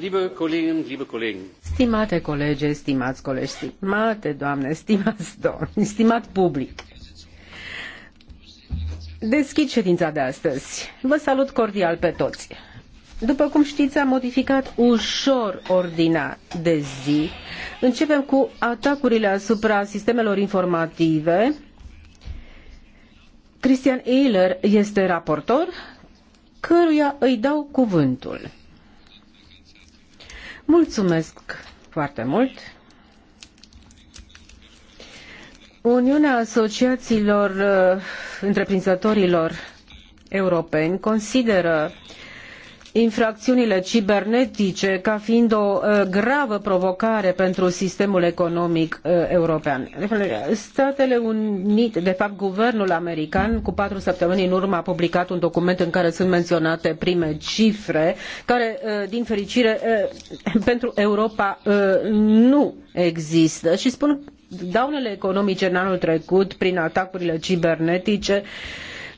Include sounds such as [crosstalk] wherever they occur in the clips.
Stimate colege, stimați colegi, stimate doamne, stimați domni, stimat public. Deschid ședința de astăzi. Vă salut cordial pe toți. După cum știți, am modificat ușor ordinea de zi. Începem cu atacurile asupra sistemelor informative. Cristian Ehler este raportor, căruia îi dau cuvântul. Mulțumesc foarte mult. Uniunea Asociațiilor uh, Întreprinzătorilor Europeni consideră infraciunile cibernetice ca fiind o uh, gravă provocare pentru sistemul economic uh, european. Statele Unite, de fapt guvernul american, cu patru săptămâni în urmă a publicat un document în care sunt menționate prime cifre, care, uh, din fericire, [laughs] pentru Europa nu există și spun daunele economice în anul trecut prin atacurile cibernetice uh,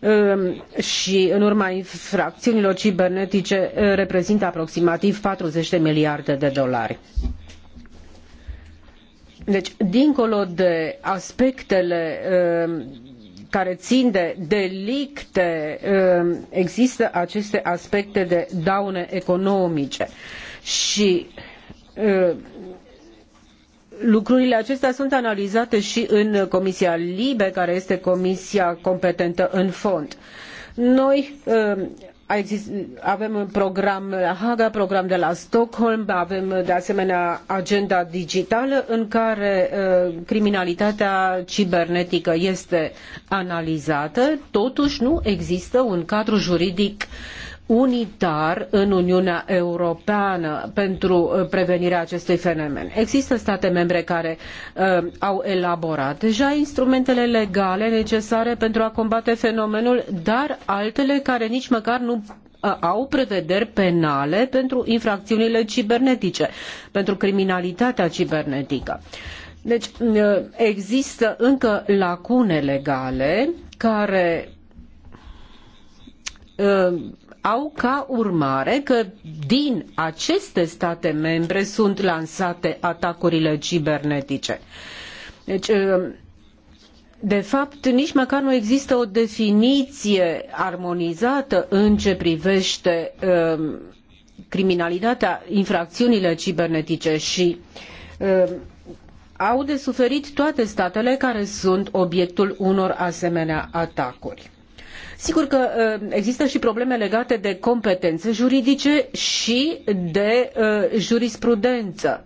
Ehm, și în urma infraciunilor cibernetice eh, reprezintă aproximativ 40 de miliarde de dolari. Deci, dincolo de aspectele ehm, care țin de delicte, ehm, există aceste aspecte de daune economice. Și lucrurile acestea sunt analizate și în Comisia LIBE, care este comisia competentă în fond. Noi um, avem un program la Haga, program de la Stockholm, avem de asemenea agenda digitală în care uh, criminalitatea cibernetică este analizată, totuși nu există un cadru juridic uh, unitar în Uniunea Europeană pentru uh, prevenirea acestui fenomen. Există state membre care uh, au elaborat deja instrumentele legale necesare pentru a combate fenomenul, dar altele care nici măcar nu uh, au prevederi penale pentru infracțiunile cibernetice, pentru criminalitatea cibernetică. Deci uh, există încă lacune legale care au ca urmare că din aceste state membre sunt lansate atacurile cibernetice. Deci, uh, de fapt, nici măcar nu există o definiție armonizată în ce privește uh, criminalitatea, infracțiunile cibernetice și uh, au de suferit toate statele care sunt obiectul unor asemenea atacuri. Sigur că ă, există și probleme legate de competențe juridice și de ă, jurisprudență.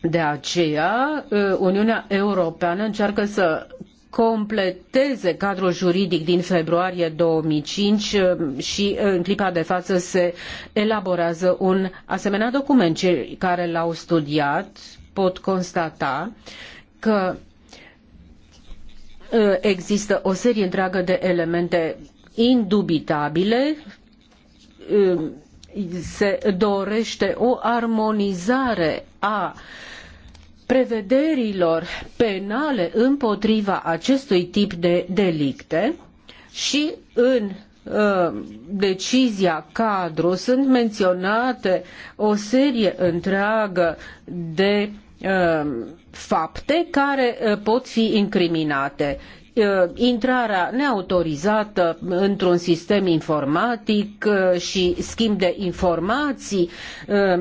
De aceea, ă, Uniunea Europeană încearcă să completeze cadrul juridic din februarie 2005 și în clipa de față se elaborează un asemenea document. Cei care l-au studiat pot constata că Uh, există o serie întreagă de elemente indubitabile uh, se dorește o armonizare a prevederilor penale împotriva acestui tip de delicte și în uh, decizia cadru sunt menționate o serie întreagă de uh, fapte care uh, pot fi incriminate uh, intrarea neautorizată într-un sistem informatic uh, și schimb de informații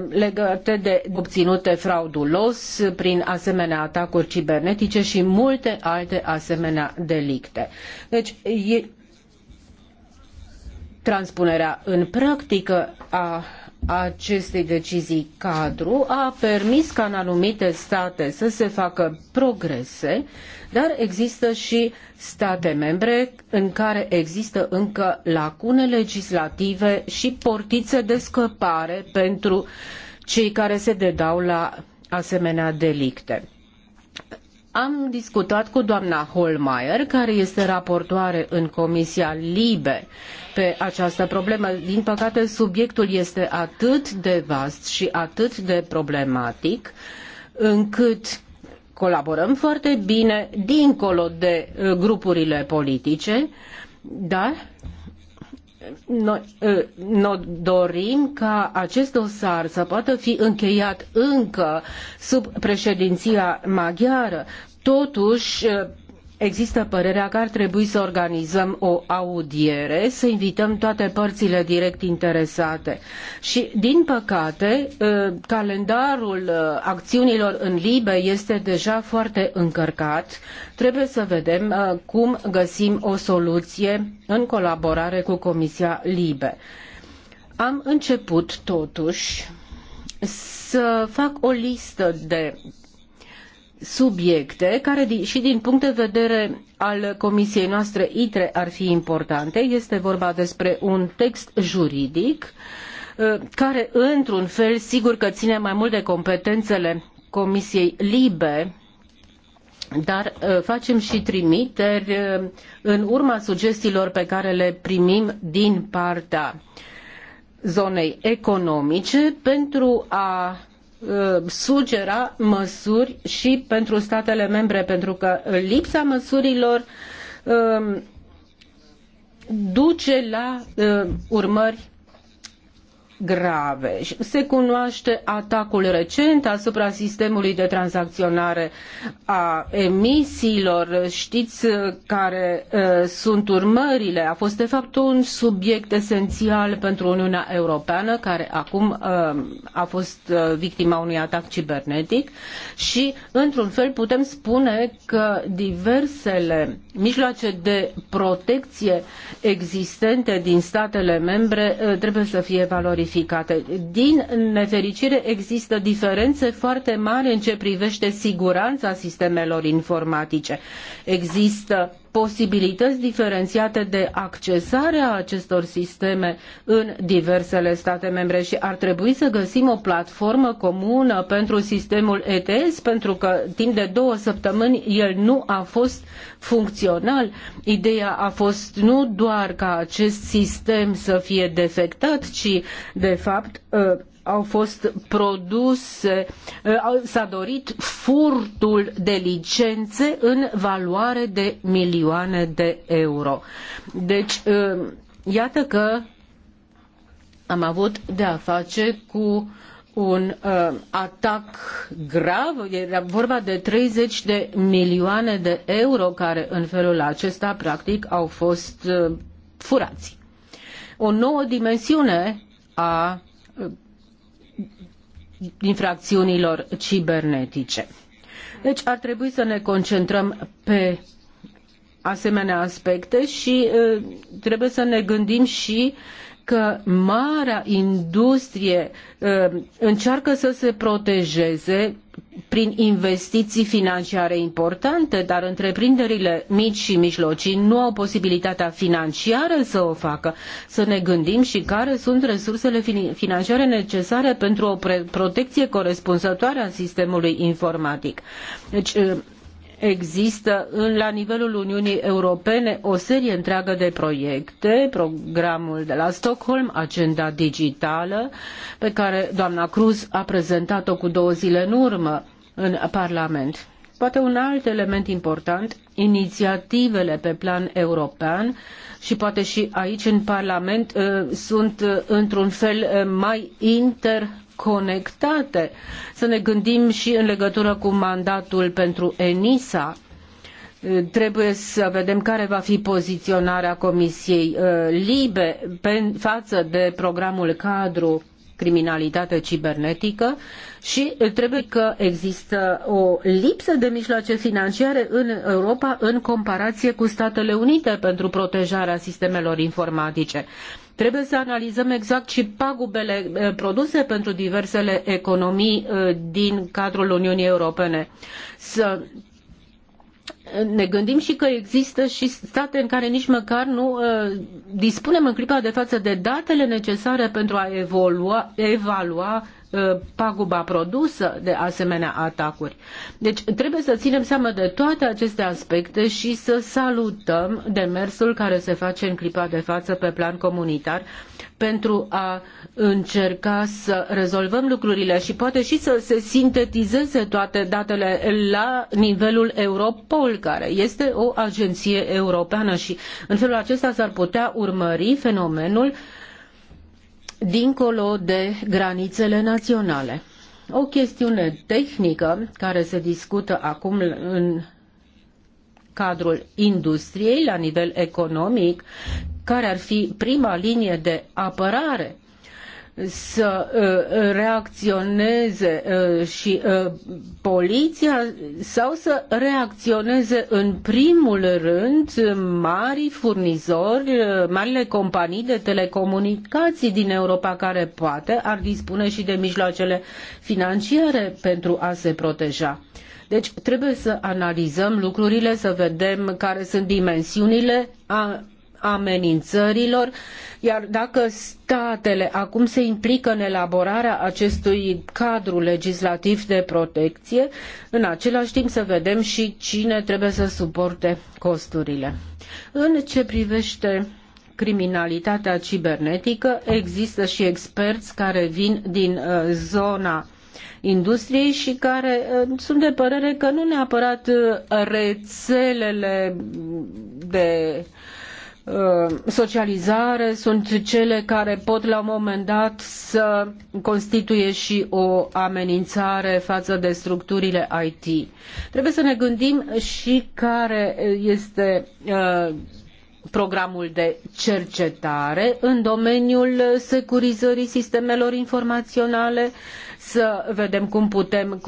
legate de obținute fraudulos prin asemenea atacuri cibernetice și multe alte asemenea delicte. Deci, e... transpunerea în practică a acestei decizii cadru a permis ca în anumite state să se facă progrese, dar există și state membre în care există încă lacune legislative și portițe de scăpare pentru cei care se dedau la asemenea delicte. Am discutat cu doamna Holmeier, care este raportoare în Comisia Libe pe această problemă. Din păcate, subiectul este atât de vast și atât de problematic, încât colaborăm foarte bine dincolo de uh, grupurile politice, dar noi, ă, noi dorim ca acest dosar să poată fi încheiat încă sub președinția maghiară. Totuși, ă, Există părerea că ar trebui să organizăm o audiere, să invităm toate părțile direct interesate. Și, din păcate, ă, calendarul ă, acțiunilor în Libe este deja foarte încărcat. Trebuie să vedem ă, cum găsim o soluție în colaborare cu Comisia Libe. Am început, totuși, să fac o listă de subiecte care și din punct de vedere al comisiei noastre ITRE ar fi importante. Este vorba despre un text juridic uh, care într-un fel sigur că ține mai mult de competențele comisiei LIBE dar uh, facem și trimiteri uh, în urma sugestiilor pe care le primim din partea zonei economice pentru a Uh, sugera măsuri și pentru statele membre, pentru că lipsa măsurilor uh, duce la uh, urmări grave. Se cunoaște atacul recent asupra sistemului de tranzacționare a emisiilor. Știți uh, care uh, sunt urmările? A fost de fapt un subiect esențial pentru Uniunea Europeană care acum uh, a fost victima unui atac cibernetic și într-un fel putem spune că diversele mijloace de protecție existente din statele membre trebuie să fie valorizate verificate. Din nefericire există diferențe foarte mari în ce privește siguranța sistemelor informatice. Există posibilități diferențiate de accesare a acestor sisteme în diversele state membre și ar trebui să găsim o platformă comună pentru sistemul ETS, pentru că timp de două săptămâni el nu a fost funcțional. Ideea a fost nu doar ca acest sistem să fie defectat, ci de fapt ă, au fost produse, uh, s-a dorit furtul de licențe în valoare de milioane de euro. Deci, uh, iată că am avut de-a face cu un uh, atac grav, era vorba de 30 de milioane de euro care în felul acesta practic au fost uh, furați. O nouă dimensiune a infracțiunilor cibernetice. Deci ar trebui să ne concentrăm pe asemenea aspecte și uh, trebuie să ne gândim și uh, că marea industrie ă, încearcă să se protejeze prin investiții financiare importante, dar întreprinderile mici și mijlocii nu au posibilitatea financiară să o facă. Să ne gândim și care sunt resursele financiare necesare pentru o protecție corespunzătoare a sistemului informatic. Deci ă, există în, la nivelul Uniunii Europene o serie întreagă de proiecte, programul de la Stockholm, agenda digitală, pe care doamna Cruz a prezentat-o cu două zile în urmă în Parlament. Poate un alt element important, inițiativele pe plan european și poate și aici în Parlament uh, sunt uh, într-un fel uh, mai inter conectate. Să ne gândim și în legătură cu mandatul pentru ENISA. Trebuie să vedem care va fi poziționarea Comisiei uh, Libe față de programul cadru criminalitate cibernetică și trebuie că există o lipsă de mijloace financiare în Europa în comparație cu Statele Unite pentru protejarea sistemelor informatice. Trebuie să analizăm exact și pagubele eh, produse pentru diversele economii eh, din cadrul Uniunii Europene. Să eh, ne gândim și că există și state în care nici măcar nu uh, dispunem în clipa de față de datele necesare pentru a evolua, evalua Uh, paguba produsă de asemenea atacuri. Deci trebuie să ținem seama de toate aceste aspecte și să salutăm demersul care se face în clipa de față pe plan comunitar pentru a încerca să rezolvăm lucrurile și poate și să se sintetizeze toate datele la nivelul Europol, care este o agenție europeană și în felul acesta s-ar putea urmări fenomenul uh, dincolo de granițele naționale. O chestiune tehnică care se discută acum în cadrul industriei la nivel economic, care ar fi prima linie de apărare să uh, reacționeze uh, și uh, poliția sau să reacționeze în primul rând mari furnizori, marile companii de telecomunicații din Europa care poate ar dispune și de mijloacele financiare pentru a se proteja. Deci trebuie să analizăm lucrurile, să vedem care sunt dimensiunile a amenințărilor, iar dacă statele acum se implică în elaborarea acestui cadru legislativ de protecție, în același timp să vedem și cine trebuie să suporte costurile. În ce privește criminalitatea cibernetică, există și experți care vin din uh, zona industriei și care uh, sunt de părere că nu neapărat uh, rețelele de Uh, socializare sunt cele care pot la un moment dat să constituie și o amenințare față de structurile IT. Trebuie să ne gândim și care este uh, programul de cercetare în domeniul securizării sistemelor informaționale, să vedem cum putem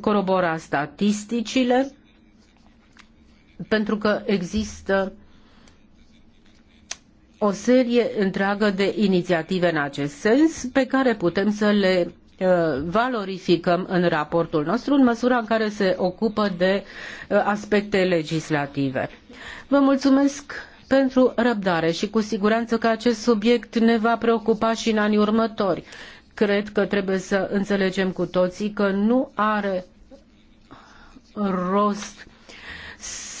corobora statisticile, pentru că există o serie întreagă de inițiative în acest sens pe care putem să le uh, valorificăm în raportul nostru în măsura în care se ocupă de uh, aspecte legislative. Vă mulțumesc pentru răbdare și cu siguranță că acest subiect ne va preocupa și în anii următori. Cred că trebuie să înțelegem cu toții că nu are rost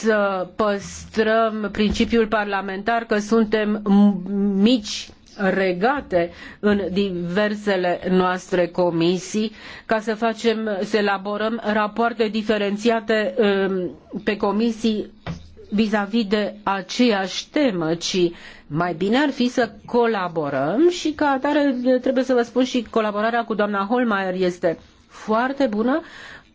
să păstrăm principiul parlamentar că suntem mici regate în diversele noastre comisii ca să facem, să elaborăm rapoarte diferențiate um, pe comisii vis-a-vis de aceeași temă, ci mai bine ar fi să colaborăm și ca atare trebuie să vă spun și colaborarea cu doamna Holmeier este foarte bună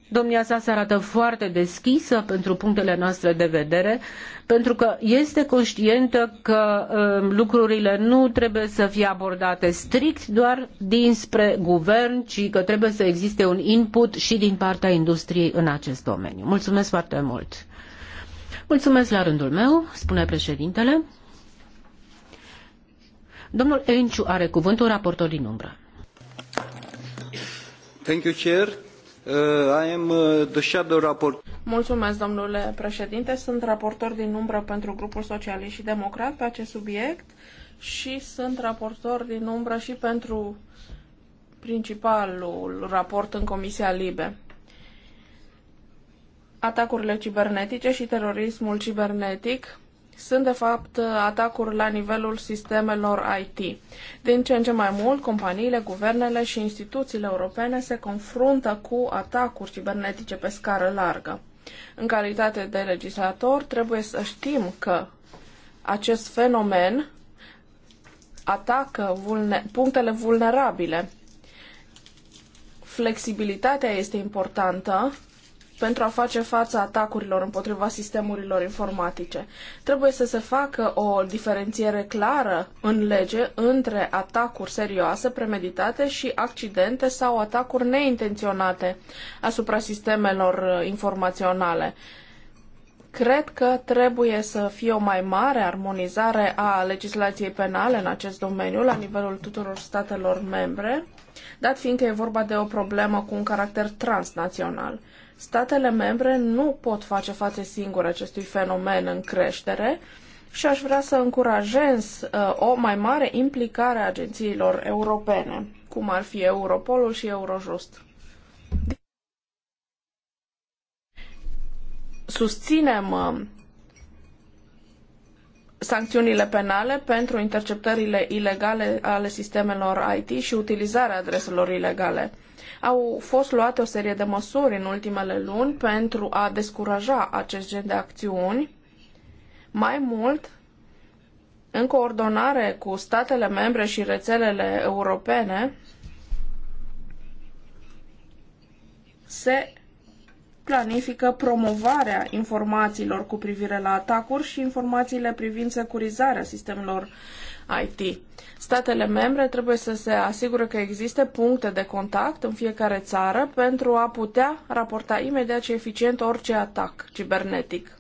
Domnia sa se arată foarte deschisă pentru punctele noastre de vedere, pentru că este conștientă că um, lucrurile nu trebuie să fie abordate strict doar dinspre guvern, ci că trebuie să existe un input și din partea industriei în acest domeniu. Mulțumesc foarte mult! Mulțumesc la rândul meu, spune președintele. Domnul Enciu are cuvântul, raportor din umbră. Thank you, Chair. Uh, I am uh, the shadow rapport. Mulțumesc, domnule președinte. Sunt raportor din umbră pentru grupul socialist și democrat pe acest subiect și sunt raportor din umbră și pentru principalul raport în Comisia Libe. Atacurile cibernetice și terorismul cibernetic sunt de fapt atacuri la nivelul sistemelor IT. Din ce în ce mai mult, companiile, guvernele și instituțiile europene se confruntă cu atacuri cibernetice pe scară largă. În calitate de legislator, trebuie să știm că acest fenomen atacă vulne- punctele vulnerabile. Flexibilitatea este importantă pentru a face față atacurilor împotriva sistemurilor informatice. Trebuie să se facă o diferențiere clară în lege între atacuri serioase, premeditate și accidente sau atacuri neintenționate asupra sistemelor uh, informaționale. Cred că trebuie să fie o mai mare armonizare a legislației penale în acest domeniu la nivelul tuturor statelor membre, dat fiindcă e vorba de o problemă cu un caracter transnațional. Statele membre nu pot face față singure acestui fenomen în creștere și aș vrea să încurajez uh, o mai mare implicare a agențiilor europene, cum ar fi Europolul și Eurojust. Susținem uh, sancțiunile penale pentru interceptările ilegale ale sistemelor IT și utilizarea adreselor ilegale. Au fost luate o serie de măsuri în ultimele luni pentru a descuraja acest gen de acțiuni. Mai mult, în coordonare cu statele membre și rețelele europene, se planifică promovarea informațiilor cu privire la atacuri și informațiile privind securizarea sistemelor IT. Statele membre trebuie să se asigure că există puncte de contact în fiecare țară pentru a putea raporta imediat și eficient orice atac cibernetic.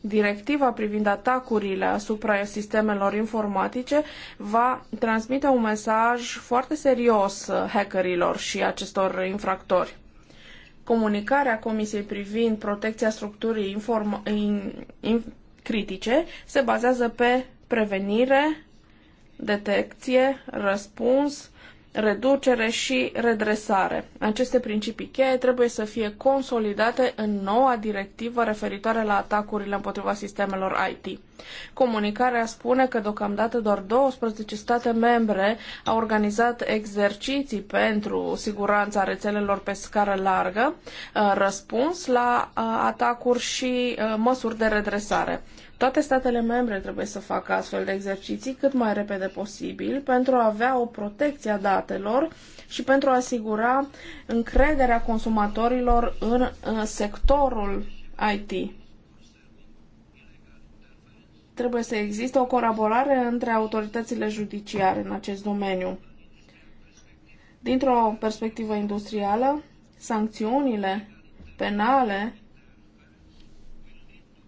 Directiva privind atacurile asupra sistemelor informatice va transmite un mesaj foarte serios hackerilor și acestor infractori. Comunicarea Comisiei privind protecția structurii inform- in, in, critice se bazează pe prevenire, detecție, răspuns, reducere și redresare. Aceste principii cheie trebuie să fie consolidate în noua directivă referitoare la atacurile împotriva sistemelor IT. Comunicarea spune că deocamdată doar 12 state membre au organizat exerciții pentru siguranța rețelelor pe scară largă, uh, răspuns la uh, atacuri și uh, măsuri de redresare. Toate statele membre trebuie să facă astfel de exerciții cât mai repede posibil pentru a avea o protecție a datelor și pentru a asigura încrederea consumatorilor în, în sectorul IT. Trebuie să existe o colaborare între autoritățile judiciare în acest domeniu. Dintr-o perspectivă industrială, sancțiunile penale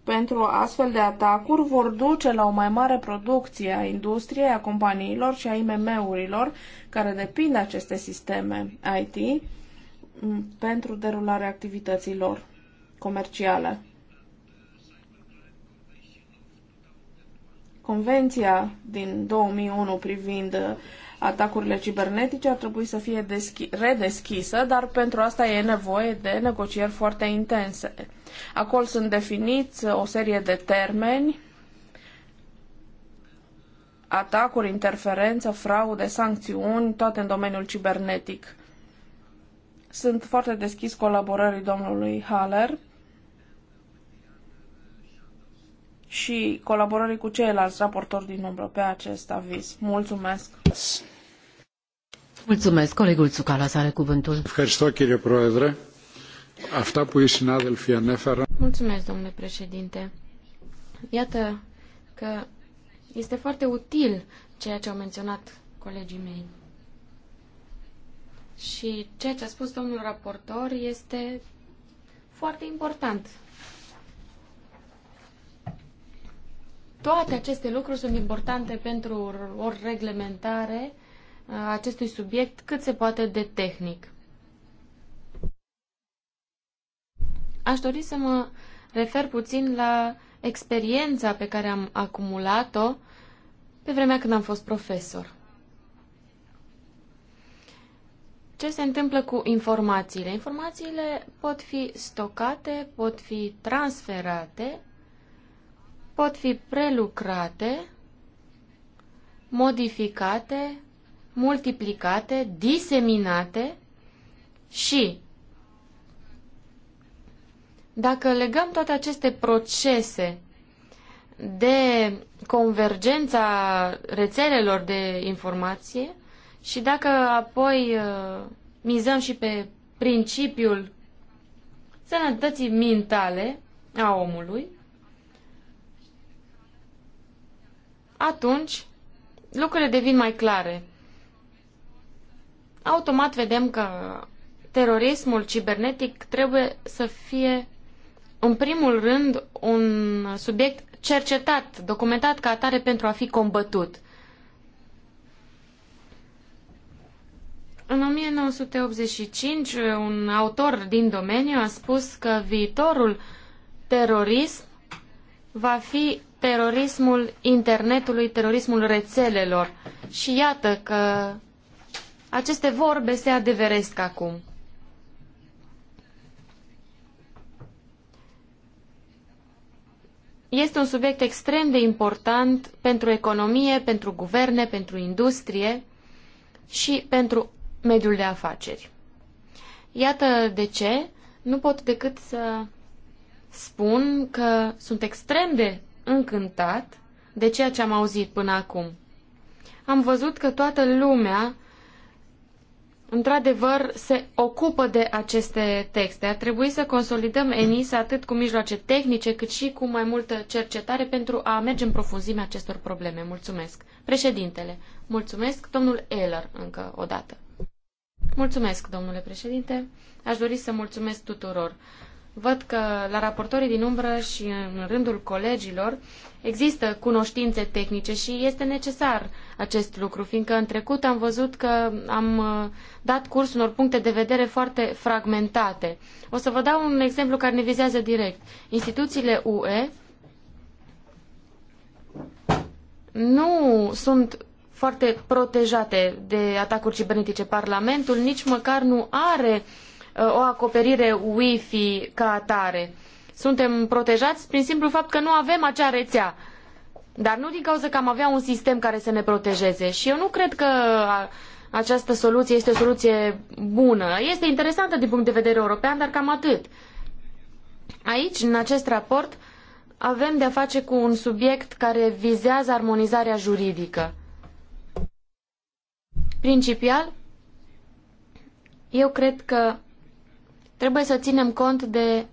pentru astfel de atacuri vor duce la o mai mare producție a industriei, a companiilor și a IMM-urilor care depind de aceste sisteme IT mm, pentru derularea activităților comerciale. Convenția din 2001 privind atacurile cibernetice ar trebui să fie redeschisă, dar pentru asta e nevoie de negocieri foarte intense. Acolo sunt definiți o serie de termeni, atacuri, interferență, fraude, sancțiuni, toate în domeniul cibernetic. Sunt foarte deschis colaborării domnului Haller și colaborării cu ceilalți raportori din umbră pe acest aviz. Mulțumesc! Mulțumesc. Colegul Tsukalas are cuvântul. Mulțumesc, domnule președinte. Iată că este foarte util ceea ce au menționat colegii mei. Și ceea ce a spus domnul raportor este foarte important. Toate aceste lucruri sunt importante pentru o reglementare acestui subiect cât se poate de tehnic. Aș dori să mă refer puțin la experiența pe care am acumulat-o pe vremea când am fost profesor. Ce se întâmplă cu informațiile? Informațiile pot fi stocate, pot fi transferate, pot fi prelucrate, modificate, multiplicate, diseminate și dacă legăm toate aceste procese de convergența rețelelor de informație și dacă apoi uh, mizăm și pe principiul sănătății mentale a omului, atunci lucrurile devin mai clare automat vedem că terorismul cibernetic trebuie să fie, în primul rând, un subiect cercetat, documentat ca atare pentru a fi combătut. În 1985, un autor din domeniu a spus că viitorul terorism va fi terorismul internetului, terorismul rețelelor. Și iată că aceste vorbe se adeveresc acum. Este un subiect extrem de important pentru economie, pentru guverne, pentru industrie și pentru mediul de afaceri. Iată de ce nu pot decât să spun că sunt extrem de încântat de ceea ce am auzit până acum. Am văzut că toată lumea într-adevăr, se ocupă de aceste texte. Ar trebui să consolidăm ENISA atât cu mijloace tehnice, cât și cu mai multă cercetare pentru a merge în profunzimea acestor probleme. Mulțumesc. Președintele, mulțumesc. Domnul Eller, încă o dată. Mulțumesc, domnule președinte. Aș dori să mulțumesc tuturor. Văd că la raportorii din umbră și în rândul colegilor există cunoștințe tehnice și este necesar acest lucru, fiindcă în trecut am văzut că am uh, dat curs unor puncte de vedere foarte fragmentate. O să vă dau un exemplu care ne vizează direct. Instituțiile UE nu sunt foarte protejate de atacuri cibernetice. Parlamentul nici măcar nu are uh, Uh, o acoperire Wi-Fi ca atare. Suntem protejați prin simplu fapt că nu avem acea rețea. Dar nu din cauza că am avea un sistem care să ne protejeze. Și eu nu cred că această soluție este o soluție bună. Este interesantă din punct de vedere european, dar cam atât. Aici, în acest raport, avem de-a face cu un subiect care vizează armonizarea juridică. Principial, eu cred că Trebuie să ținem cont de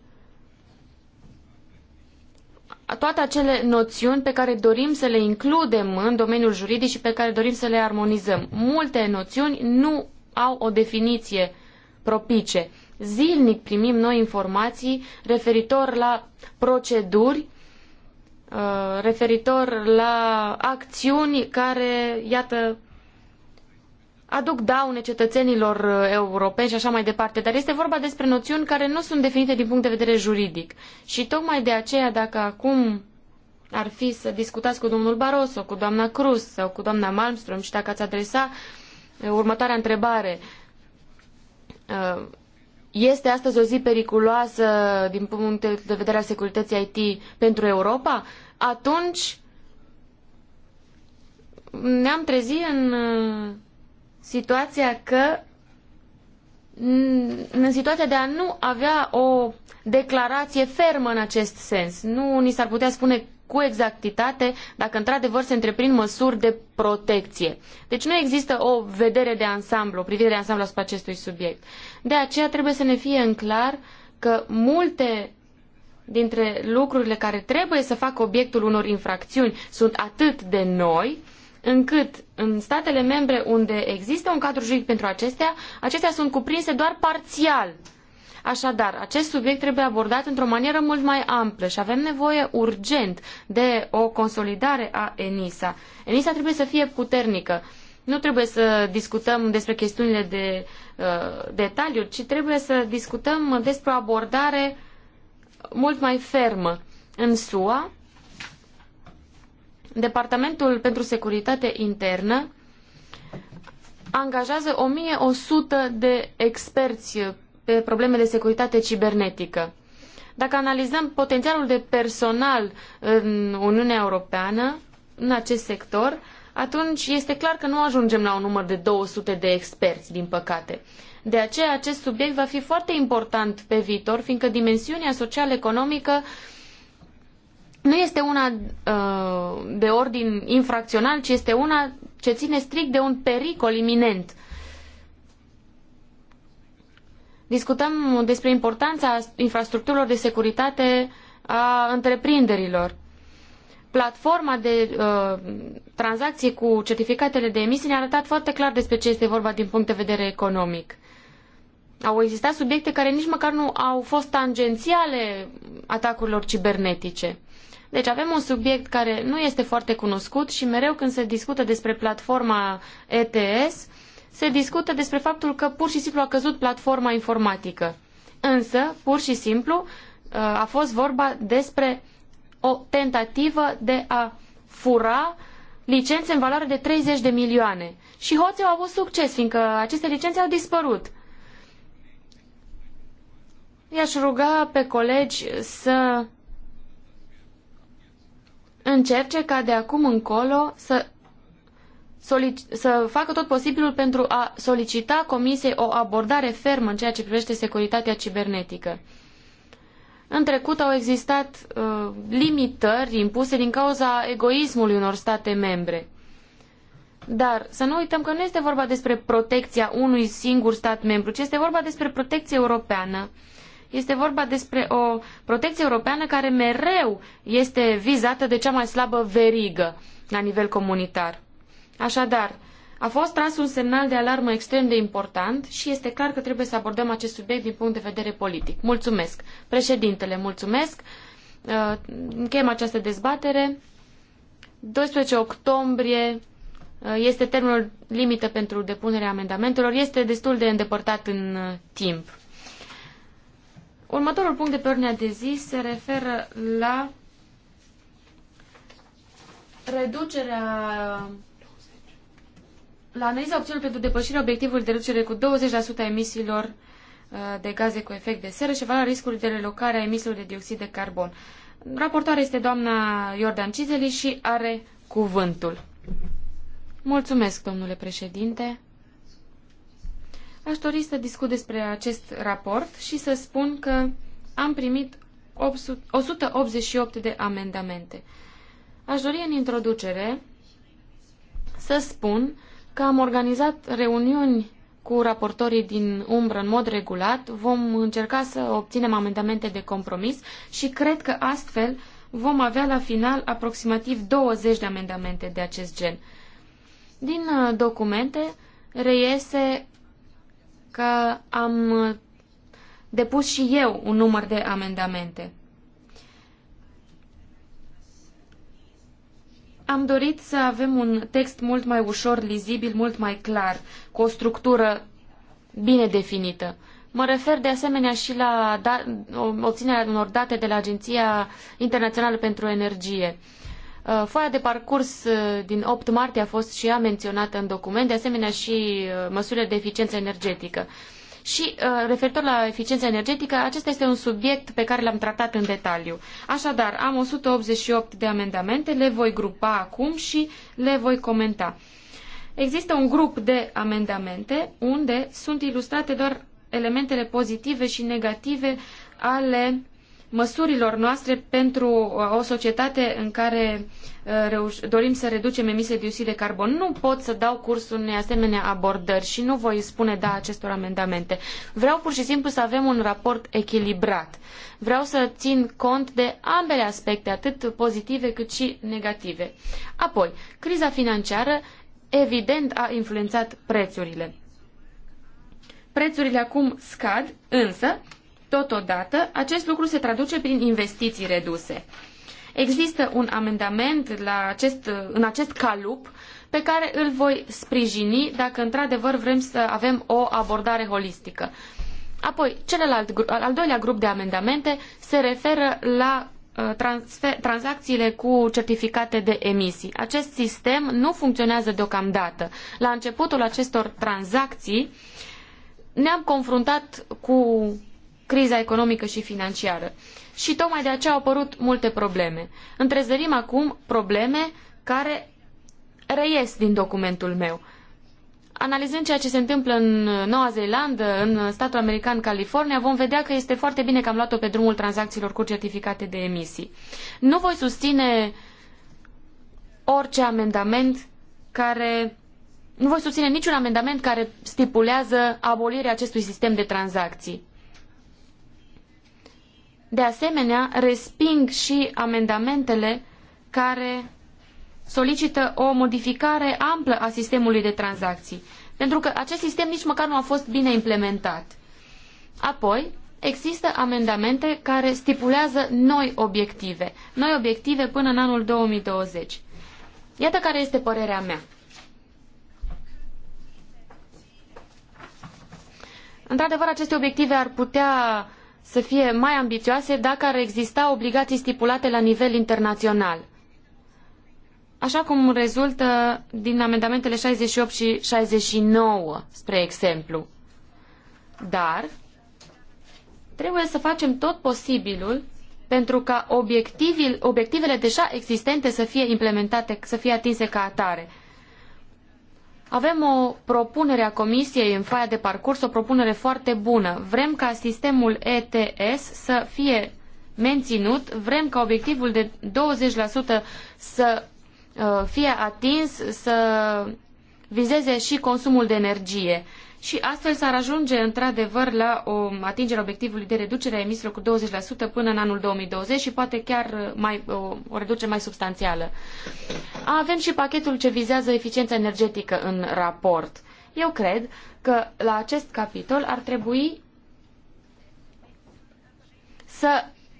toate acele noțiuni pe care dorim să le includem în domeniul juridic și pe care dorim să le armonizăm. Multe noțiuni nu au o definiție propice. Zilnic primim noi informații referitor la proceduri, uh, referitor la acțiuni care, iată, aduc daune cetățenilor uh, europeni și așa mai departe, dar este vorba despre noțiuni care nu sunt definite din punct de vedere juridic. Și tocmai de aceea, dacă acum ar fi să discutați cu domnul Barroso, cu doamna Cruz sau cu doamna Malmström și dacă ați adresa uh, următoarea întrebare, uh, este astăzi o zi periculoasă din punct de vedere al securității IT pentru Europa? Atunci ne-am trezit în situația că în situația de a nu avea o declarație fermă în acest sens. Nu ni s-ar putea spune cu exactitate dacă într-adevăr se întreprind măsuri de protecție. Deci nu există o vedere de ansamblu, o privire de ansamblu asupra acestui subiect. De aceea trebuie să ne fie în clar că multe dintre lucrurile care trebuie să facă obiectul unor infracțiuni sunt atât de noi, încât în statele membre unde există un cadru juridic pentru acestea, acestea sunt cuprinse doar parțial. Așadar, acest subiect trebuie abordat într-o manieră mult mai amplă și avem nevoie urgent de o consolidare a ENISA. ENISA trebuie să fie puternică. Nu trebuie să discutăm despre chestiunile de uh, detaliu, ci trebuie să discutăm despre o abordare mult mai fermă. În SUA, Departamentul pentru Securitate Internă angajează 1100 de experți pe probleme de securitate cibernetică. Dacă analizăm potențialul de personal în Uniunea Europeană, în acest sector, atunci este clar că nu ajungem la un număr de 200 de experți, din păcate. De aceea, acest subiect va fi foarte important pe viitor, fiindcă dimensiunea social-economică uh, nu este una uh, de ordin infracțional, ci este una ce ține strict de un pericol iminent. Discutăm despre importanța infrastructurilor de securitate a întreprinderilor. Platforma de uh, tranzacții cu certificatele de emisie ne-a arătat foarte clar despre ce este vorba din punct de vedere economic au existat subiecte care nici măcar nu au fost tangențiale atacurilor cibernetice. Deci avem un subiect care nu este foarte cunoscut și mereu când se discută despre platforma ETS, se discută despre faptul că pur și simplu a căzut platforma informatică. Însă, pur și simplu, uh, a fost vorba despre o tentativă de a fura licențe în valoare de 30 de milioane. Și hoții au avut succes, fiindcă aceste licențe au dispărut. I-aș ruga pe colegi să încerce ca de acum încolo să, să facă tot posibilul pentru a solicita Comisiei o abordare fermă în ceea ce privește securitatea cibernetică. În trecut au existat uh, limitări impuse din cauza egoismului unor state membre. Dar să nu uităm că nu este vorba despre protecția unui singur stat membru, ci este vorba despre protecție europeană. Uh, este vorba despre o protecție europeană care mereu este vizată de cea mai slabă verigă la nivel comunitar. Așadar, a fost tras un semnal de alarmă extrem de important și este clar că trebuie să abordăm acest subiect din punct de vedere politic. Mulțumesc. Președintele, mulțumesc. Uh, încheiem această dezbatere. 12 octombrie uh, este termenul limită pentru depunerea amendamentelor. Este destul de îndepărtat în uh, timp. Următorul punct de pe ordinea de zi se referă la reducerea la analiza opțiunilor pentru depășirea obiectivului de reducere cu 20% a emisiilor uh, de gaze cu efect de seră și valoarea riscului de relocare a emisiilor de dioxid de carbon. Raportoarea este doamna Iordan Cizeli și are cuvântul. Mulțumesc, domnule președinte. Aș dori să discut despre acest raport și să spun că am primit 188 de amendamente. Aș dori în introducere să spun că am organizat reuniuni cu raportorii din umbră în mod regulat, vom încerca să obținem amendamente de compromis și cred că astfel vom avea la final aproximativ 20 de amendamente de acest gen. Din uh, documente reiese că am depus și eu un număr de amendamente. Am dorit să avem un text mult mai ușor lizibil, mult mai clar, cu o structură bine definită. Mă refer de asemenea și la da- obținerea unor date de la Agenția Internațională pentru Energie. Uh, Uh, foaia de parcurs uh, din 8 martie a fost și ea menționată în document, de asemenea și uh, măsurile de eficiență energetică. Și referitor la eficiența energetică, acesta este un subiect pe care l-am tratat în detaliu. Așadar, am 188 de amendamente, le voi grupa acum și le voi comenta. Există un grup de amendamente unde sunt ilustrate doar elementele pozitive și negative ale măsurilor noastre pentru uh, o societate în care uh, dorim să reducem emisiile de dioxid de carbon. Nu pot să dau curs unei asemenea abordări și nu voi spune da acestor amendamente. Vreau pur și simplu să avem un raport echilibrat. Vreau să țin cont de ambele aspecte, atât pozitive cât și negative. Apoi, criza financiară evident a influențat prețurile. Prețurile acum scad, însă Totodată, acest lucru se traduce prin investiții reduse. Există un amendament la acest, în acest calup pe care îl voi sprijini dacă într-adevăr vrem să avem o abordare holistică. Apoi, celălalt, al doilea grup de amendamente se referă la uh, transfer, tranzacțiile cu certificate de emisii. Acest sistem nu funcționează deocamdată. La începutul acestor tranzacții ne-am confruntat cu criza economică și financiară. Și tocmai de aceea au apărut multe probleme. Întrezărim acum probleme care reies din documentul meu. Analizând ceea ce se întâmplă în Noua Zeelandă, în statul american California, vom vedea că este foarte bine că am luat-o pe drumul tranzacțiilor cu certificate de emisii. Nu voi susține orice amendament care nu voi susține niciun amendament care stipulează abolirea acestui sistem de tranzacții. De asemenea, resping și amendamentele care solicită o modificare amplă a sistemului de tranzacții, pentru că acest sistem nici măcar nu a fost bine implementat. Apoi, există amendamente care stipulează noi obiective, noi obiective până în anul 2020. Iată care este părerea mea. Într-adevăr, aceste obiective ar putea să fie mai ambițioase dacă ar exista obligații stipulate la nivel internațional. Așa cum rezultă din amendamentele 68 și 69, spre exemplu. Dar trebuie să facem tot posibilul pentru ca obiectivele deja existente să fie implementate, să fie atinse ca atare. Avem o propunere a Comisiei în faia de parcurs, o propunere foarte bună. Vrem ca sistemul ETS să fie menținut, vrem ca obiectivul de 20% să uh, fie atins, să vizeze și consumul de energie și astfel s-ar ajunge într-adevăr la o atingere obiectivului de reducere a emisiilor cu 20% până în anul 2020 și poate chiar uh, mai, o, uh, o reducere mai substanțială. Avem și pachetul ce vizează eficiența energetică în raport. Eu cred că la acest capitol ar trebui să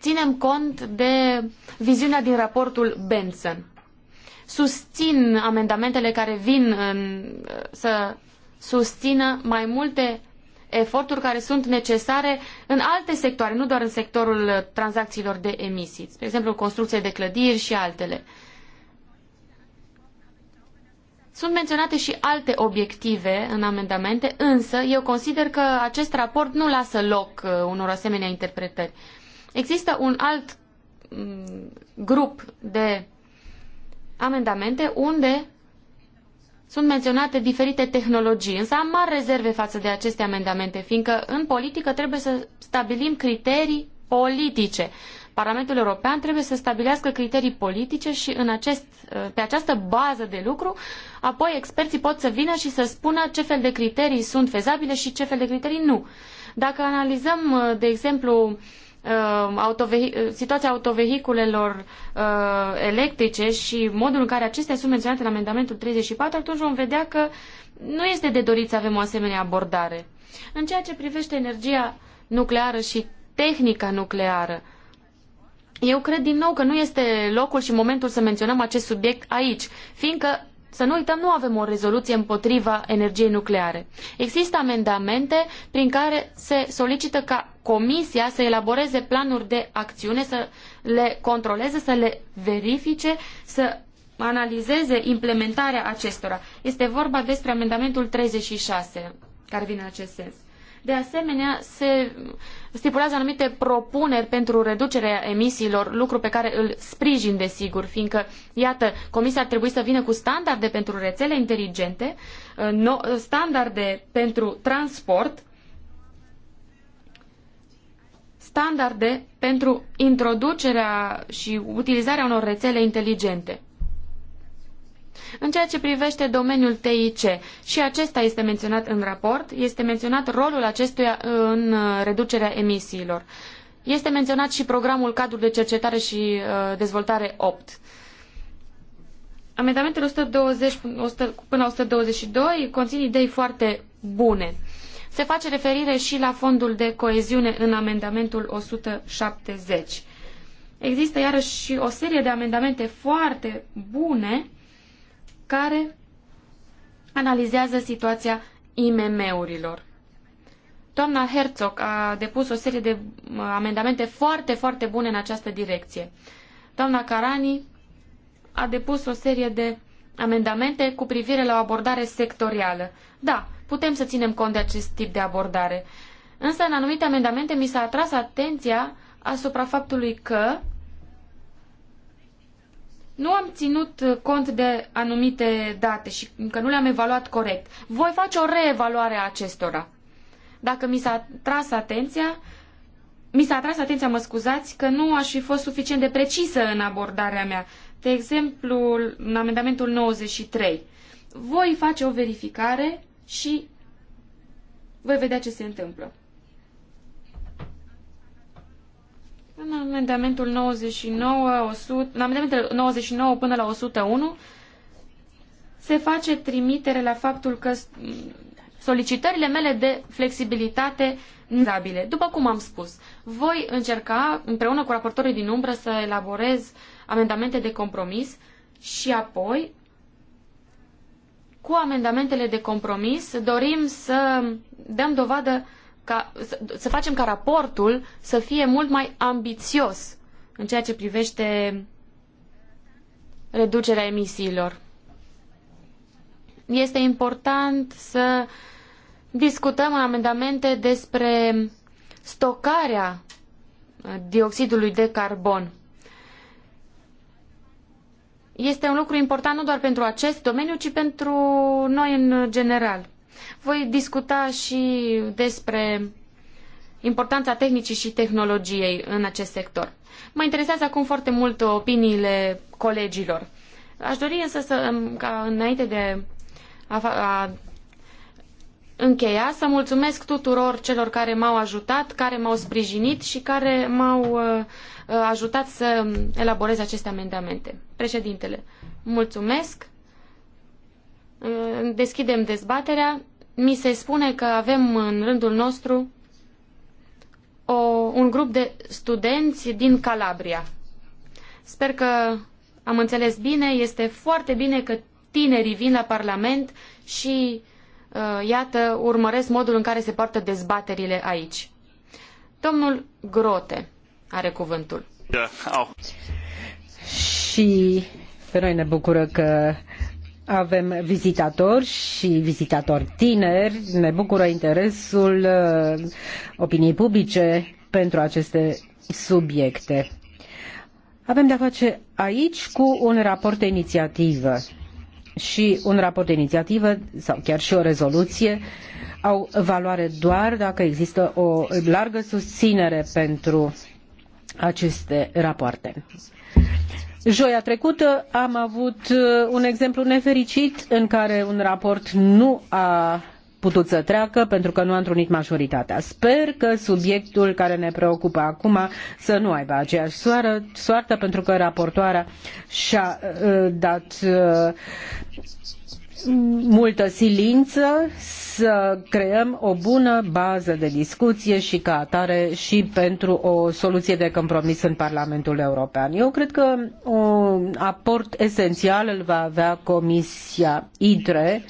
ținem cont de viziunea din raportul Benson. Susțin amendamentele care vin în, uh, să susțină mai multe eforturi care sunt necesare în alte sectoare, nu doar în sectorul tranzacțiilor de emisii, spre exemplu construcție de clădiri și altele. Sunt menționate și alte obiective în amendamente, însă eu consider că acest raport nu lasă loc uh, unor asemenea interpretări. Există un alt mm, grup de amendamente unde sunt menționate diferite tehnologii, însă am mari rezerve față de aceste amendamente, fiindcă în politică trebuie să stabilim criterii politice. Parlamentul European trebuie să stabilească criterii politice și în acest, pe această bază de lucru, apoi experții pot să vină și să spună ce fel de criterii sunt fezabile și ce fel de criterii nu. Dacă analizăm, de exemplu, Um, autovehi- situația autovehiculelor uh, electrice și modul în care acestea sunt menționate în amendamentul 34, atunci vom vedea că nu este de dorit să avem o asemenea abordare. În ceea ce privește energia nucleară și tehnica nucleară, eu cred din nou că nu este locul și momentul să menționăm acest subiect aici, fiindcă să nu uităm, nu avem o rezoluție împotriva energiei nucleare. Există amendamente prin care se solicită ca Comisia să elaboreze planuri de acțiune, să le controleze, să le verifice, să analizeze implementarea acestora. Este vorba despre amendamentul 36 care vine în acest sens. De asemenea, se stipulează anumite propuneri pentru reducerea emisiilor, lucru pe care îl sprijin, desigur, fiindcă, iată, Comisia ar trebui să vină cu standarde pentru rețele inteligente, uh, standarde pentru transport, standarde pentru introducerea și utilizarea unor rețele inteligente. În ceea ce privește domeniul TIC, și acesta este menționat în raport, este menționat rolul acestuia în uh, reducerea emisiilor. Este menționat și programul cadru de cercetare și uh, dezvoltare opt. Amendamentele 120 până la 122 conțin idei foarte bune. Se face referire și la fondul de coeziune în amendamentul 170. Există iarăși o serie de amendamente foarte bune care analizează situația IMM-urilor. Doamna Herzog a depus o serie de uh, amendamente foarte, foarte bune în această direcție. Doamna Carani a depus o serie de amendamente cu privire la o abordare sectorială. Da, putem să ținem cont de acest tip de abordare. Însă, în anumite amendamente mi s-a atras atenția asupra faptului că nu am ținut cont de anumite date și că nu le-am evaluat corect. Voi face o reevaluare a acestora. Dacă mi s-a tras atenția, mi s-a atras atenția, mă scuzați, că nu aș fi fost suficient de precisă în abordarea mea. De exemplu, în amendamentul 93. Voi face o verificare și voi vedea ce se întâmplă. În amendamentul 99, 100, în amendamentele 99 până la 101 se face trimitere la faptul că solicitările mele de flexibilitate nizabile. După cum am spus, voi încerca împreună cu raportorii din umbră să elaborez amendamente de compromis și apoi cu amendamentele de compromis dorim să dăm dovadă ca, să, să facem ca raportul să fie mult mai ambițios în ceea ce privește reducerea emisiilor. Este important să discutăm în amendamente despre stocarea dioxidului de carbon. Este un lucru important nu doar pentru acest domeniu, ci pentru noi în general. Voi discuta și despre importanța tehnicii și tehnologiei în acest sector. Mă interesează acum foarte mult opiniile colegilor. Aș dori însă să, ca înainte de a, a încheia, să mulțumesc tuturor celor care m-au ajutat, care m-au sprijinit și care m-au uh, uh, ajutat să elaborez aceste amendamente. Președintele, mulțumesc deschidem dezbaterea. Mi se spune că avem în rândul nostru o, un grup de studenți din Calabria. Sper că am înțeles bine. Este foarte bine că tinerii vin la Parlament și, uh, iată, urmăresc modul în care se poartă dezbaterile aici. Domnul Grote are cuvântul. Da, și pe noi ne bucură că avem vizitatori și vizitatori tineri. Ne bucură interesul uh, opiniei publice pentru aceste subiecte. Avem de-a face aici cu un raport de inițiativă și un raport de inițiativă sau chiar și o rezoluție au valoare doar dacă există o largă susținere pentru aceste rapoarte. Joia trecută am avut uh, un exemplu nefericit în care un raport nu a putut să treacă pentru că nu a întrunit majoritatea. Sper că subiectul care ne preocupă acum să nu aibă aceeași soară, soartă pentru că raportoarea și-a uh, dat uh, multă silință, să creăm o bună bază de discuție și ca atare și pentru o soluție de compromis în Parlamentul European. Eu cred că un aport esențial îl va avea Comisia ITRE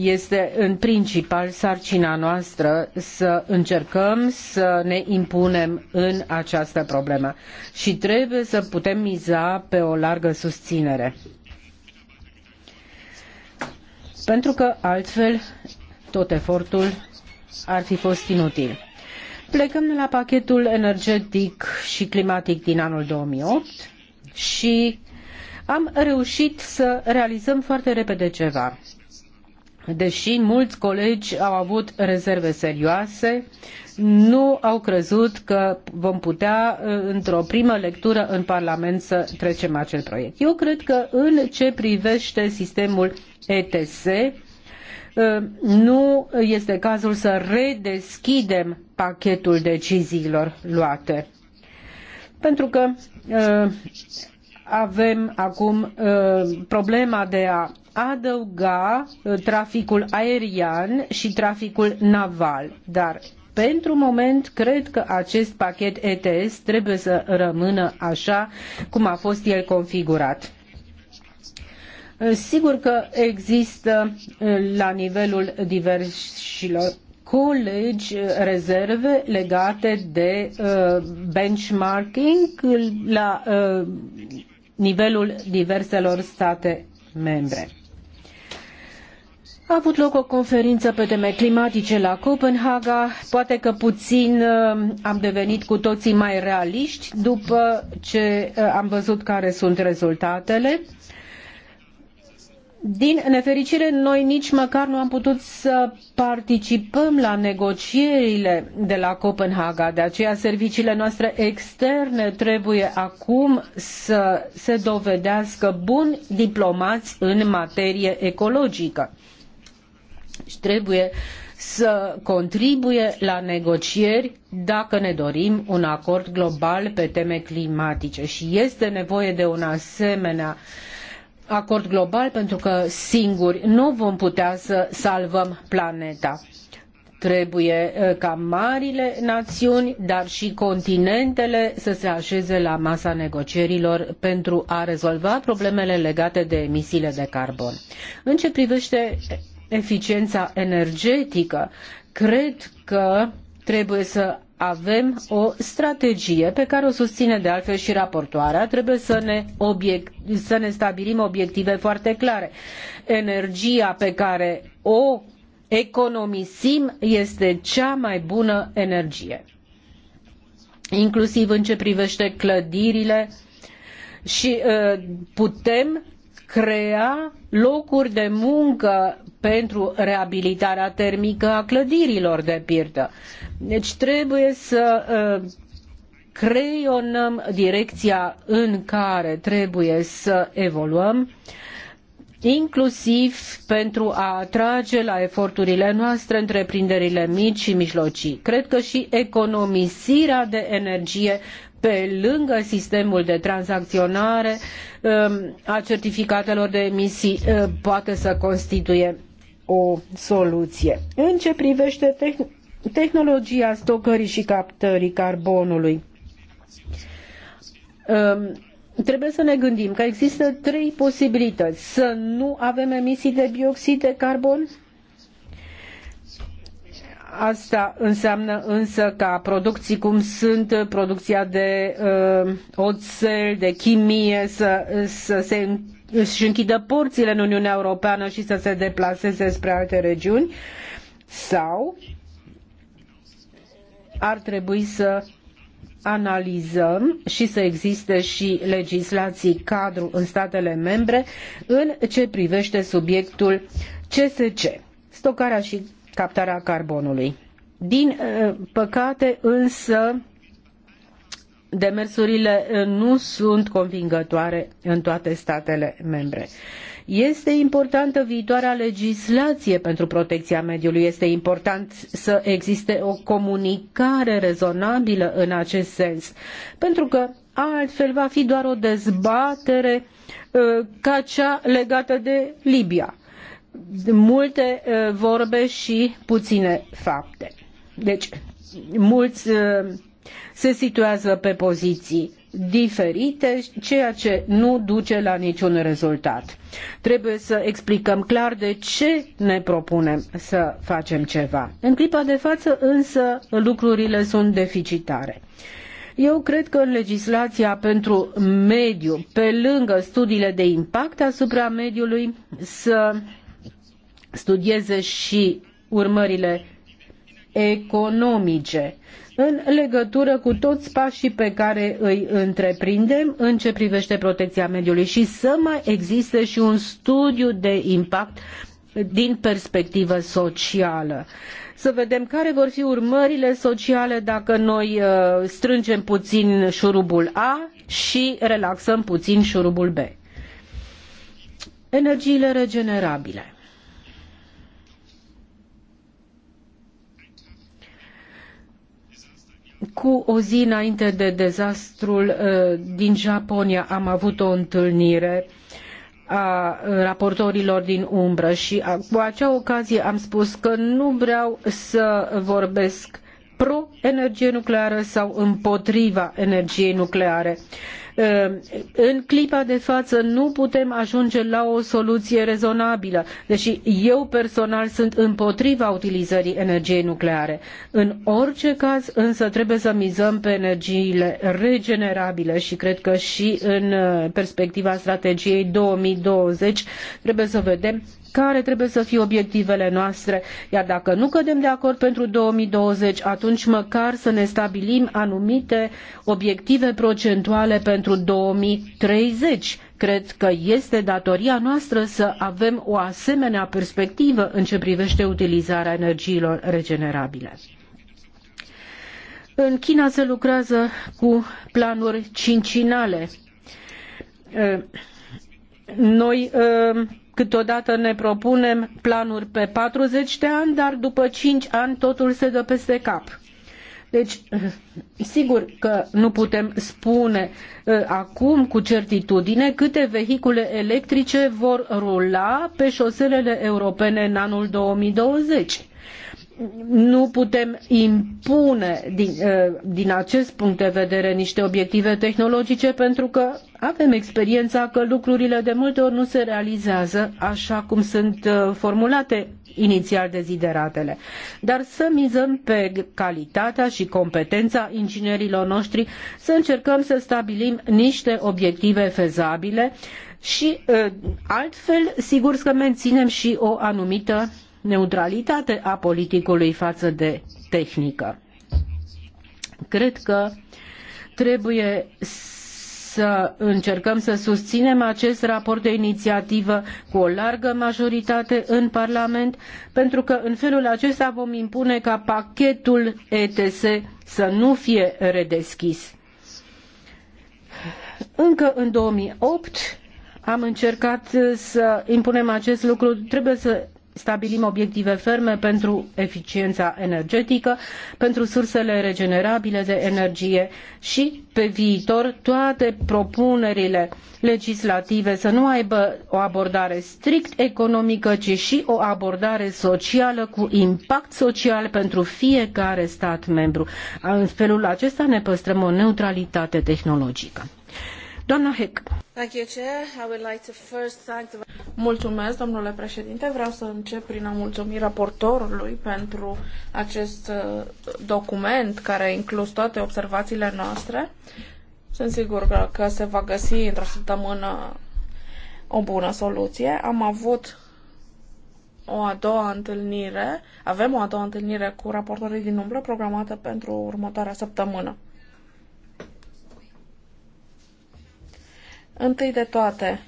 este în principal sarcina noastră să încercăm să ne impunem în această problemă și trebuie să putem miza pe o largă susținere. Pentru că altfel tot efortul ar fi fost inutil. Plecăm de la pachetul energetic și climatic din anul 2008 și am reușit să realizăm foarte repede ceva deși mulți colegi au avut rezerve serioase, nu au crezut că vom putea ă, într-o primă lectură în Parlament să trecem acel proiect. Eu cred că în ce privește sistemul ETS, ă, nu este cazul să redeschidem pachetul deciziilor luate. Pentru că ă, avem acum problema de a adăuga uh, traficul aerian și traficul naval, dar pentru moment cred că acest pachet ETS trebuie să rămână așa cum a fost el configurat. Uh, sigur că există uh, la nivelul diversilor colegi rezerve legate de benchmarking la nivelul diverselor state membre. A avut loc o conferință pe teme climatice la Copenhaga. Poate că puțin uh, am devenit cu toții mai realiști după ce uh, am văzut care sunt rezultatele. Din nefericire, noi nici măcar nu am putut să participăm la negocierile de la Copenhaga. De aceea, serviciile noastre externe trebuie acum să se dovedească buni diplomați în materie ecologică și trebuie să contribuie la negocieri dacă ne dorim un acord global pe teme climatice și este nevoie de un asemenea acord global pentru că singuri nu vom putea să salvăm planeta. Trebuie ca marile națiuni, dar și continentele să se așeze la masa negocierilor pentru a rezolva problemele legate de emisiile de carbon. În ce privește eficiența energetică, cred că trebuie să avem o strategie pe care o susține de altfel și raportoarea. Trebuie să ne, obiect, să ne stabilim obiective foarte clare. Energia pe care o economisim este cea mai bună energie. Inclusiv în ce privește clădirile și uh, putem crea locuri de muncă pentru reabilitarea termică a clădirilor de pirdă. Deci trebuie să uh, creionăm direcția în care trebuie să evoluăm inclusiv pentru a atrage la eforturile noastre întreprinderile mici și mijlocii. Cred că și economisirea de energie pe lângă sistemul de tranzacționare um, a certificatelor de emisii um, poate să constituie o soluție. În ce privește tehnologia stocării și captării carbonului, um, trebuie să ne gândim că există trei posibilități. Să nu avem emisii de bioxid de carbon, Asta înseamnă însă ca producții cum sunt uh, producția de uh, oțel, de chimie, să, uh, să se își închidă porțile în Uniunea Europeană și să se deplaseze spre alte regiuni sau ar trebui să analizăm și să existe și legislații cadru în statele membre în ce privește subiectul CSC, stocarea și captarea carbonului. Din uh, păcate însă demersurile uh, nu sunt convingătoare în toate statele membre. Este importantă viitoarea legislație pentru protecția mediului. Este important să existe o comunicare rezonabilă în acest sens, pentru că altfel va fi doar o dezbatere uh, ca cea legată de Libia multe uh, vorbe și puține fapte. Deci, mulți uh, se situează pe poziții diferite, ceea ce nu duce la niciun rezultat. Trebuie să explicăm clar de ce ne propunem să facem ceva. În clipa de față însă lucrurile sunt deficitare. Eu cred că în legislația pentru mediu, pe lângă studiile de impact asupra mediului, să studieze și urmările economice în legătură cu toți pașii pe care îi întreprindem în ce privește protecția mediului și să mai existe și un studiu de impact din perspectivă socială. Să vedem care vor fi urmările sociale dacă noi uh, strângem puțin șurubul A și relaxăm puțin șurubul B. Energiile regenerabile. Cu o zi înainte de dezastrul uh, din Japonia am avut o întâlnire a uh, raportorilor din umbră și cu acea ocazie am spus că nu vreau să vorbesc pro energie nucleară sau împotriva energiei nucleare. Ehm, în clipa de față nu putem ajunge la o soluție rezonabilă, deși eu personal sunt împotriva utilizării energiei nucleare. În orice caz, însă, trebuie să mizăm pe energiile regenerabile și cred că și în uh, perspectiva strategiei 2020 trebuie să vedem care trebuie să fie obiectivele noastre, iar dacă nu cădem de acord pentru 2020, atunci măcar să ne stabilim anumite obiective procentuale pentru 2030. Cred că este datoria noastră să avem o asemenea perspectivă în ce privește utilizarea energiilor regenerabile. În China se lucrează cu planuri cincinale. Noi ă, Câteodată ne propunem planuri pe 40 de ani, dar după 5 ani totul se dă peste cap. Deci, [clears throat] sigur că nu putem spune ă, acum cu certitudine câte vehicule electrice vor rula pe șoselele europene în anul 2020. Nu putem impune din, ă, din acest punct de vedere niște obiective tehnologice pentru că avem experiența că lucrurile de multe ori nu se realizează așa cum sunt uh, formulate inițial dezideratele, dar să mizăm pe calitatea și competența inginerilor noștri, să încercăm să stabilim niște obiective fezabile și uh, altfel, sigur că menținem și o anumită neutralitate a politicului față de tehnică. Cred că trebuie să încercăm să susținem acest raport de inițiativă cu o largă majoritate în Parlament, pentru că în felul acesta vom impune ca pachetul ETS să nu fie redeschis. Încă în 2008 am încercat să impunem acest lucru. Trebuie să stabilim obiective ferme pentru eficiența energetică, pentru sursele regenerabile de energie și pe viitor toate propunerile legislative să nu aibă o abordare strict economică, ci și o abordare socială cu impact social pentru fiecare stat membru. În felul acesta ne păstrăm o neutralitate tehnologică. Doamna Heck. Mulțumesc, domnule președinte. Vreau să încep prin a mulțumi raportorului pentru acest uh, document care a inclus toate observațiile noastre. Sunt sigur că se va găsi într-o săptămână o bună soluție. Am avut o a doua întâlnire, avem o a doua întâlnire cu raportorii din umbră programată pentru următoarea săptămână. Întâi de toate,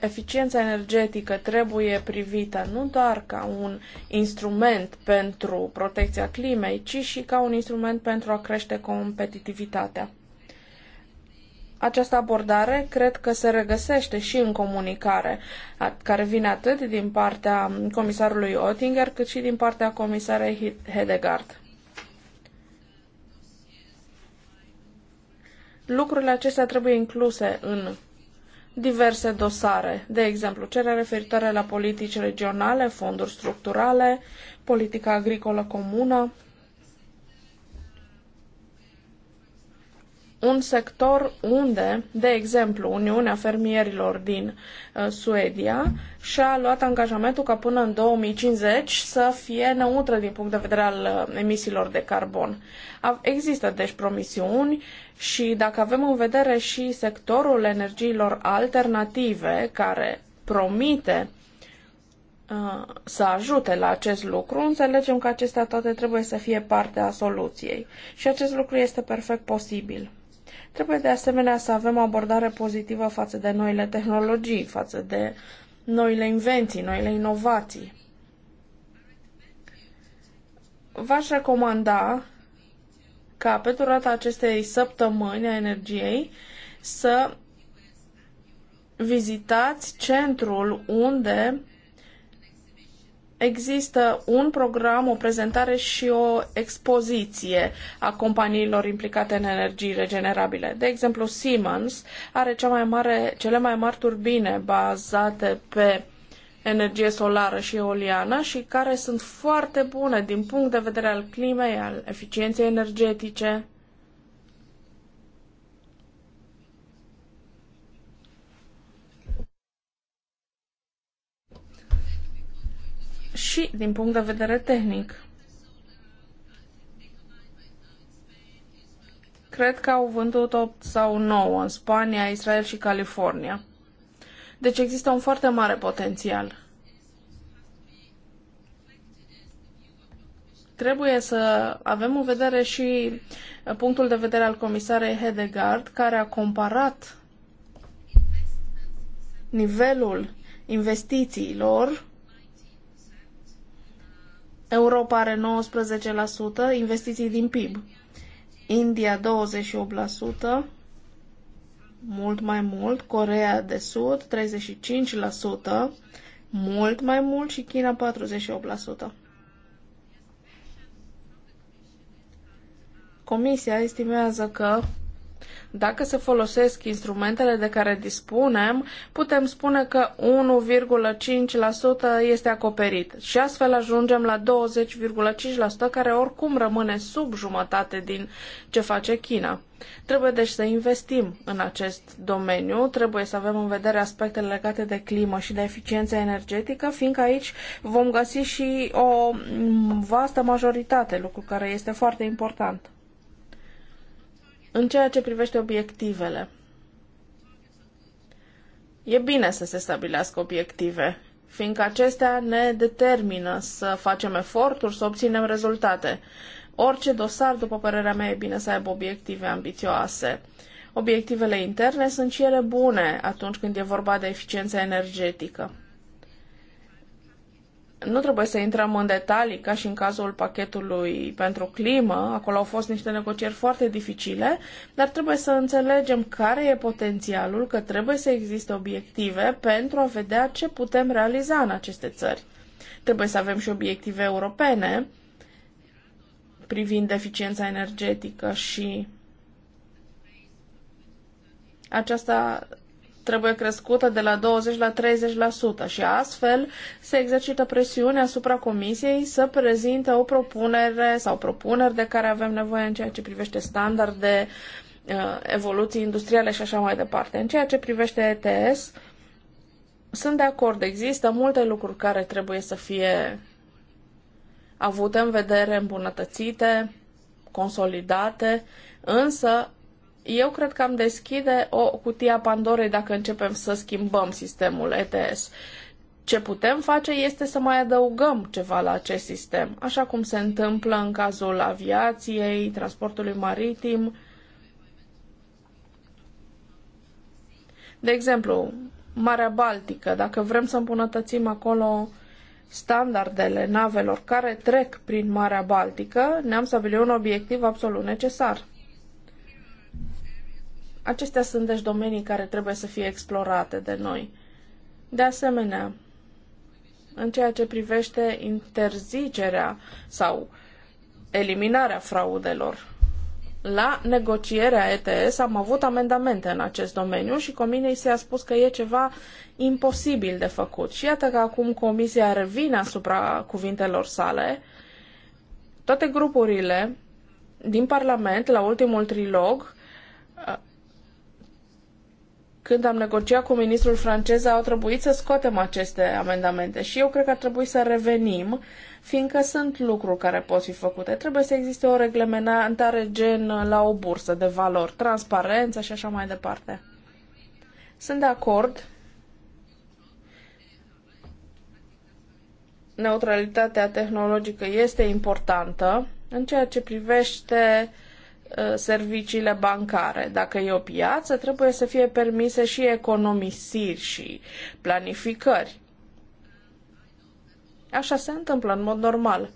eficiența energetică trebuie privită nu doar ca un instrument pentru protecția climei, ci și ca un instrument pentru a crește competitivitatea. Această abordare cred că se regăsește și în comunicare, care vine atât din partea comisarului Oettinger, cât și din partea comisarei Hedegaard. Lucrurile acestea trebuie incluse în diverse dosare, de exemplu, cele referitoare la politici regionale, fonduri structurale, politica agricolă comună, un sector unde, de exemplu, Uniunea Fermierilor din uh, Suedia și-a luat angajamentul ca până în 2050 să fie neutră din punct de vedere al uh, emisiilor de carbon. A, există, deci, promisiuni și dacă avem în vedere și sectorul energiilor alternative care promite uh, să ajute la acest lucru, înțelegem că acestea toate trebuie să fie parte a soluției. Și acest lucru este perfect posibil. Trebuie de asemenea să avem o abordare pozitivă față de noile tehnologii, față de noile invenții, noile inovații. V-aș recomanda ca pe durata acestei săptămâni a energiei să vizitați centrul unde există un program, o prezentare și o expoziție a companiilor implicate în energii regenerabile. De exemplu, Siemens are cea mai mare, cele mai mari turbine bazate pe energie solară și eoliană și care sunt foarte bune din punct de vedere al climei, al eficienței energetice și din punct de vedere tehnic. Cred că au vândut 8 sau 9 în Spania, Israel și California. Deci există un foarte mare potențial. trebuie să avem în vedere și punctul de vedere al comisarei Hedegaard, care a comparat nivelul investițiilor Europa are 19% investiții din PIB. India 28%, mult mai mult, Corea de Sud 35%, mult mai mult și China 48%. Comisia estimează că dacă se folosesc instrumentele de care dispunem, putem spune că 1,5% este acoperit și astfel ajungem la 20,5% care oricum rămâne sub jumătate din ce face China. Trebuie deci să investim în acest domeniu, trebuie să avem în vedere aspectele legate de climă și de eficiență energetică, fiindcă aici vom găsi și o vastă majoritate, lucru care este foarte important. În ceea ce privește obiectivele, e bine să se stabilească obiective, fiindcă acestea ne determină să facem eforturi, să obținem rezultate. Orice dosar, după părerea mea, e bine să aibă obiective ambițioase. Obiectivele interne sunt și ele bune atunci când e vorba de eficiența energetică. Nu trebuie să intrăm în detalii, ca și în cazul pachetului pentru climă, acolo au fost niște negocieri foarte dificile, dar trebuie să înțelegem care e potențialul, că trebuie să existe obiective pentru a vedea ce putem realiza în aceste țări. Trebuie să avem și obiective europene privind eficiența energetică și aceasta trebuie crescută de la 20 la 30% și astfel se exercită presiune asupra Comisiei să prezinte o propunere sau propuneri de care avem nevoie în ceea ce privește standarde, uh, evoluții industriale și așa mai departe. În ceea ce privește ETS, sunt de acord, există multe lucruri care trebuie să fie avute în vedere, îmbunătățite, consolidate, însă eu cred că am deschide o cutie a Pandorei dacă începem să schimbăm sistemul ETS. Ce putem face este să mai adăugăm ceva la acest sistem, așa cum se întâmplă în cazul aviației, transportului maritim. De exemplu, Marea Baltică, dacă vrem să îmbunătățim acolo standardele navelor care trec prin Marea Baltică, ne-am stabilit un obiectiv absolut necesar. Acestea sunt deci domenii care trebuie să fie explorate de noi. De asemenea, în ceea ce privește interzicerea sau eliminarea fraudelor, la negocierea ETS am avut amendamente în acest domeniu și Comisiei se a spus că e ceva imposibil de făcut. Și iată că acum Comisia revine asupra cuvintelor sale. Toate grupurile din Parlament, la ultimul trilog, când am negociat cu ministrul francez, au trebuit să scoatem aceste amendamente și eu cred că ar trebui să revenim, fiindcă sunt lucruri care pot fi făcute. Trebuie să existe o reglementare gen la o bursă de valori, transparență și așa mai departe. Sunt de acord. Neutralitatea tehnologică este importantă în ceea ce privește uh, Uh, serviciile bancare. Dacă e o piață, trebuie să fie permise și economisiri și planificări. Așa se întâmplă în mod normal.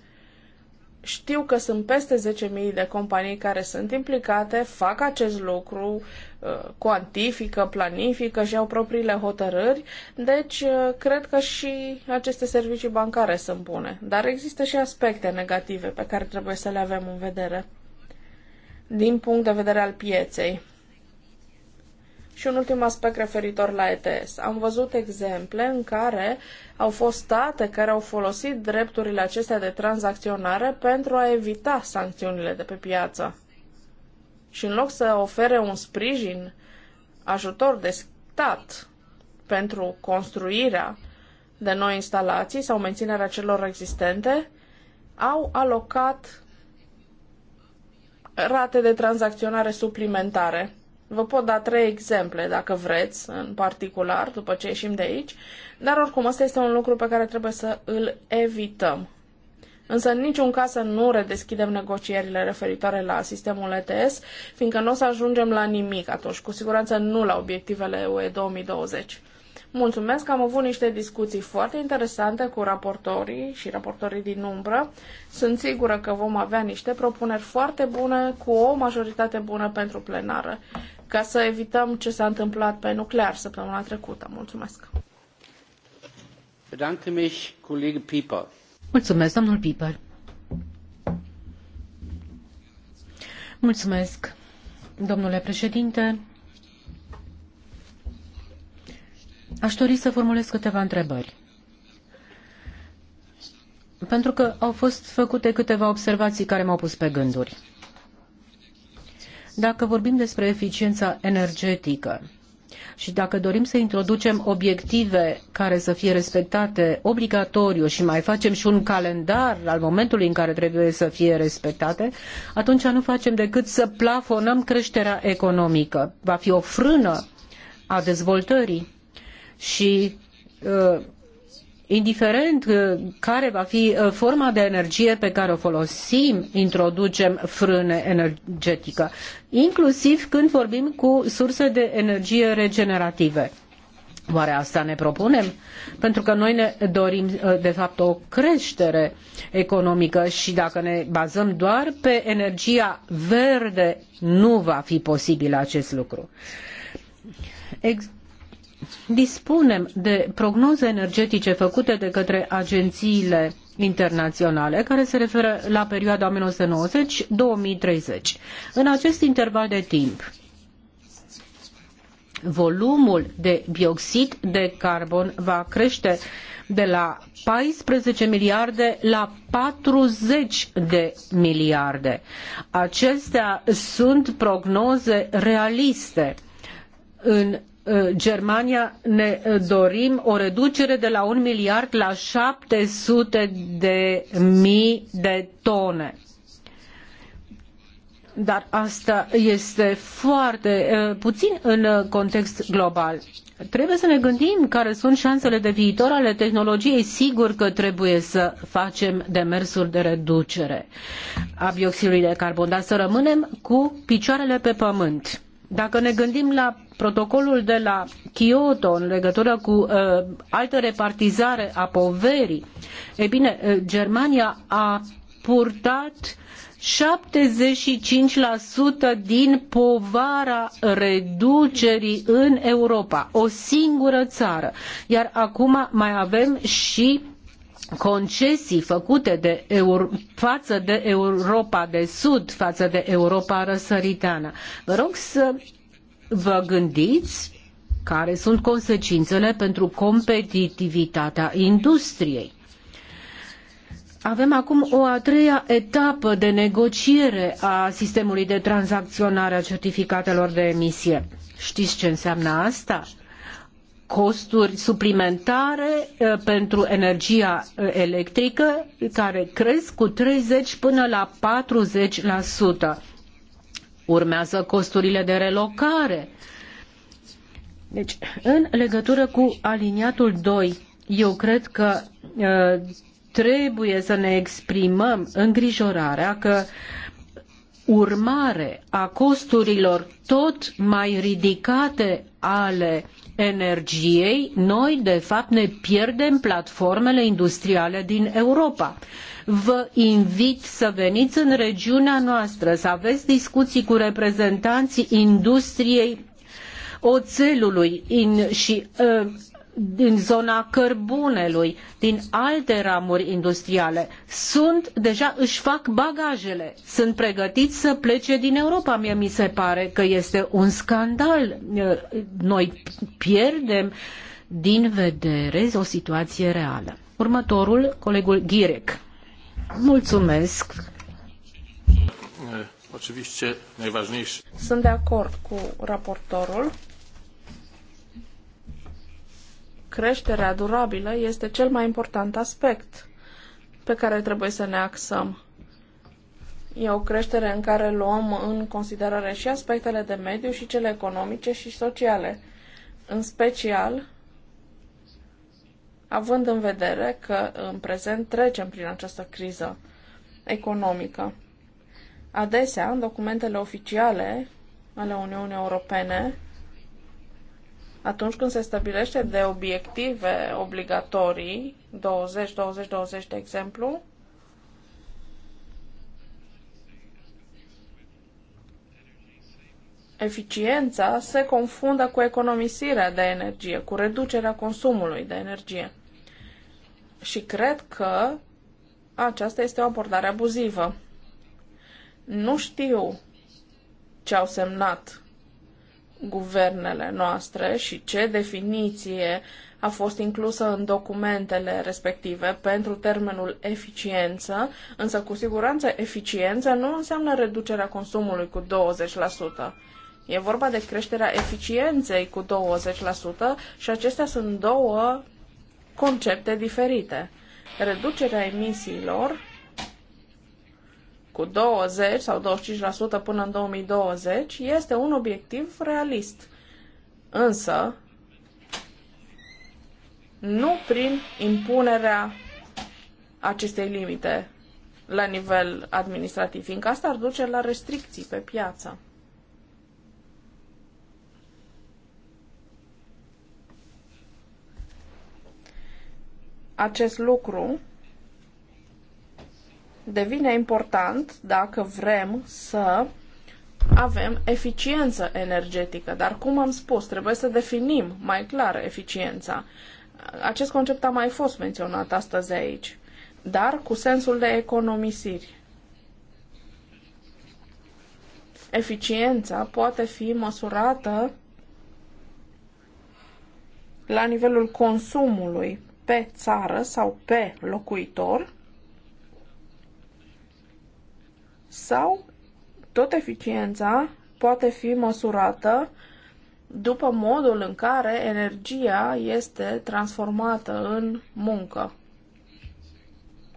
Știu că sunt peste 10.000 de companii care sunt implicate, fac acest lucru, uh, cuantifică, planifică și au propriile hotărâri, deci uh, cred că și aceste servicii bancare sunt bune. Dar există și aspecte negative pe care trebuie să le avem în vedere din punct de vedere al pieței. Și un ultim aspect referitor la ETS. Am văzut exemple în care au fost state care au folosit drepturile acestea de tranzacționare pentru a evita sancțiunile de pe piață. Și în loc să ofere un sprijin, ajutor de stat pentru construirea de noi instalații sau menținerea celor existente, au alocat rate de tranzacționare suplimentare. Vă pot da trei exemple, dacă vreți, în particular, după ce ieșim de aici, dar oricum ăsta este un lucru pe care trebuie să îl evităm. Însă în niciun caz să nu redeschidem negocierile referitoare la sistemul ETS, fiindcă nu o să ajungem la nimic atunci, cu siguranță nu la obiectivele UE 2020. Mulțumesc, că am avut niște discuții foarte interesante cu raportorii și raportorii din umbră. Sunt sigură că vom avea niște propuneri foarte bune cu o majoritate bună pentru plenară, ca să evităm ce s-a întâmplat pe nuclear săptămâna trecută. Mulțumesc! Mulțumesc, domnul Piper. Mulțumesc, domnule președinte. Aș dori să formulez câteva întrebări. Pentru că au fost făcute câteva observații care m-au pus pe gânduri. Dacă vorbim despre eficiența energetică și dacă dorim să introducem obiective care să fie respectate obligatoriu și mai facem și un calendar al momentului în care trebuie să fie respectate, atunci nu facem decât să plafonăm creșterea economică. Va fi o frână a dezvoltării și uh, indiferent uh, care va fi uh, forma de energie pe care o folosim, introducem frâne energetică, inclusiv când vorbim cu surse de energie regenerative. Oare asta ne propunem? Pentru că noi ne dorim, de fapt, o creștere economică și dacă ne bazăm doar pe energia verde, nu va fi posibil acest lucru dispunem de prognoze energetice făcute de către agențiile internaționale care se referă la perioada 1990-2030. În acest interval de timp, volumul de bioxid de carbon va crește de la 14 miliarde la 40 de miliarde. Acestea sunt prognoze realiste. În Germania ne dorim o reducere de la un miliard la 700 de mii de tone. Dar asta este foarte eh, puțin în context global. Trebuie să ne gândim care sunt șansele de viitor ale tehnologiei. Sigur că trebuie să facem demersuri de reducere a bioxidului de carbon, dar să rămânem cu picioarele pe pământ. Dacă ne gândim la protocolul de la Kyoto în legătură cu uh, altă repartizare a poverii, e bine, uh, Germania a purtat 75% din povara reducerii în Europa, o singură țară. Iar acum mai avem și concesii făcute de Euro- față de Europa de Sud, față de Europa răsăriteană. Vă rog să vă gândiți care sunt consecințele pentru competitivitatea industriei. Avem acum o a treia etapă de negociere a sistemului de tranzacționare a certificatelor de emisie. Știți ce înseamnă asta? Costuri suplimentare eh, pentru energia eh, electrică care cresc cu 30 până la 40% urmează costurile de relocare. Deci, în legătură cu aliniatul 2, eu cred că uh, trebuie să ne exprimăm îngrijorarea că urmare a costurilor tot mai ridicate ale energiei, noi de fapt ne pierdem platformele industriale din Europa. Vă invit să veniți în regiunea noastră, să aveți discuții cu reprezentanții industriei oțelului in, și uh, din zona cărbunelui, din alte ramuri industriale, sunt deja își fac bagajele, sunt pregătiți să plece din Europa. Mie mi se pare că este un scandal. Ă, noi pierdem din vedere o situație reală. Următorul, colegul Ghirec. Mulțumesc. Eh, Sunt de acord cu raportorul. Creșterea durabilă este cel mai important aspect pe care trebuie să ne axăm. E o creștere în care luăm în considerare și aspectele de mediu și cele economice și sociale, în special având în vedere că în prezent trecem prin această criză economică. Adesea, în documentele oficiale ale Uniunii Europene, atunci când se stabilește de obiective obligatorii, 20, 20, 20 de exemplu, eficiența se confundă cu economisirea de energie, cu reducerea consumului de energie. Și cred că aceasta este o abordare abuzivă. Nu știu ce au semnat guvernele noastre și ce definiție a fost inclusă în documentele respective pentru termenul eficiență, însă cu siguranță eficiență nu înseamnă reducerea consumului cu 20%. E vorba de creșterea eficienței cu 20% și acestea sunt două concepte diferite. Reducerea emisiilor cu 20 sau 25% până în 2020 este un obiectiv realist. Însă, nu prin impunerea acestei limite la nivel administrativ, fiindcă asta ar duce la restricții pe piață. acest lucru devine important dacă vrem să avem eficiență energetică. Dar, cum am spus, trebuie să definim mai clar eficiența. Acest concept a mai fost menționat astăzi aici, dar cu sensul de economisiri. Eficiența poate fi măsurată la nivelul consumului pe țară sau pe locuitor sau tot eficiența poate fi măsurată după modul în care energia este transformată în muncă.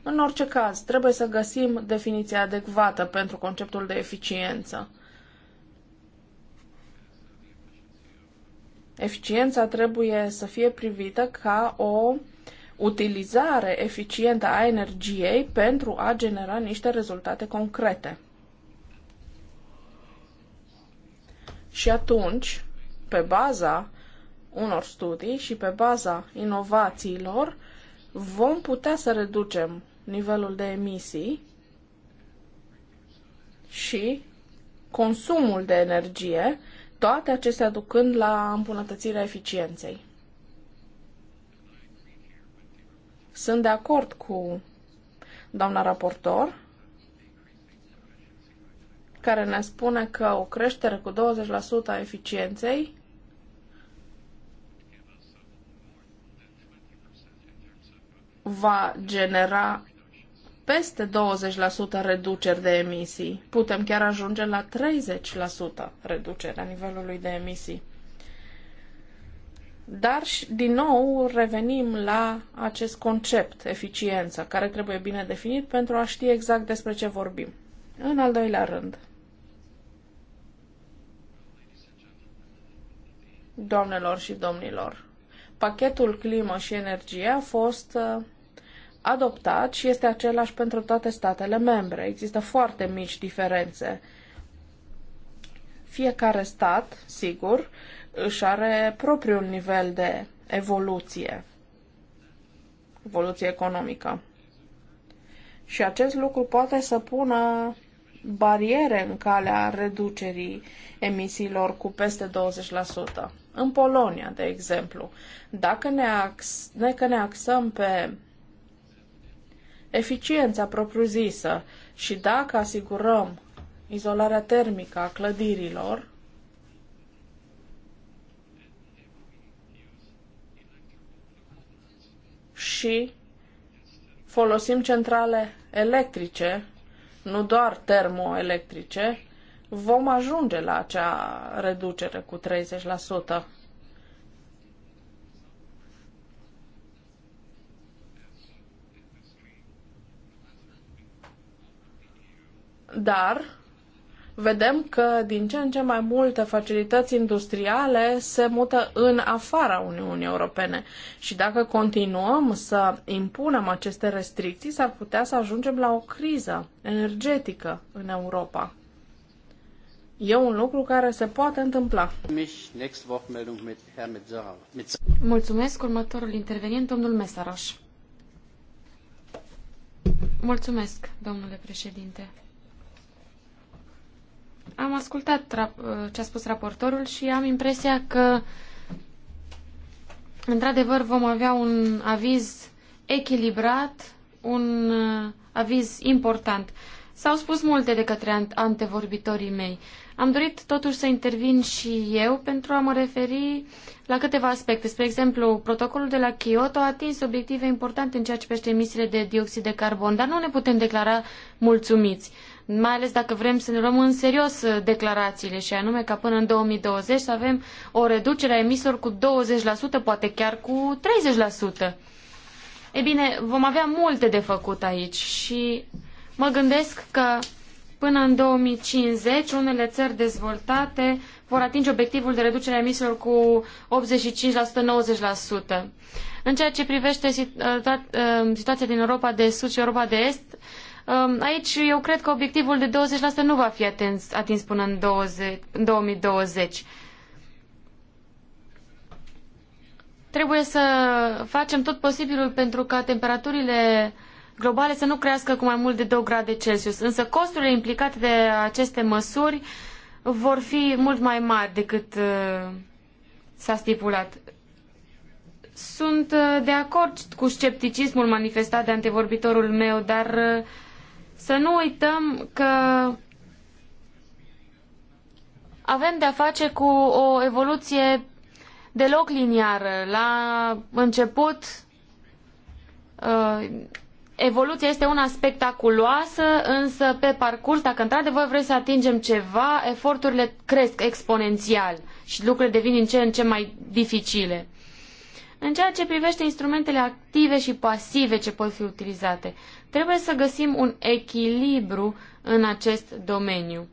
În orice caz, trebuie să găsim definiția adecvată pentru conceptul de eficiență. Eficiența trebuie să fie privită ca o utilizare eficientă a energiei pentru a genera niște rezultate concrete. Și atunci, pe baza unor studii și pe baza inovațiilor, vom putea să reducem nivelul de emisii și consumul de energie, toate acestea ducând la îmbunătățirea eficienței. Sunt de acord cu doamna raportor, care ne spune că o creștere cu 20% a eficienței va genera peste 20% reduceri de emisii. Putem chiar ajunge la 30% reducere a nivelului de emisii. Dar, și din nou, revenim la acest concept, eficiență, care trebuie bine definit pentru a ști exact despre ce vorbim. În al doilea rând, doamnelor și domnilor, pachetul climă și energie a fost uh, adoptat și este același pentru toate statele membre. Există foarte mici diferențe. Fiecare stat, sigur, uh, își are propriul nivel de evoluție, evoluție economică. Și acest lucru poate să pună bariere în calea reducerii emisiilor cu peste 20%. În Polonia, de exemplu, dacă ne, ax- dacă ne axăm pe eficiența propriu-zisă și dacă asigurăm izolarea termică a clădirilor, și folosim centrale electrice, nu doar termoelectrice, vom ajunge la acea reducere cu 30%. Dar vedem că din ce în ce mai multe facilități industriale se mută în afara Uniunii Europene și dacă continuăm să impunem aceste restricții, s-ar putea să ajungem la o criză energetică în Europa. E un lucru care se poate întâmpla. Mulțumesc. Următorul intervenient, domnul Mesaraș. Mulțumesc, domnule președinte. Am ascultat ce a spus raportorul și am impresia că, într-adevăr, vom avea un aviz echilibrat, un uh, aviz important. S-au spus multe de către antevorbitorii mei. Am dorit totuși să intervin și eu pentru a mă referi la câteva aspecte. Spre exemplu, protocolul de la Kyoto a atins obiective importante în ceea ce privește emisiile de dioxid de carbon, dar nu ne putem declara mulțumiți mai ales dacă vrem să ne luăm în serios uh, declarațiile și anume ca până în 2020 să avem o reducere a emisiilor cu 20%, poate chiar cu 30%. E bine, vom avea multe de făcut aici și mă gândesc că până în 2050 unele țări dezvoltate vor atinge obiectivul de reducere a emisiilor cu 85%-90%. În ceea ce privește uh, uh, situația din Europa de Sud și Europa de Est, Um, aici eu cred că obiectivul de 20% nu va fi atins, atins până în 20, 2020. Trebuie să facem tot posibilul pentru ca temperaturile globale să nu crească cu mai mult de 2 grade Celsius. Însă costurile implicate de aceste măsuri vor fi mult mai mari decât uh, s-a stipulat. Sunt uh, de acord cu scepticismul manifestat de antevorbitorul meu, dar uh, să nu uităm că avem de-a face cu o evoluție deloc liniară. La început, uh, evoluția este una spectaculoasă, însă pe parcurs, dacă într-adevăr vrei să atingem ceva, eforturile cresc exponențial și lucrurile devin din ce în ce mai dificile. În ceea ce privește instrumentele active și pasive ce pot fi utilizate, trebuie să găsim un echilibru în acest domeniu.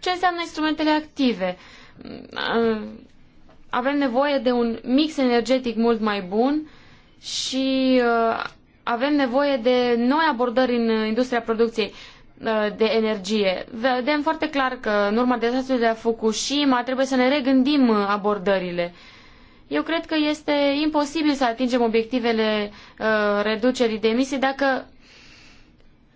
Ce înseamnă instrumentele active? Mm, avem nevoie de un mix energetic mult mai bun și uh, avem nevoie de noi abordări în industria producției. Uh, de energie. Vedem foarte clar că în urma dezastrului de la Fukushima trebuie să ne regândim uh, abordările. Eu cred că este imposibil să atingem obiectivele uh, reducerii de emisii dacă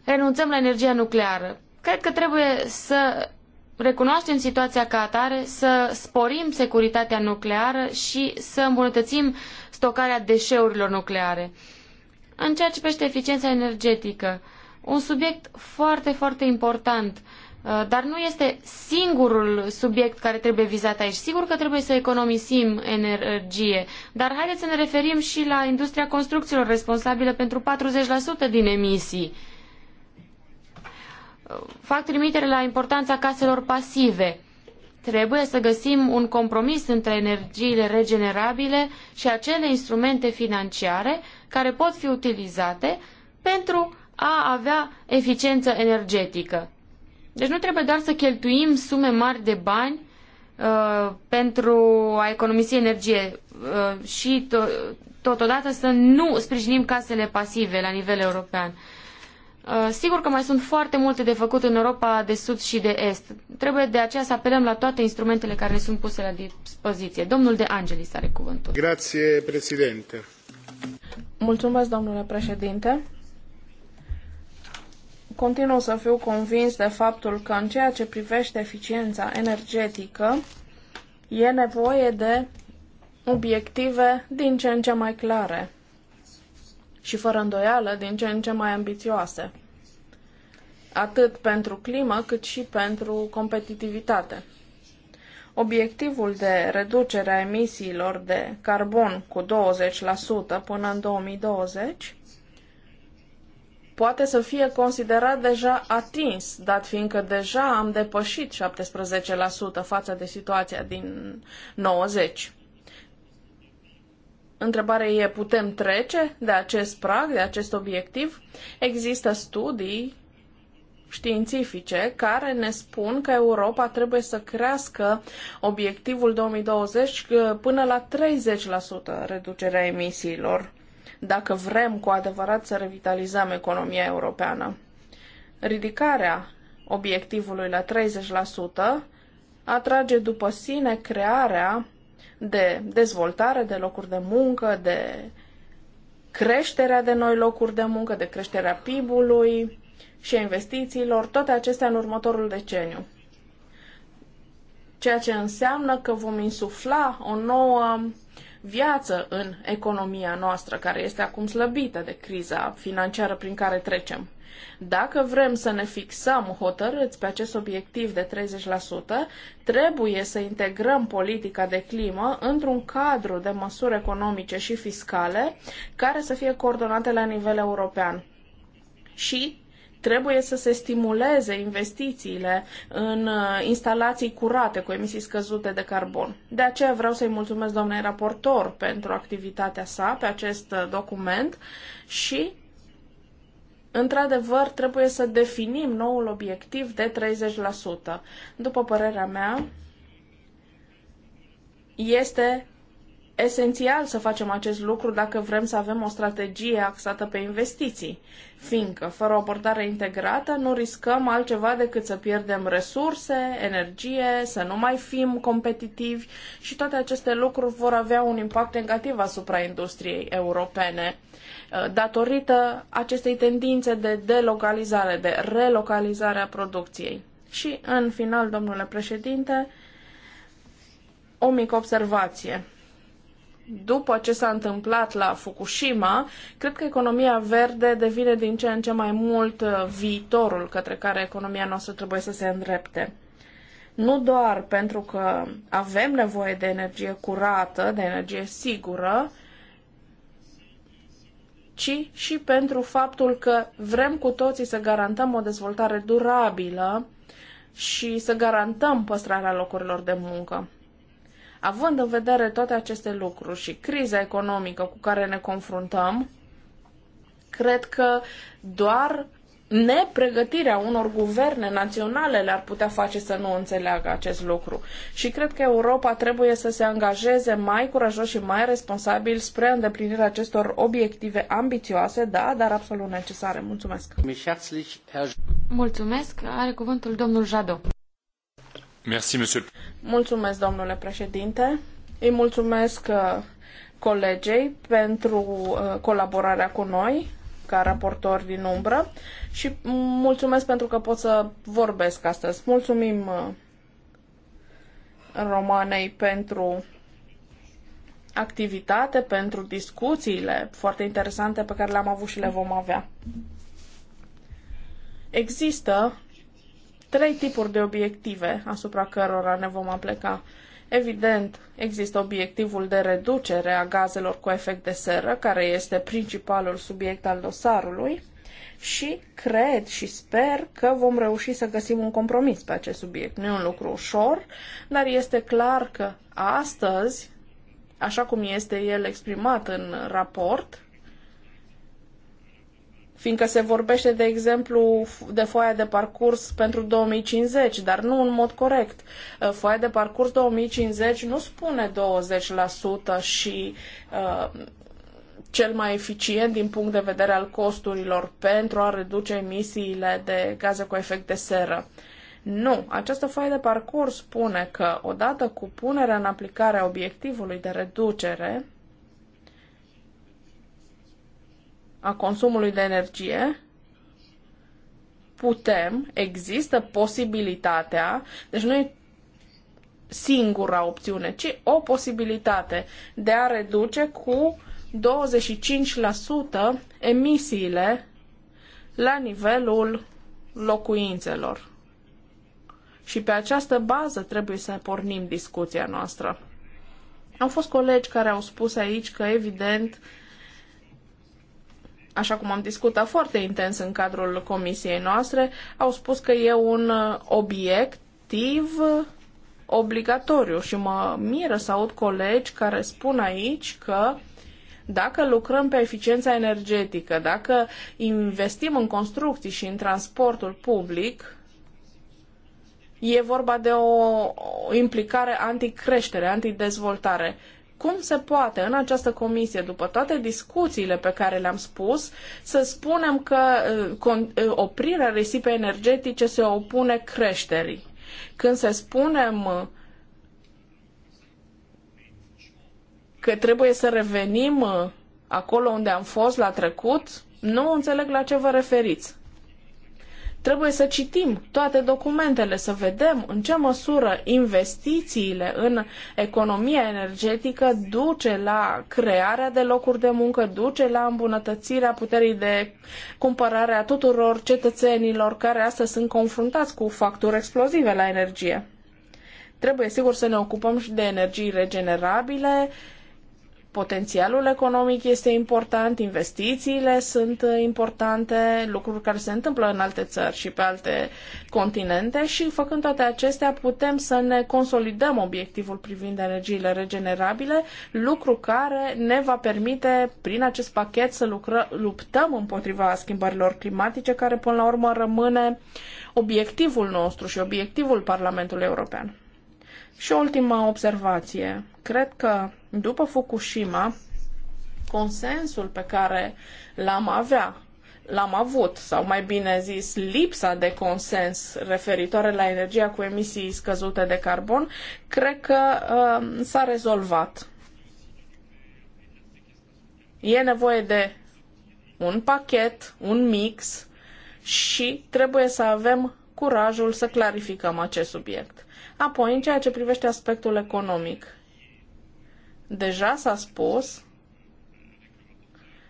renunțăm la energia nucleară. Cred că trebuie să recunoaștem situația ca atare, să sporim securitatea nucleară și să îmbunătățim stocarea deșeurilor nucleare. În ceea ce privește eficiența energetică, uh, un subiect foarte, foarte important. Uh, dar nu este singurul subiect care trebuie vizat aici. Sigur că trebuie să economisim energie, dar haideți să ne referim și la industria construcțiilor responsabilă pentru 40% din emisii. Uh, fac trimitere la importanța caselor pasive. Trebuie să găsim un compromis între energiile regenerabile și acele instrumente financiare care pot fi utilizate pentru a avea eficiență energetică. Deci nu trebuie doar să cheltuim sume mari de bani uh, pentru a economisi energie uh, și to- totodată să nu sprijinim casele pasive la nivel european. Uh, sigur că mai sunt foarte multe de făcut în Europa de Sud și de Est. Trebuie de aceea să apelăm la toate instrumentele care ne sunt puse la dispoziție. Domnul De Angelis are cuvântul. Grație, președinte. Mulțumesc, domnule președinte. Continu să fiu convins de faptul că în ceea ce privește eficiența energetică e nevoie de obiective din ce în ce mai clare și fără îndoială din ce în ce mai ambițioase, atât pentru climă cât și pentru competitivitate. Obiectivul de reducere a emisiilor de carbon cu 20% până în 2020 poate să fie considerat deja atins, dat fiindcă deja am depășit 17% față de situația din 90. Întrebarea e, putem trece de acest prag, de acest obiectiv? Există studii științifice care ne spun că Europa trebuie să crească obiectivul 2020 uh, până la 30% reducerea emisiilor dacă vrem cu adevărat să revitalizăm economia europeană. Ridicarea obiectivului la 30% atrage după sine crearea de dezvoltare de locuri de muncă, de creșterea de noi locuri de muncă, de creșterea PIB-ului și a investițiilor, toate acestea în următorul deceniu. Ceea ce înseamnă că vom insufla o nouă viață în economia noastră, care este acum slăbită de criza financiară prin care trecem. Dacă vrem să ne fixăm hotărâți pe acest obiectiv de 30%, trebuie să integrăm politica de climă într-un cadru de măsuri economice și fiscale care să fie coordonate la nivel european. Și Trebuie să se stimuleze investițiile în uh, instalații curate cu emisii scăzute de carbon. De aceea vreau să-i mulțumesc domnului raportor pentru activitatea sa pe acest uh, document și Într-adevăr, trebuie să definim noul obiectiv de 30%. După părerea mea, este esențial să facem acest lucru dacă vrem să avem o strategie axată pe investiții, fiindcă fără o abordare integrată nu riscăm altceva decât să pierdem resurse, energie, să nu mai fim competitivi și toate aceste lucruri vor avea un impact negativ asupra industriei europene uh, datorită acestei tendințe de delocalizare, de relocalizare a producției. Și, în final, domnule președinte, o mică observație după ce s-a întâmplat la Fukushima, cred că economia verde devine din ce în ce mai mult uh, viitorul către care economia noastră trebuie să se îndrepte. Nu doar pentru că avem nevoie de energie curată, de energie sigură, ci și pentru faptul că vrem cu toții să garantăm o dezvoltare durabilă și să garantăm păstrarea locurilor de muncă. Având în vedere toate aceste lucruri și criza economică cu care ne confruntăm, cred că doar nepregătirea unor guverne naționale le-ar putea face să nu înțeleagă acest lucru. Și cred că Europa trebuie să se angajeze mai curajos și mai responsabil spre îndeplinirea acestor obiective ambițioase, da, dar absolut necesare. Mulțumesc! Mulțumesc! Are cuvântul domnul Jado. Mulțumesc, Îi mulțumesc uh, colegei pentru uh, colaborarea cu noi ca raportori din umbră și mulțumesc pentru că pot să vorbesc astăzi. Mulțumim uh, Romanei pentru activitate, pentru discuțiile foarte interesante pe care le-am avut și le vom avea. Există trei tipuri de obiective asupra cărora ne vom apleca. Evident, există obiectivul de reducere a gazelor cu efect de seră, care este principalul subiect al dosarului, și cred și sper că vom reuși să găsim un compromis pe acest subiect. Nu e un lucru ușor, dar este clar că astăzi, așa cum este el exprimat în raport, fiindcă se vorbește, de exemplu, de foaia de parcurs pentru 2050, dar nu în mod corect. Uh, foaia de parcurs 2050 nu spune 20% și uh, cel mai eficient din punct de vedere al costurilor pentru a reduce emisiile de gaze cu efect de seră. Nu, această foaie de parcurs spune că odată cu punerea în aplicare a obiectivului de reducere a consumului de energie, putem, există posibilitatea, deci nu e singura opțiune, ci o posibilitate de a reduce cu 25% emisiile la nivelul locuințelor. Și pe această bază trebuie să pornim discuția noastră. Au fost colegi care au spus aici că, evident, așa cum am discutat foarte intens în cadrul comisiei noastre, au spus că e un uh, obiectiv uh, obligatoriu și mă miră să aud colegi care spun aici că dacă lucrăm pe eficiența energetică, dacă investim în construcții și în transportul public, e vorba de o implicare anticreștere, antidezvoltare. Cum se poate în această comisie, după toate discuțiile pe care le-am spus, să spunem că uh, uh, oprirea risipei energetice se opune creșterii? Când se spunem că trebuie să revenim uh, acolo unde am fost la trecut, nu înțeleg la ce vă referiți. Trebuie să citim toate documentele, să vedem în ce măsură investițiile în economia energetică duce la crearea de locuri de muncă, duce la îmbunătățirea puterii de cumpărare a tuturor cetățenilor care astăzi sunt confruntați cu facturi explozive la energie. Trebuie sigur să ne ocupăm și de energii regenerabile, Potențialul economic este important, investițiile sunt importante, lucruri care se întâmplă în alte țări și pe alte continente și făcând toate acestea putem să ne consolidăm obiectivul privind energiile regenerabile, lucru care ne va permite prin acest pachet să lucră, luptăm împotriva schimbărilor climatice care până la urmă rămâne obiectivul nostru și obiectivul Parlamentului European. Și o ultima observație. Cred că după Fukushima, consensul pe care l-am avea, l-am avut, sau mai bine zis, lipsa de consens referitoare la energia cu emisii scăzute de carbon, cred că uh, s-a rezolvat. E nevoie de un pachet, un mix și trebuie să avem curajul să clarificăm acest subiect. Apoi, în ceea ce privește aspectul economic, Deja s-a spus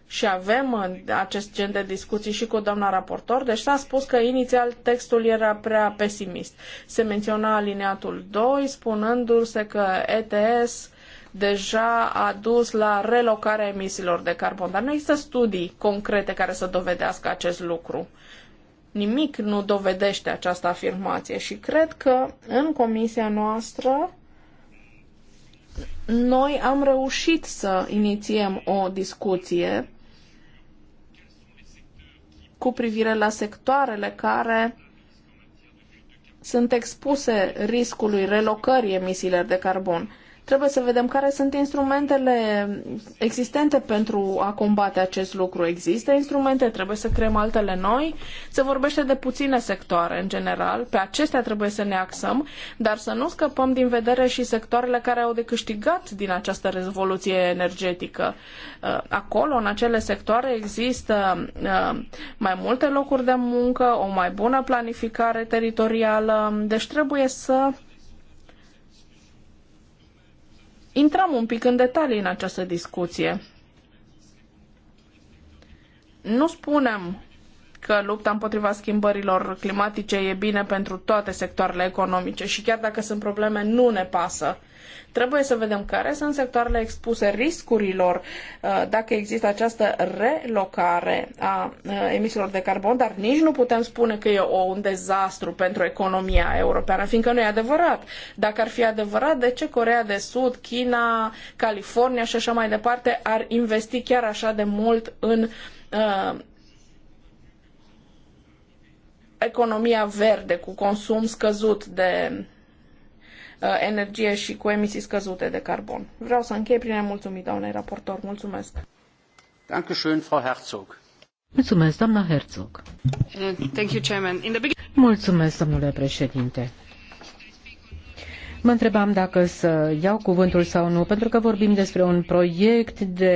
și avem uh, acest gen de discuții și cu doamna raportor, deci s-a spus că inițial textul era prea pesimist. Se menționa alineatul 2, spunându-se că ETS deja a dus la relocarea emisiilor de carbon, dar nu există studii concrete care să dovedească acest lucru. Nimic nu dovedește această afirmație și cred că în comisia noastră noi am reușit să inițiem o discuție cu privire la sectoarele care sunt expuse riscului relocării emisiilor de carbon. Trebuie să vedem care sunt instrumentele existente pentru a combate acest lucru. Există instrumente, trebuie să creăm altele noi. Se vorbește de puține sectoare în general, pe acestea trebuie să ne axăm, dar să nu scăpăm din vedere și sectoarele care au de câștigat din această revoluție energetică. Uh, acolo, în acele sectoare, există uh, mai multe locuri de muncă, o mai bună planificare teritorială, deci trebuie să intrăm un pic în detalii în această discuție. Nu spunem că lupta împotriva schimbărilor climatice e bine pentru toate sectoarele economice și chiar dacă sunt probleme, nu ne pasă. Trebuie să vedem care sunt sectoarele expuse riscurilor uh, dacă există această relocare a uh, emisiilor de carbon, dar nici nu putem spune că e un dezastru pentru economia europeană, fiindcă nu e adevărat. Dacă ar fi adevărat, de ce Coreea de Sud, China, California și așa mai departe ar investi chiar așa de mult în uh, economia verde cu consum scăzut de uh, energie și cu emisii scăzute de carbon. Vreau să închei prin mulțumit, doamnei raportor. Mulțumesc! Dankeschön, Frau Herzog. Mulțumesc, doamna Herzog. Thank you, Chairman. In the Mulțumesc, domnule președinte. Mă întrebam dacă să iau cuvântul sau nu, pentru că vorbim despre un proiect de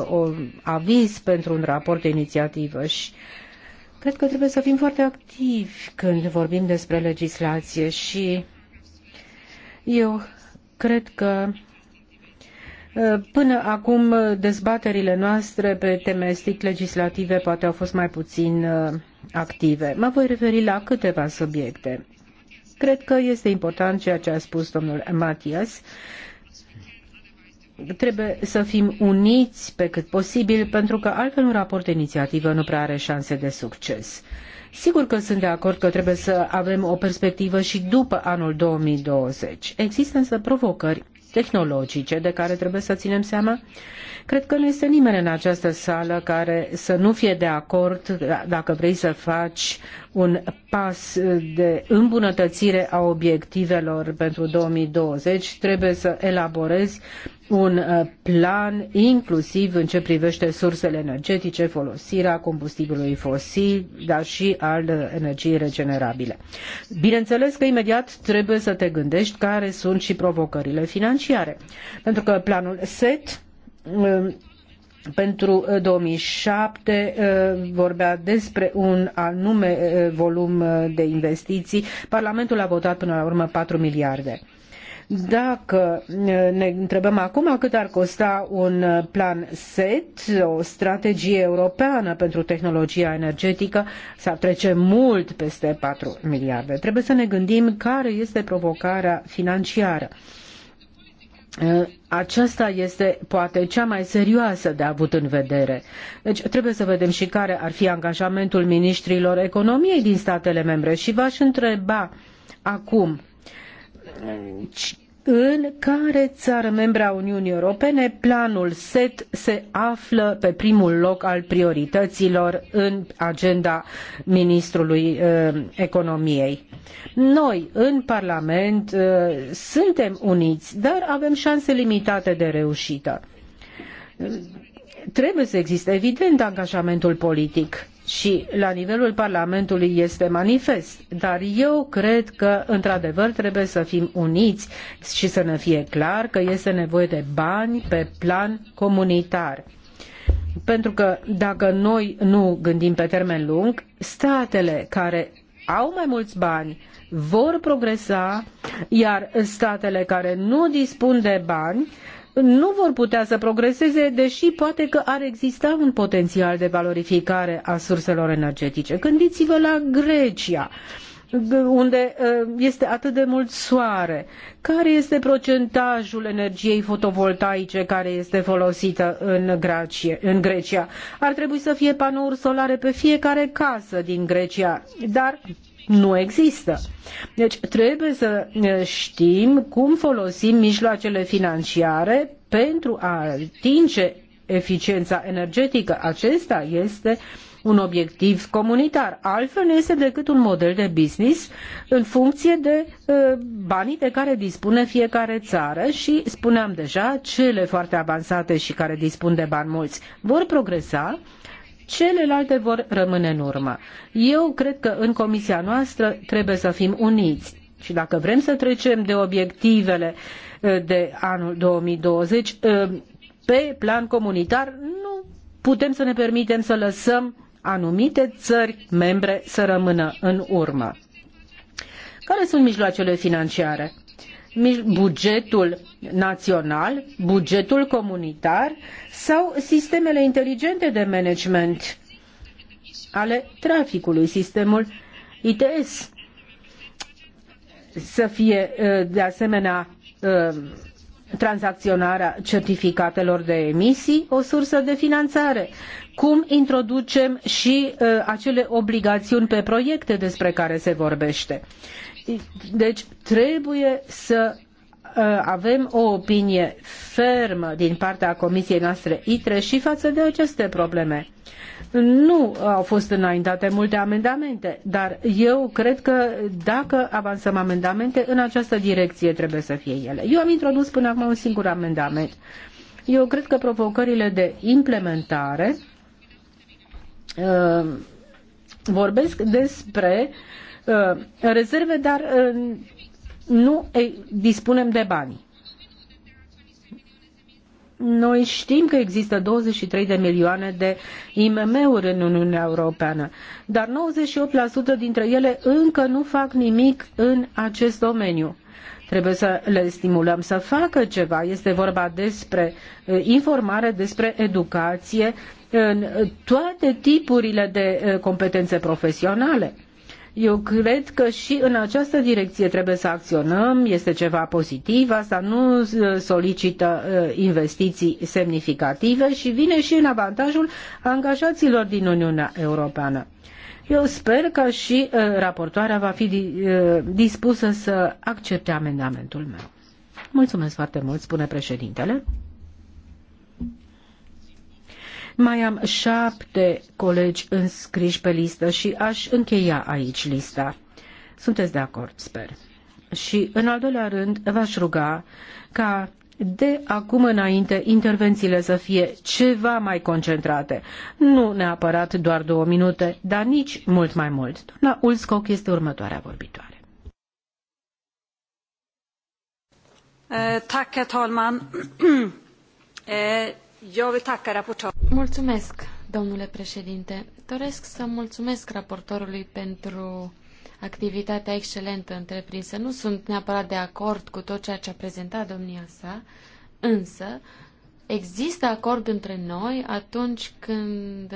uh, o aviz pentru un raport de inițiativă și uh, Cred că trebuie să fim foarte activi când vorbim despre legislație și eu cred că uh, Până acum, dezbaterile noastre pe teme strict legislative poate au fost mai puțin uh, active. Mă voi referi la câteva subiecte. Cred că este important ceea ce a spus domnul Matias trebuie să fim uniți pe cât posibil, pentru că altfel un raport de inițiativă nu prea are șanse de succes. Sigur că sunt de acord că trebuie să avem o perspectivă și după anul 2020. Există însă provocări tehnologice de care trebuie să ținem seama. Cred că nu este nimeni în această sală care să nu fie de acord dacă vrei să faci un pas de îmbunătățire a obiectivelor pentru 2020, trebuie să elaborezi un uh, plan inclusiv în ce privește sursele energetice, folosirea combustibilului fosil, dar și al uh, energiei regenerabile. Bineînțeles că imediat trebuie să te gândești care sunt și provocările financiare, pentru că planul SET um, pentru 2007 uh, vorbea despre un anume volum de investiții. Parlamentul a votat până la urmă 4 miliarde. Dacă ne întrebăm acum cât ar costa un plan SET, o strategie europeană pentru tehnologia energetică, s-ar trece mult peste 4 miliarde. Trebuie să ne gândim care este provocarea financiară. Aceasta este poate cea mai serioasă de avut în vedere. Deci trebuie să vedem și care ar fi angajamentul ministrilor economiei din statele membre și v-aș întreba acum în care țară membra Uniunii Europene planul SET se află pe primul loc al priorităților în agenda ministrului eh, economiei. Noi, în Parlament, eh, suntem uniți, dar avem șanse limitate de reușită. Trebuie să existe, evident, angajamentul politic și la nivelul Parlamentului este manifest, dar eu cred că, într-adevăr, trebuie să fim uniți și să ne fie clar că este nevoie de bani pe plan comunitar. Pentru că dacă noi nu gândim pe termen lung, statele care au mai mulți bani vor progresa, iar statele care nu dispun de bani nu vor putea să progreseze, deși poate că ar exista un potențial de valorificare a surselor energetice. Gândiți-vă la Grecia unde uh, este atât de mult soare. Care este procentajul energiei fotovoltaice care este folosită în, Gracie, în Grecia? Ar trebui să fie panouri solare pe fiecare casă din Grecia, dar nu există. Deci trebuie să știm cum folosim mijloacele financiare pentru a atinge eficiența energetică. Acesta este un obiectiv comunitar. Altfel nu este decât un model de business în funcție de banii de care dispune fiecare țară și, spuneam deja, cele foarte avansate și care dispun de bani mulți vor progresa celelalte vor rămâne în urmă. Eu cred că în comisia noastră trebuie să fim uniți. Și dacă vrem să trecem de obiectivele uh, de anul 2020 uh, pe plan comunitar, nu putem să ne permitem să lăsăm anumite țări membre să rămână în urmă. Care sunt mijloacele financiare? bugetul național, bugetul comunitar sau sistemele inteligente de management ale traficului, sistemul ITS să fie ă, de asemenea ă, tranzacționarea certificatelor de emisii o sursă de finanțare. Cum introducem și ă, acele obligațiuni pe proiecte despre care se vorbește? Deci trebuie să uh, avem o opinie fermă din partea comisiei noastre ITRE și față de aceste probleme. Nu au fost înaintate multe amendamente, dar eu cred că dacă avansăm amendamente, în această direcție trebuie să fie ele. Eu am introdus până acum un singur amendament. Eu cred că provocările de implementare uh, vorbesc despre uh, Uh, rezerve, dar uh, nu dispunem de bani. Noi știm că există 23 de milioane de IMM-uri în Uniunea Europeană, dar 98% dintre ele încă nu fac nimic în acest domeniu. Trebuie să le stimulăm să facă ceva. Este vorba despre uh, informare, despre educație, în toate tipurile de competențe profesionale. Eu cred că și în această direcție trebuie să acționăm, este ceva pozitiv, asta nu uh, solicită uh, investiții semnificative și vine și în avantajul angajaților din Uniunea Europeană. Eu sper că și uh, raportoarea va fi dispusă să accepte amendamentul meu. Mulțumesc foarte mult, spune președintele. Mai am șapte colegi înscriși pe listă și aș încheia aici lista. Sunteți de acord, sper. Și, în al doilea rând, v-aș ruga ca de acum înainte intervențiile să fie ceva mai concentrate. Nu neapărat doar două minute, dar nici mult mai mult. Doamna Ulscoc este următoarea vorbitoare. Eh, tack, herr talman. [clears throat] Eh, Mulțumesc, domnule președinte. Doresc să mulțumesc raportorului pentru activitatea excelentă întreprinsă. Nu sunt neapărat de acord cu tot ceea ce a prezentat domnia sa, însă există acord între noi atunci când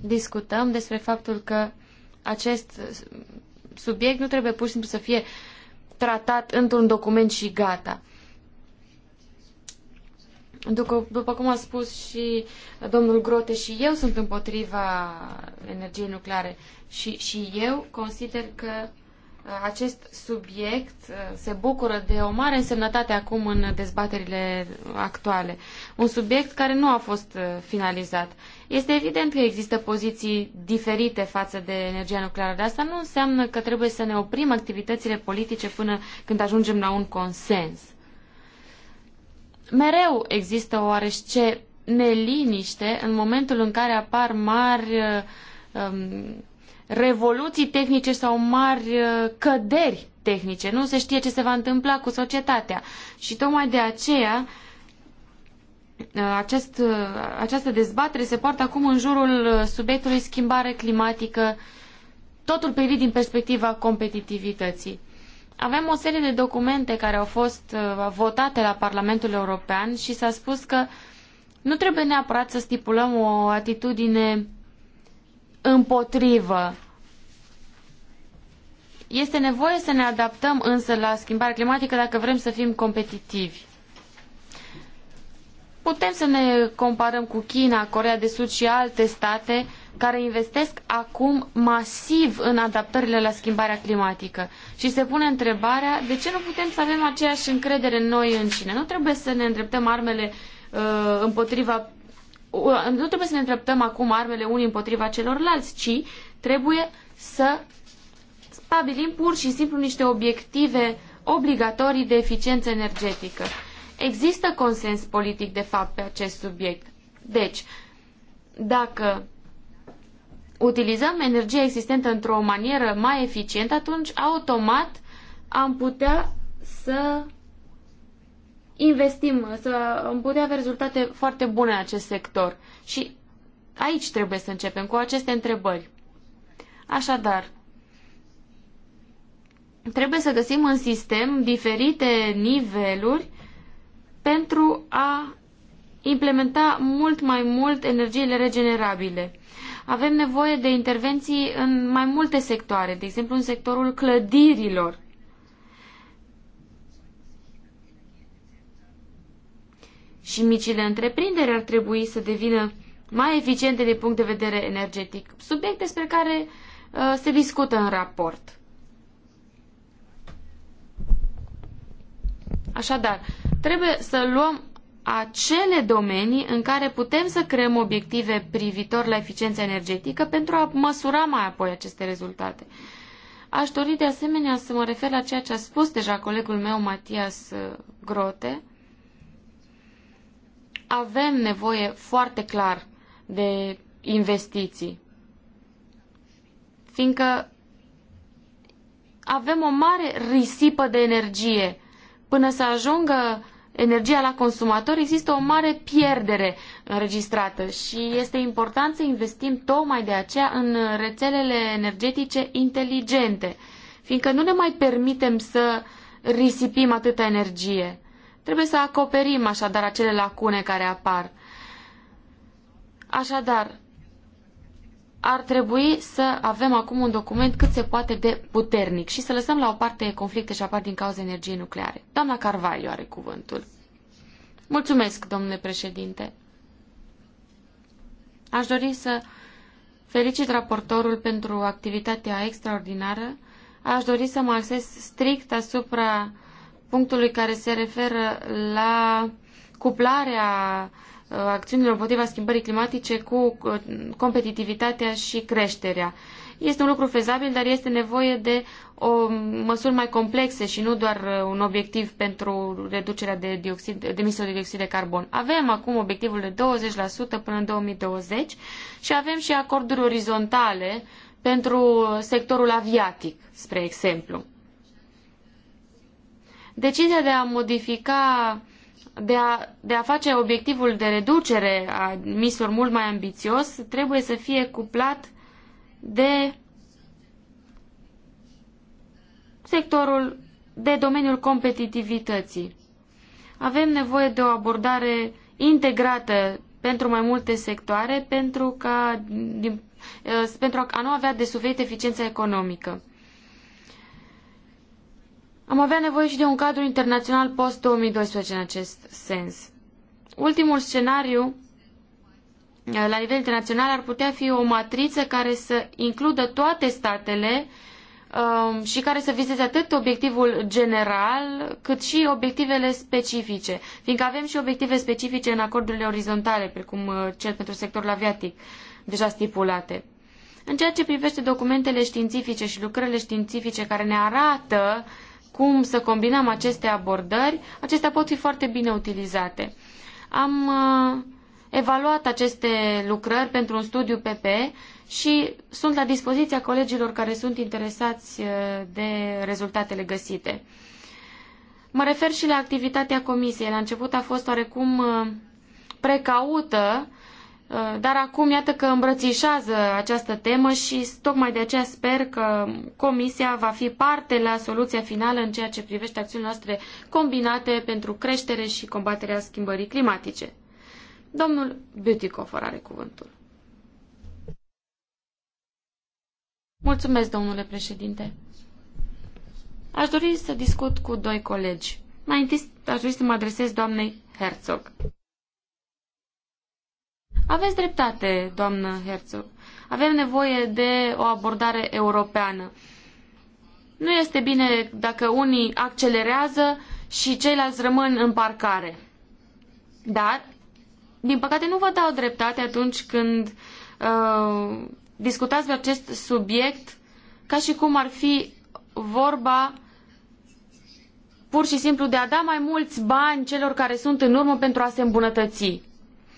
discutăm despre faptul că acest subiect nu trebuie pur și simplu să fie tratat într-un document și gata. După, după cum a spus și domnul Grote, și eu sunt împotriva energiei nucleare și, și eu consider că uh, acest subiect uh, se bucură de o mare însemnătate acum în dezbaterile actuale. Un subiect care nu a fost uh, finalizat. Este evident că există poziții diferite față de energia nucleară, dar asta nu înseamnă că trebuie să ne oprim activitățile politice până când ajungem la un consens mereu există oarece neliniște în momentul în care apar mari um, revoluții tehnice sau mari uh, căderi tehnice. Nu se știe ce se va întâmpla cu societatea. Și tocmai de aceea uh, acest, uh, această dezbatere se poartă acum în jurul subiectului schimbare climatică, totul privit din perspectiva competitivității. Avem o serie de documente care au fost uh, votate la Parlamentul European și s-a spus că nu trebuie neapărat să stipulăm o atitudine împotrivă. Este nevoie să ne adaptăm însă la schimbarea climatică dacă vrem să fim competitivi. Putem să ne comparăm cu China, Coreea de Sud și alte state care investesc acum masiv în adaptările la schimbarea climatică. Și se pune întrebarea de ce nu putem să avem aceeași încredere în noi Nu trebuie să ne îndreptăm armele uh, împotriva uh, nu trebuie să ne îndreptăm acum armele unii împotriva celorlalți, ci trebuie să stabilim pur și simplu niște obiective obligatorii de eficiență energetică. Există consens politic, de fapt, pe acest subiect. Deci, dacă utilizăm energia existentă într-o manieră mai eficientă, atunci automat am putea să investim, să am putea avea rezultate foarte bune în acest sector. Și aici trebuie să începem cu aceste întrebări. Așadar, trebuie să găsim în sistem diferite niveluri pentru a implementa mult mai mult energiile regenerabile avem nevoie de intervenții în mai multe sectoare, de exemplu în sectorul clădirilor. Și micile întreprinderi ar trebui să devină mai eficiente din punct de vedere energetic, subiect despre care uh, se discută în raport. Așadar, trebuie să luăm acele domenii în care putem să creăm obiective privitor la eficiența energetică pentru a măsura mai apoi aceste rezultate. Aș dori de asemenea să mă refer la ceea ce a spus deja colegul meu Matias uh, Grote. Avem nevoie foarte clar de investiții, fiindcă avem o mare risipă de energie până să ajungă energia la consumator, există o mare pierdere înregistrată și este important să investim tocmai de aceea în rețelele energetice inteligente, fiindcă nu ne mai permitem să risipim atâta energie. Trebuie să acoperim așadar acele lacune care apar. Așadar, ar trebui să avem acum un document cât se poate de puternic și să lăsăm la o parte conflicte și apar din cauza energiei nucleare. Doamna Carvalho are cuvântul. Mulțumesc, domnule președinte. Aș dori să felicit raportorul pentru activitatea extraordinară. Aș dori să mă axez strict asupra punctului care se referă la cuplarea Uh, acțiunile împotriva schimbării climatice cu uh, competitivitatea și creșterea. Este un lucru fezabil, dar este nevoie de o măsuri mai complexe și nu doar uh, un obiectiv pentru reducerea de, dioxid, de emisiile de dioxid de carbon. Avem acum obiectivul de 20% până în 2020 și avem și acorduri orizontale pentru sectorul aviatic, spre exemplu. Decizia de a modifica uh, de a, de a face obiectivul de reducere a emisiilor mult mai ambițios, trebuie să fie cuplat de sectorul, de domeniul competitivității. Avem nevoie de o abordare integrată pentru mai multe sectoare pentru, ca, din, eh, pentru a nu avea de suferit eficiența economică. Am avea nevoie și de un cadru internațional post-2012 în acest sens. Ultimul scenariu eh, la nivel internațional ar putea fi o matriță care să includă toate statele ehm, și care să vizeze atât obiectivul general, cât și obiectivele specifice, fiindcă avem și obiective specifice în acordurile orizontale, precum eh, cel pentru sectorul aviatic, deja stipulate. În ceea ce privește documentele științifice și lucrările științifice care ne arată uh, cum să combinăm aceste abordări, acestea pot fi foarte bine utilizate. Am uh, evaluat aceste lucrări pentru un studiu PP și sunt la dispoziția colegilor care sunt interesați uh, de rezultatele găsite. Mă refer și la activitatea comisiei. La început a fost oarecum uh, precaută Uh, dar acum iată că îmbrățișează această temă și tocmai de aceea sper că Comisia va fi parte la soluția finală în ceea ce privește acțiunile noastre combinate pentru creștere și combaterea schimbării climatice. Domnul Butikofer are cuvântul. Mulțumesc, domnule președinte. Aș dori să discut cu doi colegi. Mai întâi aș dori să mă adresez doamnei Herzog. Aveți dreptate, doamnă Herzog. Avem nevoie de o abordare europeană. Nu este bine dacă unii accelerează și ceilalți rămân în parcare. Dar, din păcate, nu vă dau dreptate atunci când uh, discutați pe acest subiect ca și cum ar fi vorba pur și simplu de a da mai mulți bani celor care sunt în urmă pentru a se îmbunătăți.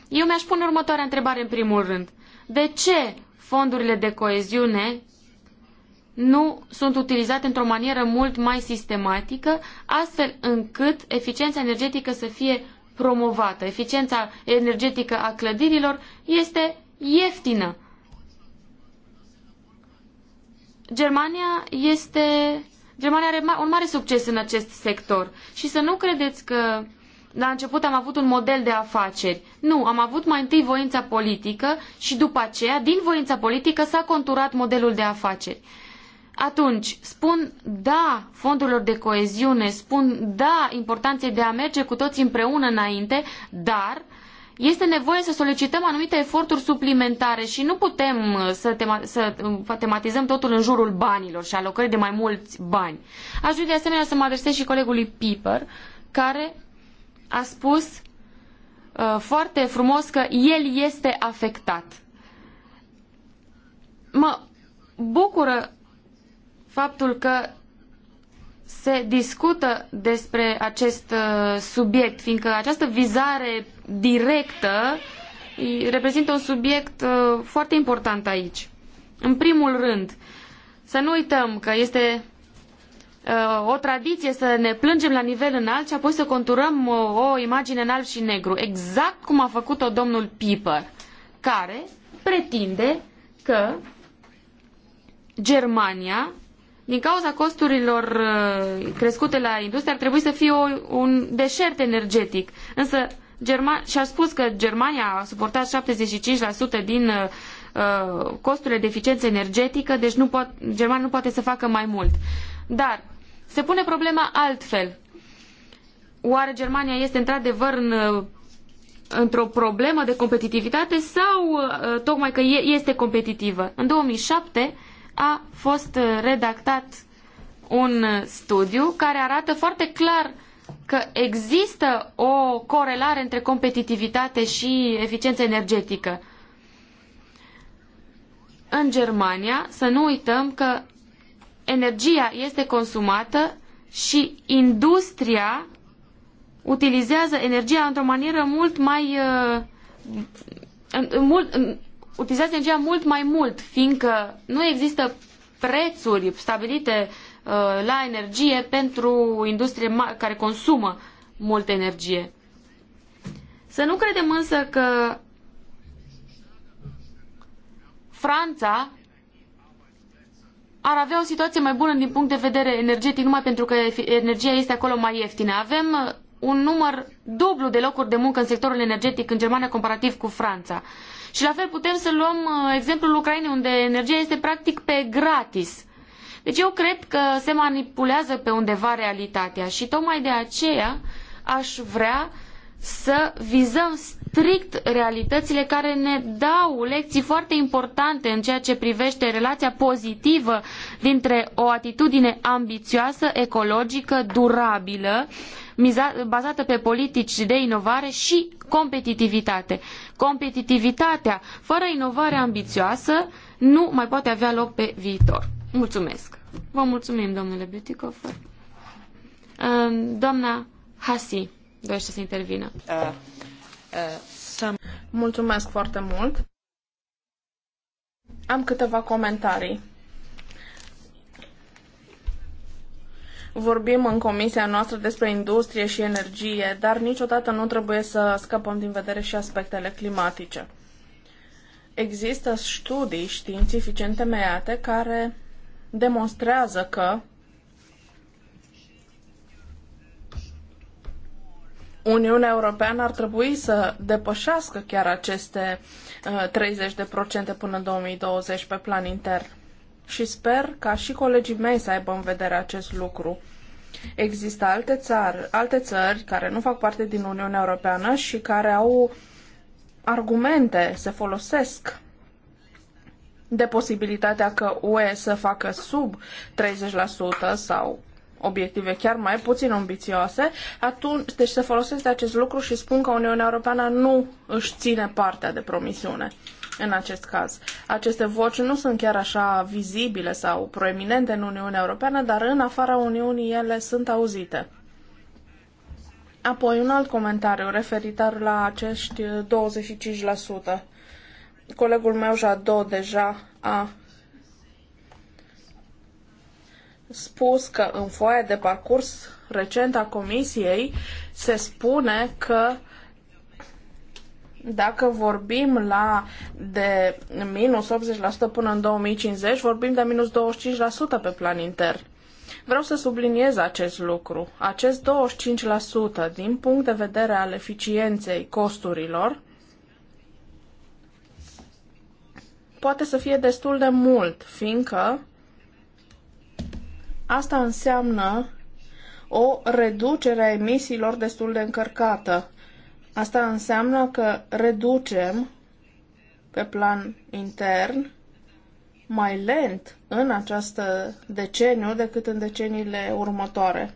Eu mi-aș pune următoarea întrebare în primul rând. De ce fondurile de coeziune nu sunt utilizate într-o manieră mult mai sistematică, astfel încât eficiența energetică să fie promovată. Eficiența energetică a clădirilor este ieftină. Germania este Germania are un mare succes în acest sector și să nu credeți că la început am avut un model de afaceri. Nu, am avut mai întâi voința politică și după aceea, din voința politică, s-a conturat modelul de afaceri. Atunci, spun da fondurilor de coeziune, spun da importanței de a merge cu toți împreună înainte, dar este nevoie să solicităm anumite eforturi suplimentare și nu putem uh, să, tema să uh, tematizăm totul în jurul banilor și alocării de mai mulți bani. Aș vrea de asemenea să mă adresez și colegului Piper, care a spus uh, foarte frumos că el este afectat. Mă bucură faptul că se discută despre acest uh, subiect, fiindcă această vizare directă reprezintă un subiect uh, foarte important aici. În primul rând, să nu uităm că este Uh, o tradiție să ne plângem la nivel înalt și apoi să conturăm uh, o imagine în alb și negru, exact cum a făcut-o domnul Piper, care pretinde că Germania, din cauza costurilor uh, crescute la industrie, ar trebui să fie o, un deșert energetic. Însă Germa- și-a spus că Germania a suportat 75% din uh, costurile de eficiență energetică, deci nu pot, Germania nu poate să facă mai mult. Dar se pune problema altfel. Oare Germania este într-adevăr în, uh, într-o problemă de competitivitate sau uh, tocmai că este competitivă? În 2007 a fost uh, redactat un studiu care arată foarte clar că există o corelare între competitivitate și eficiență energetică. În Germania, să nu uităm că energia este consumată și industria utilizează energia într-o manieră mult mai uh, mult, utilizează energia mult mai mult, fiindcă nu există prețuri stabilite uh, la energie pentru industrie care consumă multă energie. Să nu credem însă că Franța ar avea o situație mai bună din punct de vedere energetic numai pentru că energia este acolo mai ieftină. Avem uh, un număr dublu de locuri de muncă în sectorul energetic în Germania comparativ cu Franța. Și la fel putem să luăm uh, exemplul Ucrainei unde energia este practic pe gratis. Deci eu cred că se manipulează pe undeva realitatea și tocmai de aceea aș vrea să vizăm strict realitățile care ne dau lecții foarte importante în ceea ce privește relația pozitivă dintre o atitudine ambițioasă, ecologică, durabilă, bazată pe politici de inovare și competitivitate. Competitivitatea fără inovare ambițioasă nu mai poate avea loc pe viitor. Mulțumesc! Vă mulțumim, domnule Beautycofer. Doamna Hasi dorește să intervină. Uh some... Mulțumesc foarte mult. Am câteva comentarii. Vorbim în comisia noastră despre industrie și energie, dar niciodată nu trebuie să scăpăm din vedere și aspectele climatice. Există studii științifice întemeiate care demonstrează că Uniunea Europeană ar trebui să depășească chiar aceste uh, 30% până în 2020 pe plan intern. Și sper ca și colegii mei să aibă în vedere acest lucru. Există alte țări, alte țări care nu fac parte din Uniunea Europeană și care au argumente, se folosesc de posibilitatea că UE să facă sub 30% sau obiective chiar mai puțin ambițioase, atunci, deci să folosesc de acest lucru și spun că Uniunea Europeană nu își ține partea de promisiune în acest caz. Aceste voci nu sunt chiar așa vizibile sau proeminente în Uniunea Europeană, dar în afara Uniunii ele sunt auzite. Apoi un alt comentariu referitor la acești 25%. Colegul meu Jado deja a spus că în foaia de parcurs recent a Comisiei se spune că dacă vorbim la de minus 80% până în 2050, vorbim de minus 25% pe plan intern. Vreau să subliniez acest lucru. Acest 25% din punct de vedere al eficienței costurilor poate să fie destul de mult, fiindcă Asta înseamnă o reducere a emisiilor destul de încărcată. Asta înseamnă că reducem pe plan intern mai lent în această deceniu decât în deceniile următoare.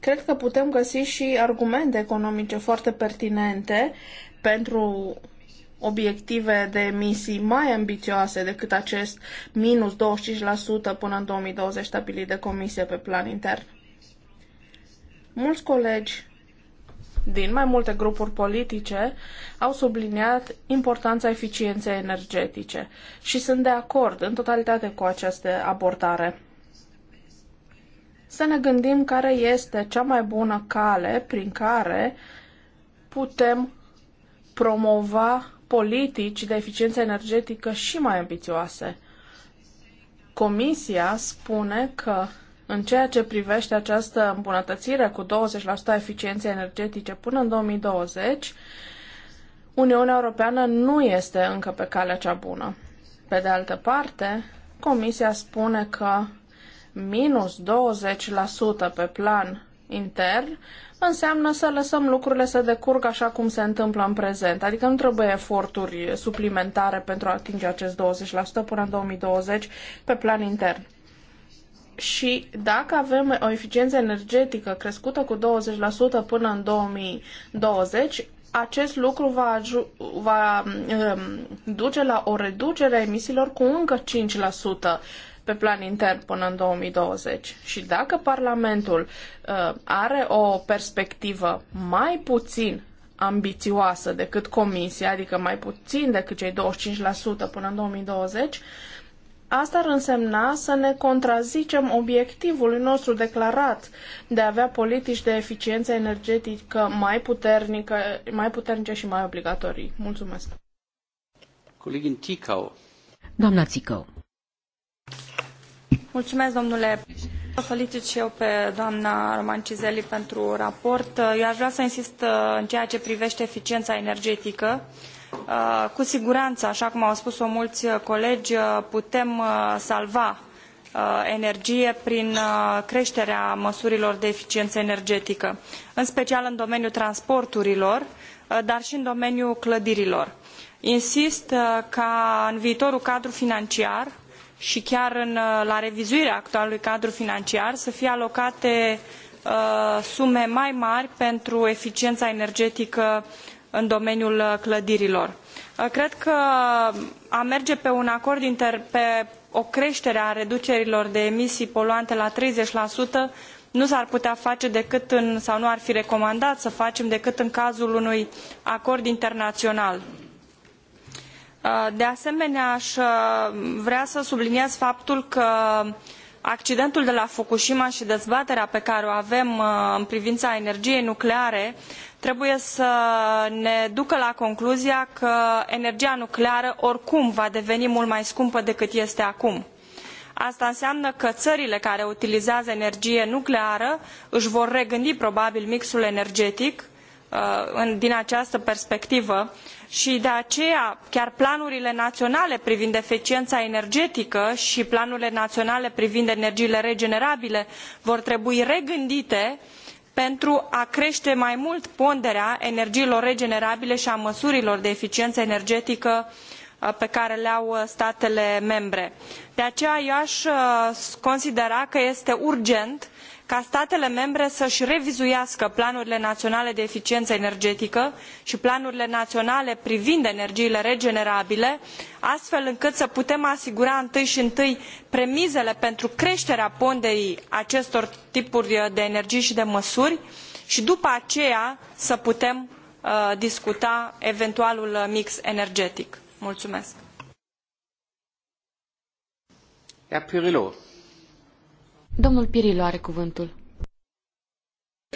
Cred că putem găsi și argumente economice foarte pertinente pentru obiective de emisii mai ambițioase decât acest minus 25% până în 2020 stabilit de comisie pe plan intern. Mulți colegi din mai multe grupuri politice au subliniat importanța eficienței energetice și sunt de acord în totalitate cu această abordare. Să ne gândim care este cea mai bună cale prin care putem promova politici de eficiență energetică și mai ambițioase. Comisia spune că în ceea ce privește această îmbunătățire cu 20% eficiență energetice până în 2020, Uniunea Europeană nu este încă pe calea cea bună. Pe de altă parte, Comisia spune că minus 20% pe plan intern înseamnă să lăsăm lucrurile să decurgă așa cum se întâmplă în prezent. Adică nu trebuie eforturi suplimentare pentru a atinge acest 20% până în 2020 pe plan intern. Și dacă avem o eficiență energetică crescută cu 20% până în 2020, acest lucru va, va um, duce la o reducere a emisiilor cu încă 5% pe plan intern până în 2020. Și dacă Parlamentul uh, are o perspectivă mai puțin ambițioasă decât Comisia, adică mai puțin decât cei 25% până în 2020, Asta ar însemna să ne contrazicem obiectivul nostru declarat de a avea politici de eficiență energetică mai, puternică, mai puternice și mai obligatorii. Mulțumesc. Colegin Ticau. Doamna Mulțumesc, domnule. O solicit și eu pe doamna Cizeli pentru raport. Eu aș vrea să insist uh, în ceea ce privește eficiența energetică. Uh, cu siguranță, așa cum au spus-o mulți uh, colegi, putem salva energie prin creșterea măsurilor de eficiență energetică, în special în domeniul transporturilor, dar și în domeniul clădirilor. Insist ca în viitorul cadru financiar și chiar în, uh, la revizuirea actualului cadru financiar să fie alocate uh, sume mai mari pentru eficiența energetică în domeniul uh, clădirilor. Uh, cred că a merge pe un acord inter, pe o creștere a reducerilor de emisii poluante la 30% nu s-ar putea face decât în, sau nu ar fi recomandat să facem decât în cazul unui acord internațional Uh, de asemenea, aș uh, vrea să subliniez faptul că accidentul de la Fukushima și dezbaterea pe care o avem uh, în privința energiei nucleare trebuie să ne ducă la concluzia că energia nucleară oricum va deveni mult mai scumpă decât este acum. Asta înseamnă că țările care utilizează energie nucleară își vor regândi probabil mixul energetic din această perspectivă și de aceea chiar planurile naționale privind eficiența energetică și planurile naționale privind energiile regenerabile vor trebui regândite pentru a crește mai mult ponderea energiilor regenerabile și a măsurilor de eficiență energetică uh, pe care le au uh, statele membre. De aceea eu a uh, considera că este urgent ca statele membre să i revizuiască planurile naionale de eficienă energetică i planurile naionale privind energiile regenerabile astfel încât să putem asigura întâi i întâi premisele pentru creterea ponderii acestor tipuri de energii i de măsuri i după aceea să putem uh, discuta eventualul mix energetic. Mulțumesc. Domnul Pirilo are cuvântul.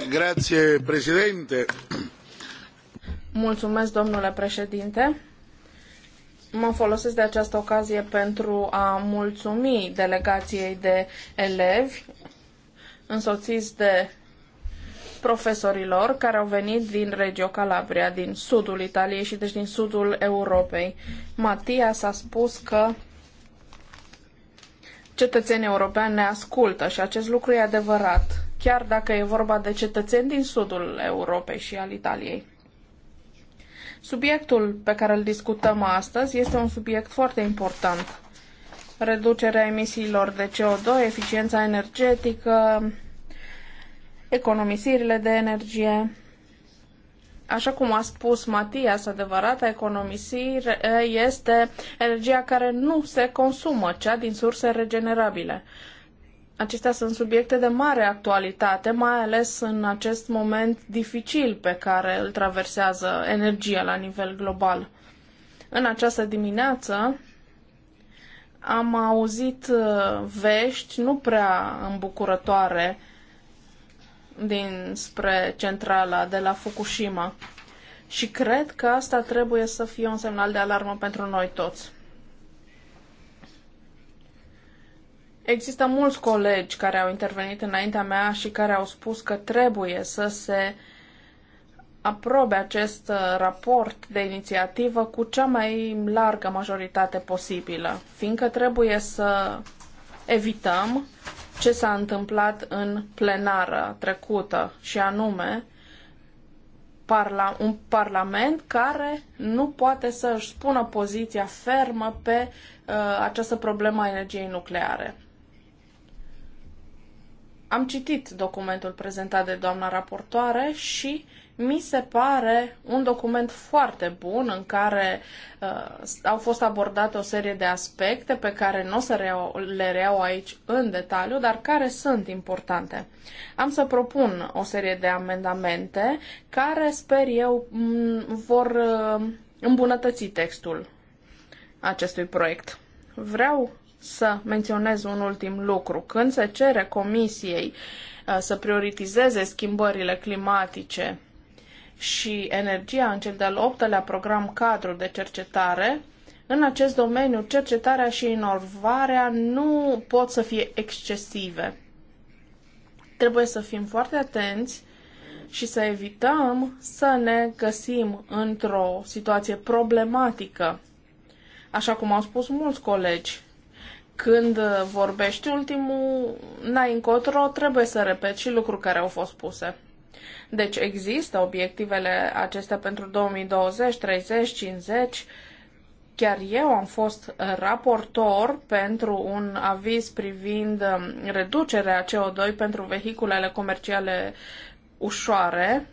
Grație, președinte. Mulțumesc, domnule președinte. Mă folosesc de această ocazie pentru a mulțumi delegației de elevi însoțiți de profesorilor care au venit din Reggio Calabria, din sudul Italiei și deci din sudul Europei. Matias a spus că cetățenii europeni ne ascultă și acest lucru e adevărat, chiar dacă e vorba de cetățeni din sudul Europei și al Italiei. Subiectul pe care îl discutăm astăzi este un subiect foarte important. Reducerea emisiilor de CO2, eficiența energetică, economisirile de energie așa cum a spus Matias, adevărata economisire este energia care nu se consumă, cea din surse regenerabile. Acestea sunt subiecte de mare actualitate, mai ales în acest moment dificil pe care îl traversează energia la nivel global. În această dimineață am auzit uh, vești nu prea îmbucurătoare dinspre centrala de la Fukushima. Și cred că asta trebuie să fie un semnal de alarmă pentru noi toți. Există mulți colegi care au intervenit înaintea mea și care au spus că trebuie să se aprobe acest uh, raport de inițiativă cu cea mai largă majoritate posibilă, fiindcă trebuie să evităm ce s-a întâmplat în plenară trecută și anume parla- un parlament care nu poate să își spună poziția fermă pe uh, această problemă a energiei nucleare. Am citit documentul prezentat de doamna raportoare și mi se pare un document foarte bun în care uh, au fost abordate o serie de aspecte pe care nu o să reau, le reau aici în detaliu, dar care sunt importante. Am să propun o serie de amendamente care, sper eu, vor uh, îmbunătăți textul acestui proiect. Vreau să menționez un ultim lucru. Când se cere comisiei uh, să prioritizeze schimbările climatice și energia în cel de-al optelea program cadru de cercetare, în acest domeniu cercetarea și inovarea nu pot să fie excesive. Trebuie să fim foarte atenți și să evităm să ne găsim într-o situație problematică. Așa cum au spus mulți colegi, când vorbești ultimul, n-ai încotro, trebuie să repeți și lucruri care au fost puse. Deci există obiectivele acestea pentru 2020, 30, 50. Chiar eu am fost raportor pentru un aviz privind um, reducerea CO2 pentru vehiculele comerciale ușoare,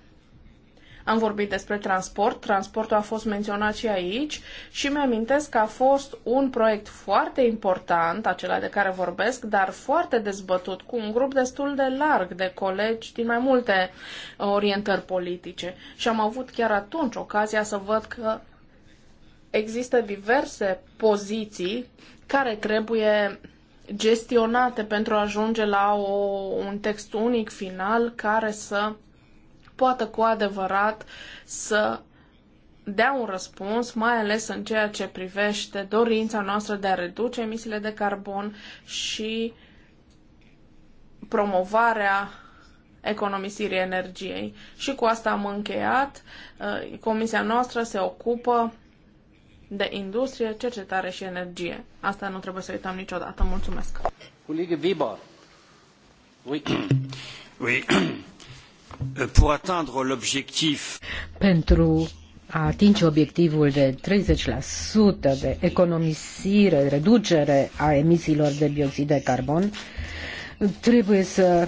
am vorbit despre transport, transportul a fost menționat și aici și mi-amintesc că a fost un proiect foarte important, acela de care vorbesc, dar foarte dezbătut, cu un grup destul de larg de colegi din mai multe uh, orientări politice. Și am avut chiar atunci ocazia să văd că există diverse poziții care trebuie gestionate pentru a ajunge la o, un text unic final care să poată cu adevărat să dea un răspuns, mai ales în ceea ce privește dorința noastră de a reduce emisiile de carbon și promovarea economisirii energiei. Și cu asta am încheiat. Uh, comisia noastră se ocupă de industrie, cercetare și energie. Asta nu trebuie să uităm niciodată. Mulțumesc. Colegă Vibor. Oui. oui. Euh, pour atteindre l'objectif pentru a atinge obiectivul de 30% de economisire, reducere a emisiilor de dioxid de carbon, trebuie să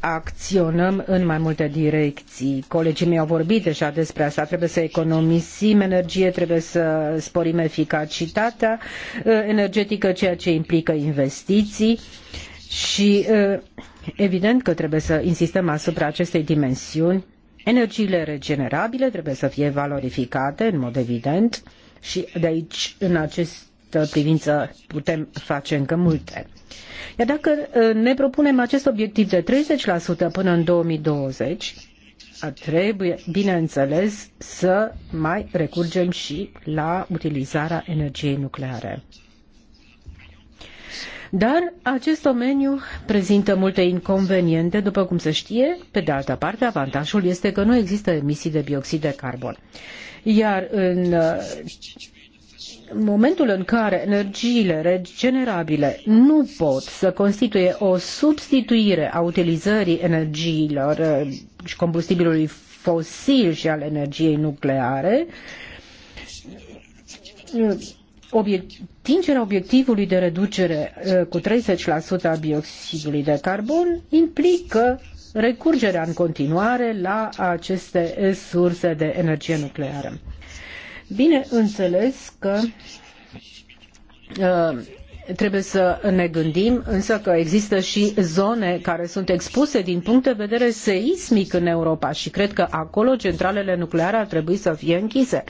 acționăm în mai multe direcții. Colegii mei au vorbit deja despre asta. Trebuie să economisim energie, trebuie să sporim eficacitatea uh, energetică, ceea ce implică investiții și uh, Evident că trebuie să insistăm asupra acestei dimensiuni. Energiile regenerabile trebuie să fie valorificate, în mod evident, și de aici, în această privință, putem face încă multe. Iar dacă uh, ne propunem acest obiectiv de 30% până în 2020, trebuie, bineînțeles, să mai recurgem și la utilizarea energiei nucleare. Dar acest domeniu prezintă multe inconveniente, după cum se știe. Pe de altă parte, avantajul este că nu există emisii de bioxid de carbon. Iar în momentul în care energiile regenerabile nu pot să constituie o substituire a utilizării energiilor și eh, combustibilului fosil și al energiei nucleare, atingerea obiectivului de reducere uh, cu 30% a bioxidului de carbon implică recurgerea în continuare la aceste uh, surse de energie nucleară. Bineînțeles că uh, trebuie să ne gândim însă că există și zone care sunt expuse din punct de vedere seismic în Europa și cred că acolo centralele nucleare ar trebui să fie închise.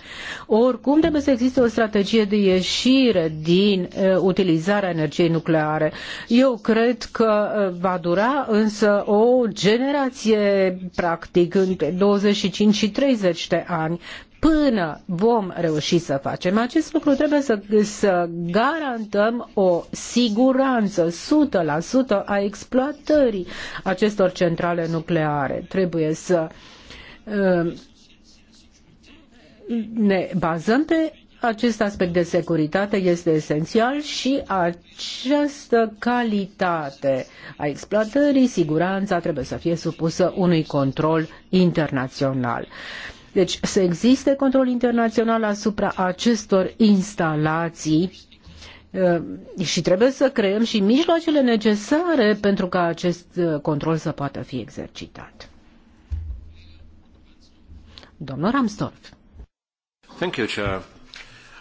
Oricum trebuie să existe o strategie de ieșire din uh, utilizarea energiei nucleare. Eu cred că uh, va dura însă o generație practic între 25 și 30 de ani până vom reuși să facem acest lucru, trebuie să, să garantăm o siguranță 100% a exploatării acestor centrale nucleare. Trebuie să um, ne bazăm pe acest aspect de securitate este esențial și această calitate a exploatării, siguranța trebuie să fie supusă unui control internațional. Uh, deci să existe control internațional asupra acestor instalații uh, și trebuie să creăm și mijloacele necesare pentru ca acest uh, control să poată fi exercitat. Domnul Ramstorff. Thank you, Chair.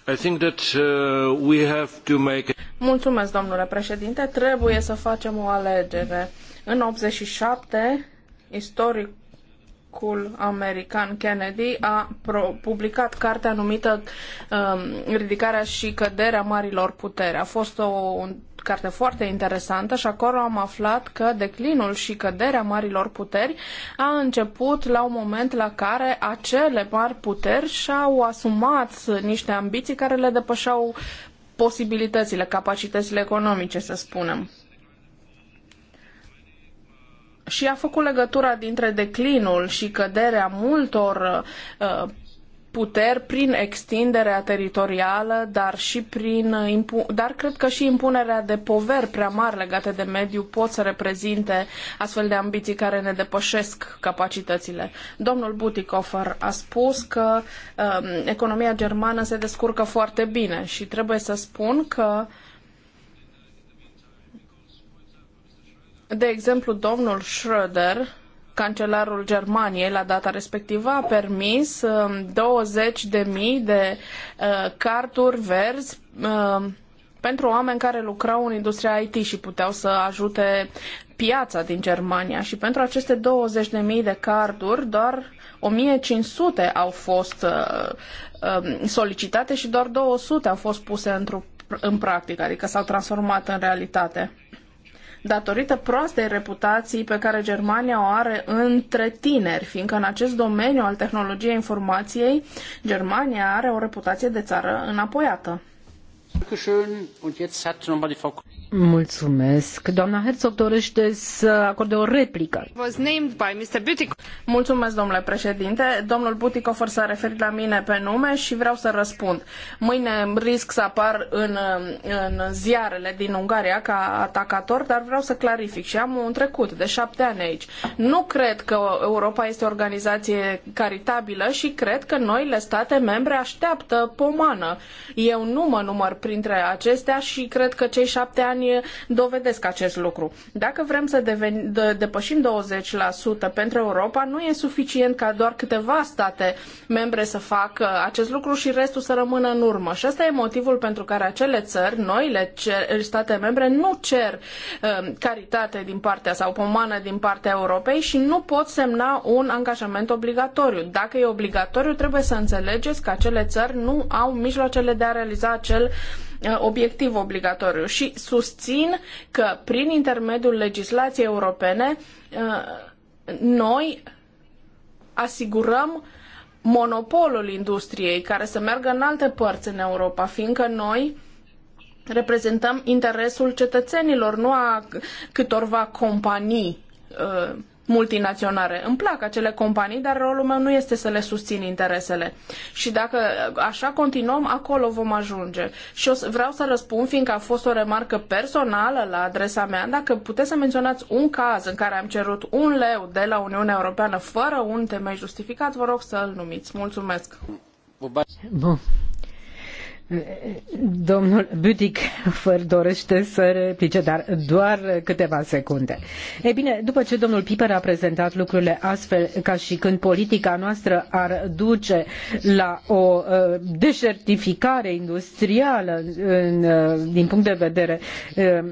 I think that uh, we have to make... Mulțumesc, domnule președinte. Trebuie să facem o alegere. În 87, istoric istoricul american Kennedy a publicat cartea numită um, Ridicarea și căderea marilor puteri. A fost o, o carte foarte interesantă și acolo am aflat că declinul și căderea marilor puteri a început la un moment la care acele mari puteri și-au asumat niște ambiții care le depășeau posibilitățile, capacitățile economice, să spunem și a făcut legătura dintre declinul și căderea multor uh, puteri prin extinderea teritorială, dar și prin dar cred că și impunerea de poveri prea mari legate de mediu pot să reprezinte astfel de ambiții care ne depășesc capacitățile. Domnul Butikofer a spus că um, economia germană se descurcă foarte bine și trebuie să spun că uh, De exemplu, domnul Schröder, cancelarul Germaniei, la data respectivă, a permis 20.000 um, de mii de uh, carturi verzi um, pentru oameni care lucrau în industria IT și puteau să ajute piața din Germania. Și pentru aceste 20.000 de carduri, doar 1500 au fost uh, um, solicitate și doar 200 au fost puse în practică, adică s-au transformat în realitate datorită proastei reputații pe care Germania o are între tineri, fiindcă în acest domeniu al tehnologiei informației, Germania are o reputație de țară înapoiată. Mulțumesc. Doamna Herzog dorește să acorde o replică. Was named by Mr. Mulțumesc, domnule președinte. Domnul Butikofer s-a referit la mine pe nume și vreau să răspund. Mâine risc să apar în, în ziarele din Ungaria ca atacator, dar vreau să clarific și am un trecut de șapte ani aici. Nu cred că Europa este o organizație caritabilă și cred că noile state membre așteaptă pomană. Eu nu mă număr printre acestea și cred că cei șapte ani ani dovedesc acest lucru. Dacă vrem să deveni, de, depășim 20% pentru Europa, nu e suficient ca doar câteva state membre să facă acest lucru și restul să rămână în urmă. Și asta e motivul pentru care acele țări, noile cer, state membre, nu cer um, caritate din partea sau pomană din partea Europei și nu pot semna un angajament obligatoriu. Dacă e obligatoriu, trebuie să înțelegeți că acele țări nu au mijloacele de a realiza acel uh, Uh, obiectiv obligatoriu și susțin că prin intermediul legislației europene uh, noi asigurăm monopolul industriei care să meargă în alte părți în Europa, fiindcă noi reprezentăm interesul cetățenilor, nu a câtorva companii uh, multinaționale. Îmi plac acele companii, dar rolul meu nu este să le susțin interesele. Și dacă așa continuăm, acolo vom ajunge. Și vreau să răspund, fiindcă a fost o remarcă personală la adresa mea, dacă puteți să menționați un caz în care am cerut un leu de la Uniunea Europeană fără un temei justificat, vă rog să îl numiți. Mulțumesc! Bun. Domnul Butic fără dorește să replice, dar doar câteva secunde. Ei bine, după ce domnul Piper a prezentat lucrurile astfel ca și când politica noastră ar duce la o uh, deșertificare industrială în, uh, din punct de vedere uh,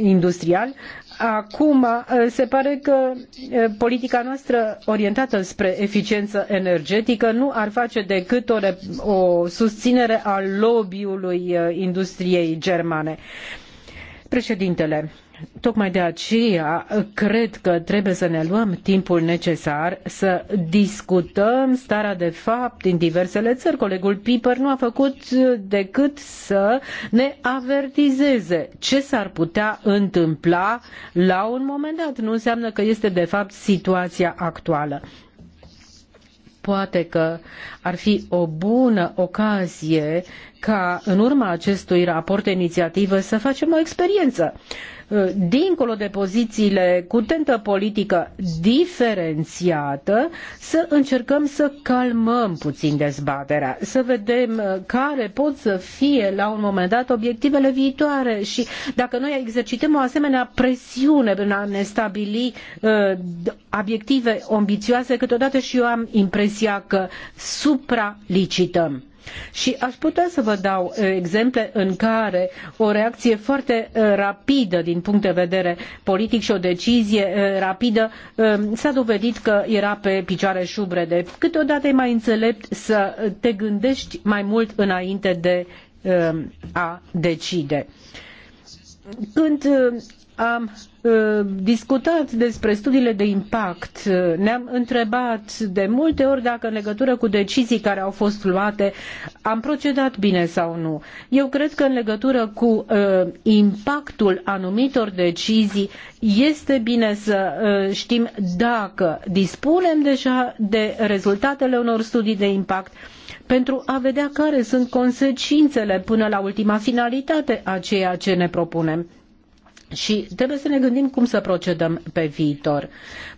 industrial, Acum uh, se pare că uh, politica noastră orientată spre eficiență energetică nu ar face decât o, o susținere a lobby-ului uh, industriei germane. Președintele, Tocmai de aceea cred că trebuie să ne luăm timpul necesar să discutăm starea de fapt din diversele țări. Colegul Piper nu a făcut decât să ne avertizeze ce s-ar putea întâmpla la un moment dat. Nu înseamnă că este de fapt situația actuală poate că ar fi o bună ocazie ca în urma acestui raport de inițiativă să facem o experiență. Eh, dincolo de pozițiile cu tentă politică diferențiată, să încercăm să calmăm puțin dezbaterea, să vedem eh, care pot să fie la un moment dat obiectivele viitoare și dacă noi exercităm o asemenea presiune prin a ne stabili eh, obiective ambițioase, câteodată și eu am impresia că supralicităm. Și aș putea să vă dau uh, exemple în care o reacție foarte uh, rapidă din punct de vedere politic și o decizie uh, rapidă um, s-a dovedit că era pe picioare șubrede. Câteodată e mai înțelept să te gândești mai mult înainte de um, a decide. Când am ă, discutat despre studiile de impact. Ne-am întrebat de multe ori dacă în legătură cu decizii care au fost luate am procedat bine sau nu. Eu cred că în legătură cu uh, impactul anumitor decizii este bine să uh, știm dacă dispunem deja de rezultatele unor studii de impact pentru a vedea care sunt consecințele până la ultima finalitate a ceea ce ne propunem. Și trebuie să ne gândim cum să procedăm pe viitor.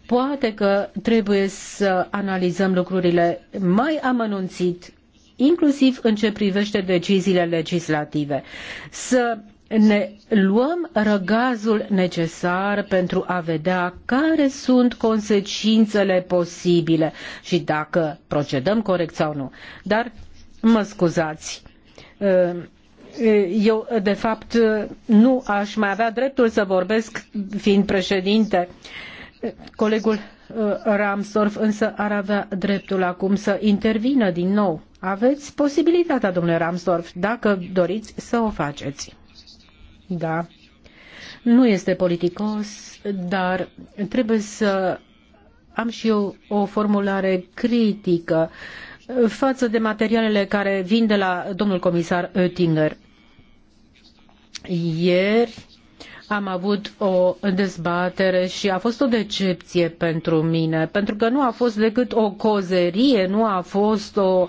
Poate că trebuie să analizăm lucrurile mai amănunțit, inclusiv în ce privește deciziile legislative. Să ne luăm răgazul necesar pentru a vedea care sunt consecințele posibile și dacă procedăm corect sau nu. Dar mă scuzați, eu, de fapt, nu aș mai avea dreptul să vorbesc fiind președinte. Colegul Ramsdorf însă ar avea dreptul acum să intervină din nou. Aveți posibilitatea, domnule Ramsdorf, dacă doriți să o faceți. Da. Nu este politicos, dar trebuie să am și eu o formulare critică față de materialele care vin de la domnul comisar Oettinger. Ieri am avut o dezbatere și a fost o decepție pentru mine, pentru că nu a fost decât o cozerie, nu a fost o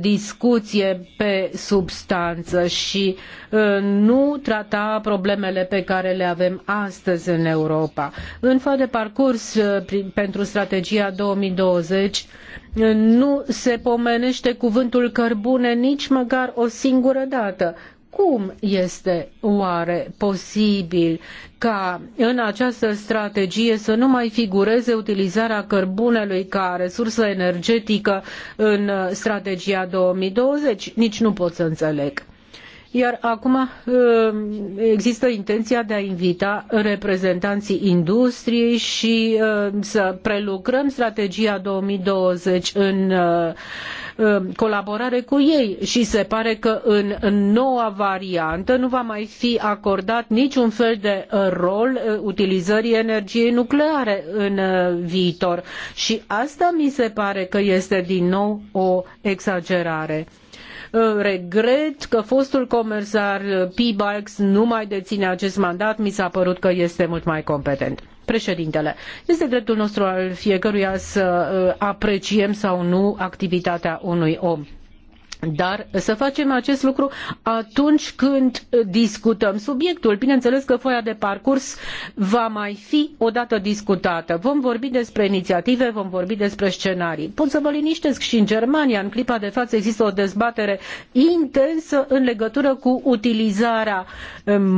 discuție pe substanță și nu trata problemele pe care le avem astăzi în Europa. În fa de parcurs pentru strategia 2020 nu se pomenește cuvântul cărbune nici măcar o singură dată cum este oare posibil ca în această strategie să nu mai figureze utilizarea cărbunelui ca resursă energetică în strategia 2020? Nici nu pot să înțeleg. Iar acum uh, există intenția de a invita reprezentanții industriei și uh, să prelucrăm strategia 2020 în uh, Uh, colaborare cu ei și se pare că în noua variantă nu va mai fi acordat niciun fel de uh, rol uh, utilizării energiei nucleare în viitor. Și asta mi se pare că este din nou o exagerare. Ă, regret că fostul comisar ă, Pibalx nu mai deține acest mandat, mi s-a părut că este mult mai competent. Președintele, este dreptul nostru al fiecăruia să ă, apreciem sau nu activitatea unui om. Dar să facem acest lucru atunci când discutăm subiectul. Bineînțeles că foaia de parcurs va mai fi odată discutată. Vom vorbi despre inițiative, vom vorbi despre scenarii. Pot să vă liniștesc și în Germania, în clipa de față, există o dezbatere intensă în legătură cu utilizarea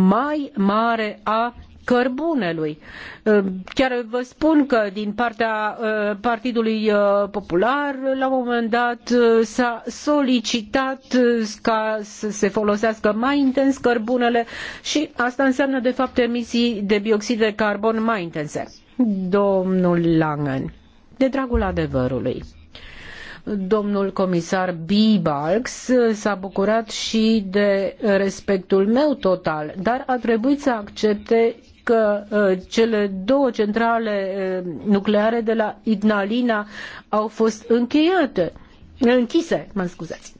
mai mare a cărbunelui. Ehm, chiar vă spun că din partea ehm, Partidului ehm, Popular, la un moment dat, s-a solicitat ca să se folosească mai intens cărbunele și asta înseamnă, de fapt, emisii de bioxid de carbon mai intense. Domnul Langen, de dragul adevărului, domnul comisar Bibalx s-a bucurat și de respectul meu total, dar a trebuit să accepte că uh, cele două centrale uh, nucleare de la Ignalina au fost încheiate, închise, mă scuzați.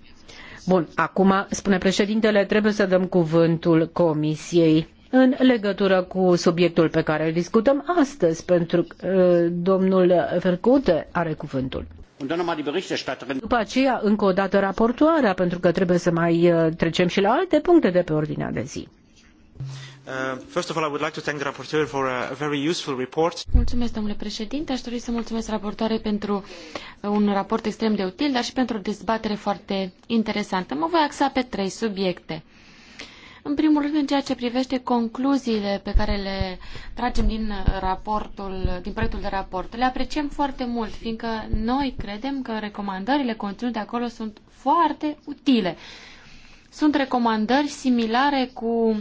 Bun, acum, spune președintele, trebuie să dăm cuvântul Comisiei în legătură cu subiectul pe care îl discutăm astăzi, pentru că uh, domnul Vercute are cuvântul. După aceea, încă o dată raportoarea, pentru că trebuie să mai trecem și la alte puncte de pe ordinea de zi. Uh, first of all, I would like to thank the rapporteur for a very useful report. Mulțumesc, domnule președinte. Aș dori să mulțumesc raportoare pentru uh, un raport extrem de util, dar și pentru o dezbatere foarte interesantă. Mă voi axa pe trei subiecte. În primul rând, în ceea ce privește concluziile pe care le tragem din raportul, din proiectul de raport, le apreciem foarte mult, fiindcă noi credem că recomandările conținute acolo sunt foarte utile. Sunt recomandări similare cu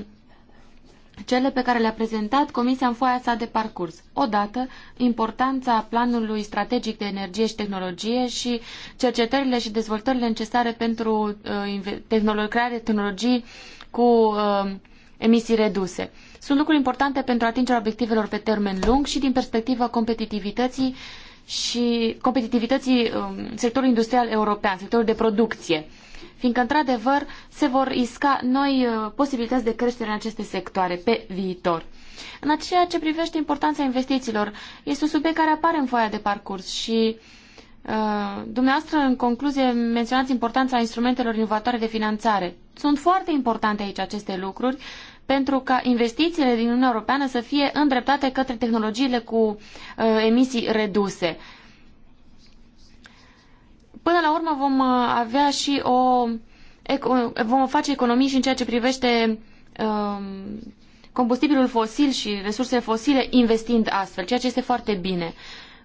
cele pe care le-a prezentat Comisia în foaia sa de parcurs. Odată, importanța planului strategic de energie și tehnologie și cercetările și dezvoltările necesare pentru uh, tehnolo- crearea tehnologii cu uh, emisii reduse. Sunt lucruri importante pentru atingerea obiectivelor pe termen lung și din perspectiva competitivității și competitivității um, sectorului industrial european, sectorul de producție fiindcă, într-adevăr, se vor isca noi uh, posibilități de creștere în aceste sectoare pe viitor. În ceea ce privește importanța investițiilor, este un subiect care apare în foaia de parcurs și uh, dumneavoastră, în concluzie, menționați importanța instrumentelor inovatoare de finanțare. Sunt foarte importante aici aceste lucruri pentru ca investițiile din Uniunea Europeană să fie îndreptate către tehnologiile cu uh, emisii reduse. Până la urmă vom uh, avea și o vom face economii și în ceea ce privește um, combustibilul fosil și resursele fosile investind astfel, ceea ce este foarte bine.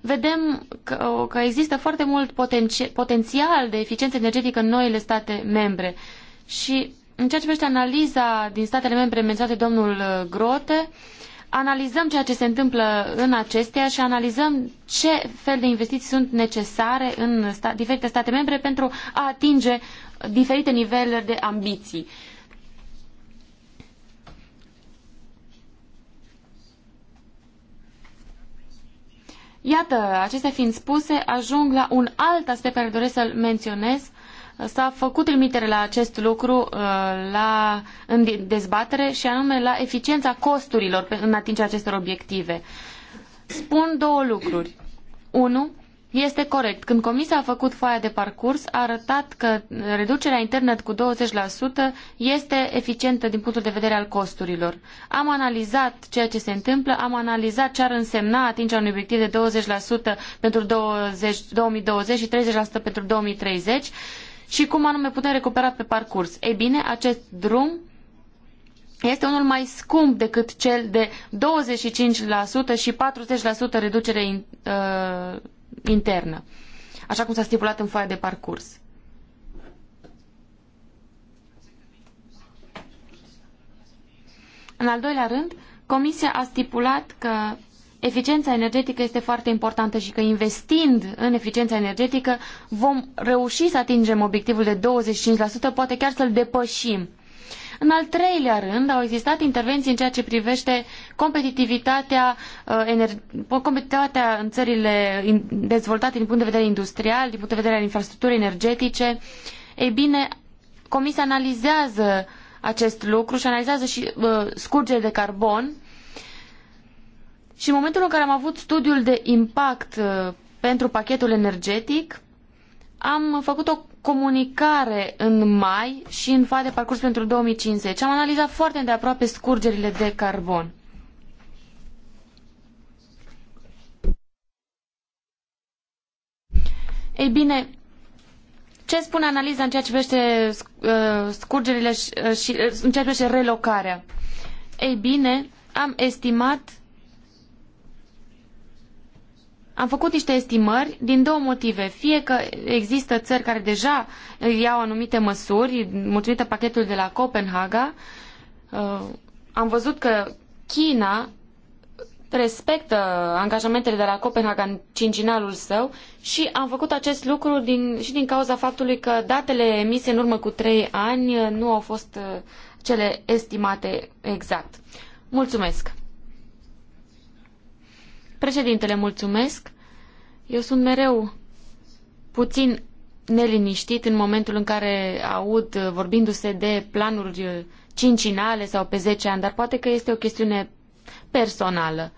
Vedem că, uh, că există foarte mult potenție, potențial de eficiență energetică în noile state membre. Și în ceea ce privește analiza din statele membre menționate domnul uh, Grote, uh, analizăm ceea ce se întâmplă în acestea și analizăm ce fel de investiții sunt necesare în sta diferite state membre pentru a atinge diferite niveluri de ambiții. Iată, acestea fiind spuse, ajung la un alt aspect pe care doresc să-l menționez, s-a făcut trimitere la acest lucru uh, la, în dezbatere și anume la eficiența costurilor în atingerea acestor obiective. Spun două lucruri. Unu, este corect. Când Comisia a făcut foaia de parcurs, a arătat că reducerea internă cu 20% este eficientă din punctul de vedere al costurilor. Am analizat ceea ce se întâmplă, am analizat ce ar însemna atingerea unui obiectiv de 20% pentru 20, 2020 și 30% pentru 2030 și cum anume putem recupera pe parcurs. Ei bine, acest drum este unul mai scump decât cel de 25% și 40% reducere in, uh, internă, așa cum s-a stipulat în foaia de parcurs. În al doilea rând, Comisia a stipulat că eficiența energetică este foarte importantă și că investind în eficiența energetică vom reuși să atingem obiectivul de 25%, poate chiar să-l depășim. În al treilea rând, au existat intervenții în ceea ce privește competitivitatea, uh, competitivitatea în țările dezvoltate din punct de vedere industrial, din punct de vedere al infrastructurii energetice. Ei bine, Comisia analizează acest lucru și analizează și uh, scurgerile de carbon și în momentul în care am avut studiul de impact uh, pentru pachetul energetic, am făcut o comunicare în mai și în fa de parcurs pentru 2050. Am analizat foarte îndeaproape scurgerile de carbon. Ei bine, ce spune analiza în ceea ce privește uh, scurgerile și uh, în ceea ce privește relocarea? Ei bine, am estimat am făcut niște estimări din două motive. Fie că există țări care deja iau anumite măsuri, mulțumită pachetului de la Copenhaga. Uh, am văzut că China respectă angajamentele de la Copenhaga în cincinalul său și am făcut acest lucru din, și din cauza faptului că datele emise în urmă cu trei ani nu au fost uh, cele estimate exact. Mulțumesc! Președintele, mulțumesc. Eu sunt mereu puțin neliniștit în momentul în care aud vorbindu-se de planuri cincinale sau pe zece ani, dar poate că este o chestiune personală.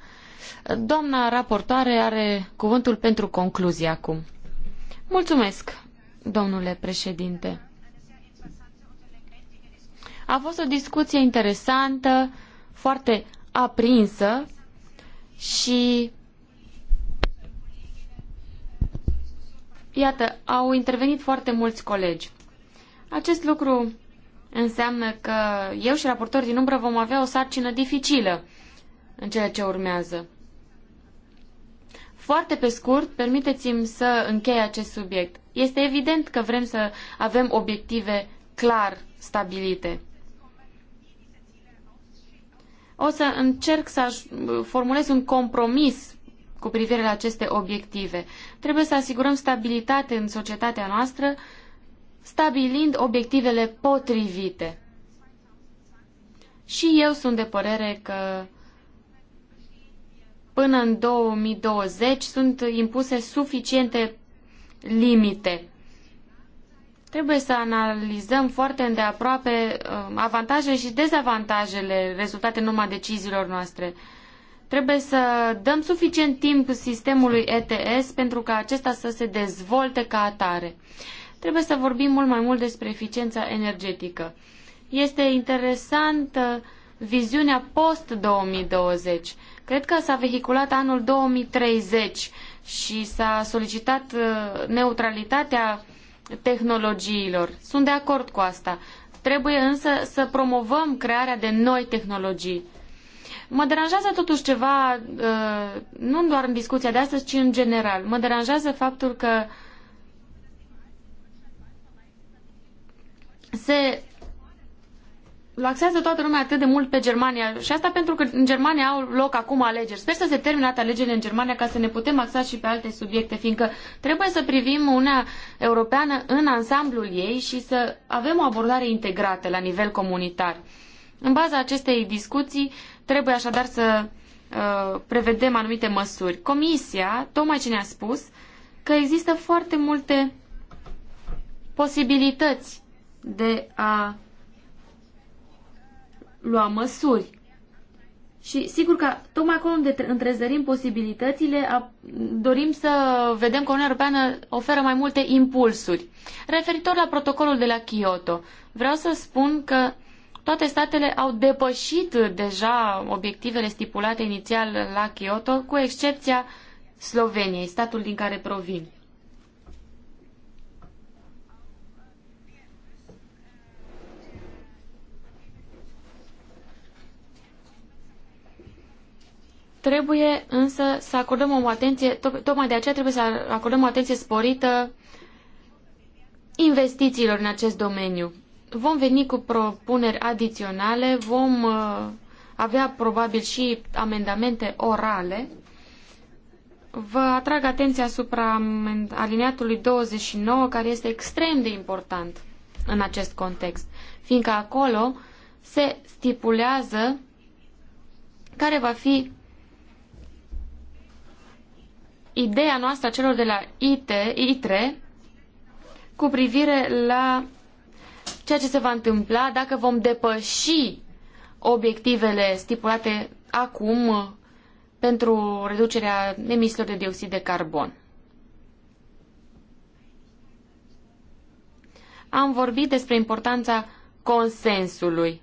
Doamna raportoare are cuvântul pentru concluzie acum. Mulțumesc, domnule președinte. A fost o discuție interesantă, foarte aprinsă și iată, au intervenit foarte mulți colegi. Acest lucru înseamnă că eu și raportorii din umbră vom avea o sarcină dificilă în ceea ce urmează. Foarte pe scurt, permiteți-mi să închei acest subiect. Este evident că vrem să avem obiective clar stabilite. O să încerc să formulez un compromis cu privire la aceste obiective. Trebuie să asigurăm stabilitate în societatea noastră, stabilind obiectivele potrivite. Și eu sunt de părere că până în 2020 sunt impuse suficiente limite Trebuie să analizăm foarte îndeaproape uh, avantajele și dezavantajele rezultate în urma deciziilor noastre. Trebuie să dăm suficient timp sistemului ETS pentru ca acesta să se dezvolte ca atare. Trebuie să vorbim mult mai mult despre eficiența energetică. Este interesantă viziunea post-2020. Cred că s-a vehiculat anul 2030 și s-a solicitat uh, neutralitatea tehnologiilor. Sunt de acord cu asta. Trebuie însă să promovăm crearea de noi tehnologii. Mă deranjează totuși ceva, uh, nu doar în discuția de astăzi, ci în general. Mă deranjează faptul că se laxează toată lumea atât de mult pe Germania și asta pentru că în Germania au loc acum alegeri. Sper să se termine alegerile în Germania ca să ne putem axa și pe alte subiecte, fiindcă trebuie să privim Uniunea Europeană în ansamblul ei și să avem o abordare integrată la nivel comunitar. În baza acestei discuții trebuie așadar să uh, prevedem anumite măsuri. Comisia, tocmai ce ne-a spus, că există foarte multe posibilități de a lua măsuri. Și sigur că tocmai acolo unde întrezărim posibilitățile, dorim să vedem că Uniunea Europeană oferă mai multe impulsuri. Referitor la protocolul de la Kyoto, vreau să spun că toate statele au depășit deja obiectivele stipulate inițial la Kyoto, cu excepția Sloveniei, statul din care provin. Trebuie însă să acordăm o atenție, tocmai de aceea trebuie să acordăm o atenție sporită investițiilor în acest domeniu. Vom veni cu propuneri adiționale, vom uh, avea probabil și amendamente orale. Vă atrag atenția asupra aliniatului 29, care este extrem de important în acest context, fiindcă acolo se stipulează care va fi ideea noastră a celor de la IT, ITRE cu privire la ceea ce se va întâmpla dacă vom depăși obiectivele stipulate acum pentru reducerea emisiilor de dioxid de carbon. Am vorbit despre importanța consensului.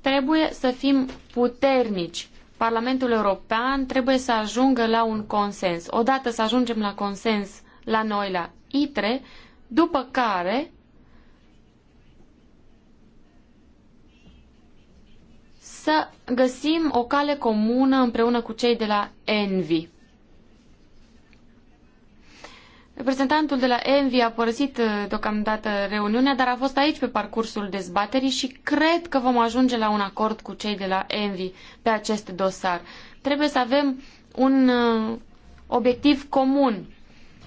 Trebuie să fim puternici Parlamentul European trebuie să ajungă la un consens. Odată să ajungem la consens la noi, la ITRE, după care să găsim o cale comună împreună cu cei de la ENVI. Reprezentantul de la Envi a părăsit uh, deocamdată reuniunea, dar a fost aici pe parcursul dezbaterii și cred că vom ajunge la un acord cu cei de la Envi pe acest dosar. Trebuie să avem un uh, obiectiv comun.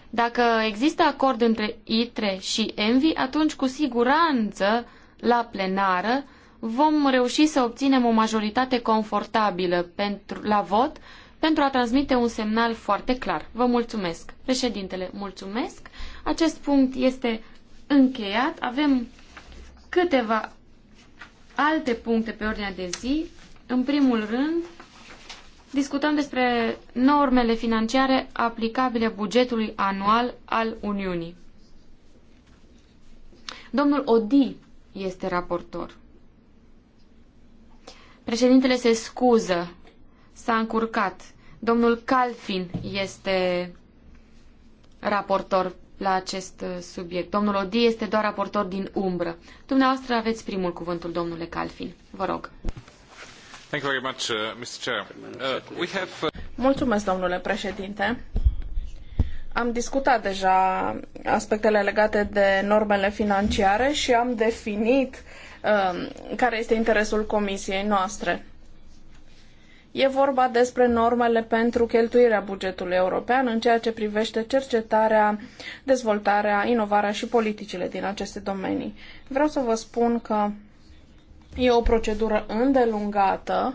Dacă există acord între ITRE și ENVI, atunci cu siguranță la plenară vom reuși să obținem o majoritate confortabilă pentru, la vot pentru a transmite un semnal foarte clar. Vă mulțumesc. Președintele, mulțumesc. Acest punct este încheiat. Avem câteva alte puncte pe ordinea de zi. În primul rând, discutăm despre normele financiare aplicabile bugetului anual al Uniunii. Domnul Odi este raportor. Președintele se scuză s-a încurcat. Domnul Calfin este raportor la acest subiect. Domnul Odi este doar raportor din umbră. Dumneavoastră aveți primul cuvântul, domnule Calfin. Vă rog. Thank you very much, uh, Mr. Chair. Uh, we have, uh... Mulțumesc, domnule președinte. Am discutat deja aspectele legate de normele financiare și am definit uh, care este interesul comisiei noastre E vorba despre normele pentru cheltuirea bugetului european în ceea ce privește cercetarea, dezvoltarea, inovarea și politicile din aceste domenii. Vreau să vă spun că e o procedură îndelungată.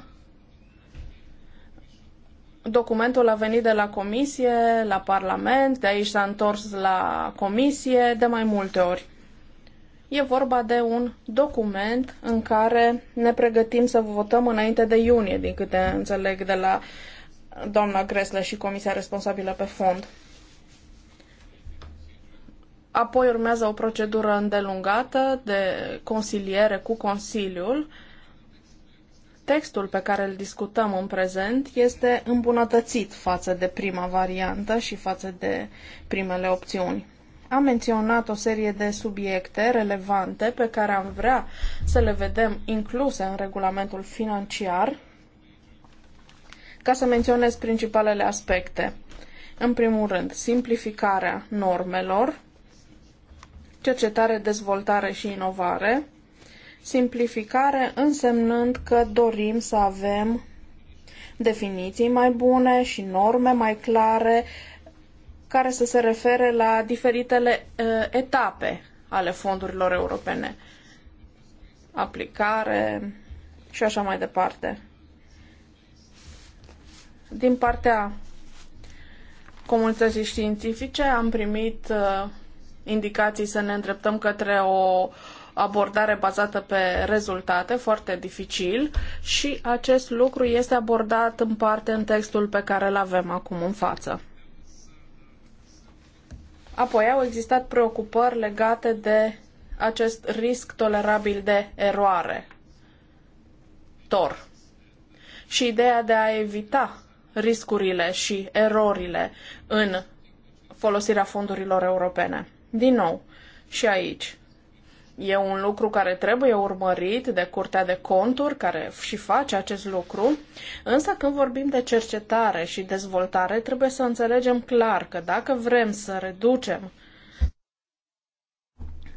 Documentul a venit de la Comisie, la Parlament, de aici s-a întors la Comisie de mai multe ori. E vorba de un document în care ne pregătim să votăm înainte de iunie, din câte înțeleg de la doamna Gresle și comisia responsabilă pe fond. Apoi urmează o procedură îndelungată de consiliere cu Consiliul. Textul pe care îl discutăm în prezent este îmbunătățit față de prima variantă și față de primele opțiuni. A menționat o serie de subiecte relevante pe care am vrea să le vedem incluse în regulamentul financiar, ca să menționez principalele aspecte. În primul rând, simplificarea normelor, cercetare, dezvoltare și inovare. Simplificare însemnând că dorim să avem definiții mai bune și norme mai clare care să se refere la diferitele uh, etape ale fondurilor europene. Aplicare și așa mai departe. Din partea comunității științifice am primit uh, indicații să ne îndreptăm către o abordare bazată pe rezultate, foarte dificil, și acest lucru este abordat în parte în textul pe care îl avem acum în față. Apoi au existat preocupări legate de acest risc tolerabil de eroare, tor, și ideea de a evita riscurile și erorile în folosirea fondurilor europene. Din nou, și aici, E un lucru care trebuie urmărit de Curtea de Conturi, care și face acest lucru, însă când vorbim de cercetare și dezvoltare, trebuie să înțelegem clar că dacă vrem să reducem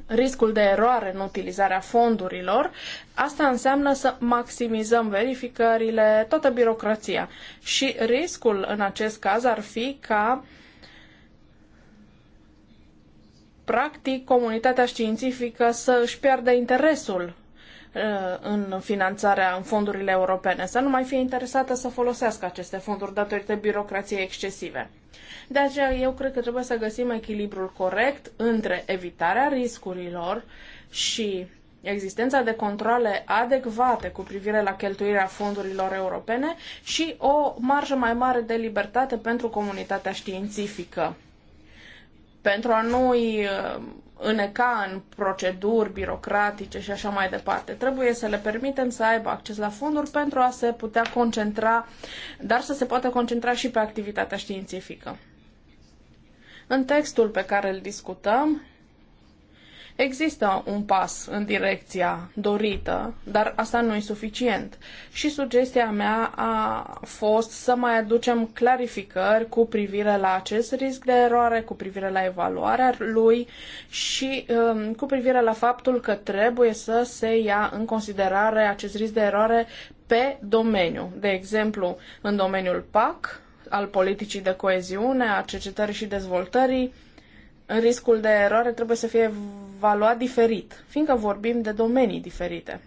riscul de eroare în utilizarea fondurilor, asta înseamnă să maximizăm verificările, toată birocrația. Și riscul în acest caz ar fi ca uh, practic, comunitatea științifică să își piardă interesul uh, în finanțarea, în fondurile europene, să nu mai fie interesată să folosească aceste fonduri datorită birocrației excesive. De aceea, eu cred că trebuie să găsim echilibrul corect între evitarea riscurilor și existența de controle adecvate cu privire la cheltuirea fondurilor europene și o marjă mai mare de libertate pentru comunitatea științifică pentru a nu-i uh, îneca în proceduri birocratice și așa mai departe. Trebuie să le permitem să aibă acces la fonduri pentru a se putea concentra, dar să se poată concentra și pe activitatea științifică. În textul pe care îl discutăm, Există un pas în direcția dorită, dar asta nu e suficient. Și sugestia mea a fost să mai aducem clarificări cu privire la acest risc de eroare, cu privire la evaluarea lui și um, cu privire la faptul că trebuie să se ia în considerare acest risc de eroare pe domeniu. De exemplu, în domeniul PAC, al politicii de coeziune, a cercetării și dezvoltării, riscul de eroare trebuie să fie evaluat diferit, fiindcă vorbim de domenii diferite.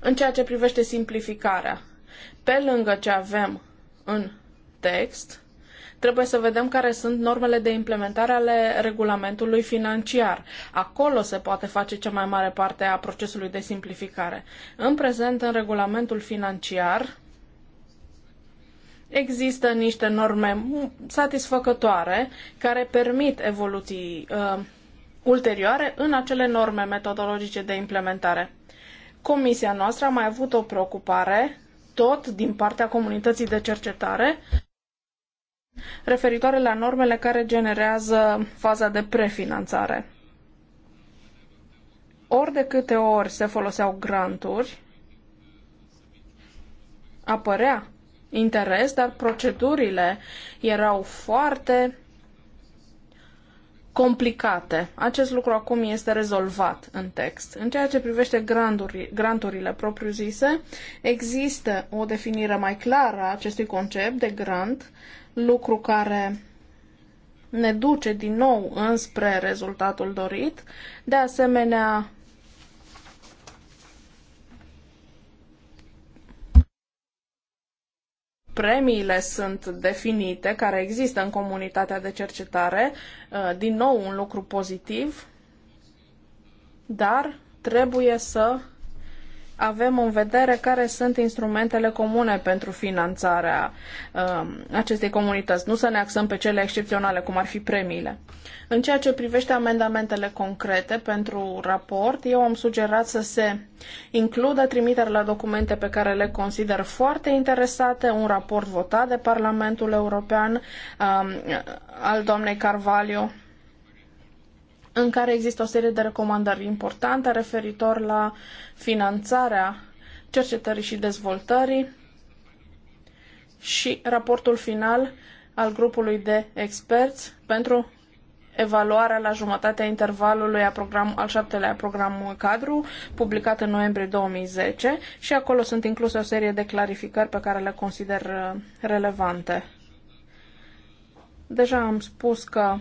În ceea ce privește simplificarea, pe lângă ce avem în text, trebuie să vedem care sunt normele de implementare ale regulamentului financiar. Acolo se poate face cea mai mare parte a procesului de simplificare. În prezent, în regulamentul financiar, există niște norme satisfăcătoare care permit evoluții uh, ulterioare în acele norme metodologice de implementare. Comisia noastră a mai avut o preocupare, tot din partea comunității de cercetare, referitoare la normele care generează faza de prefinanțare. Ori de câte ori se foloseau granturi, apărea interes, dar procedurile erau foarte complicate. Acest lucru acum este rezolvat în text. În ceea ce privește granturi, granturile propriu-zise, există o definire mai clară a acestui concept de grant, lucru care ne duce din nou înspre rezultatul dorit. De asemenea, premiile sunt definite, care există în comunitatea de cercetare, uh, din nou un lucru pozitiv, dar trebuie să avem în vedere care sunt instrumentele comune pentru finanțarea um, acestei comunități, nu să ne axăm pe cele excepționale, cum ar fi premiile. În ceea ce privește amendamentele concrete pentru raport, eu am sugerat să se includă trimiteri la documente pe care le consider foarte interesate, un raport votat de Parlamentul European um, al doamnei Carvalho, în care există o serie de recomandări importante referitor la finanțarea cercetării și dezvoltării și raportul final al grupului de experți pentru evaluarea la jumătatea intervalului a program, al șaptelea program cadru, publicat în noiembrie 2010 și acolo sunt incluse o serie de clarificări pe care le consider uh, relevante. Deja am spus că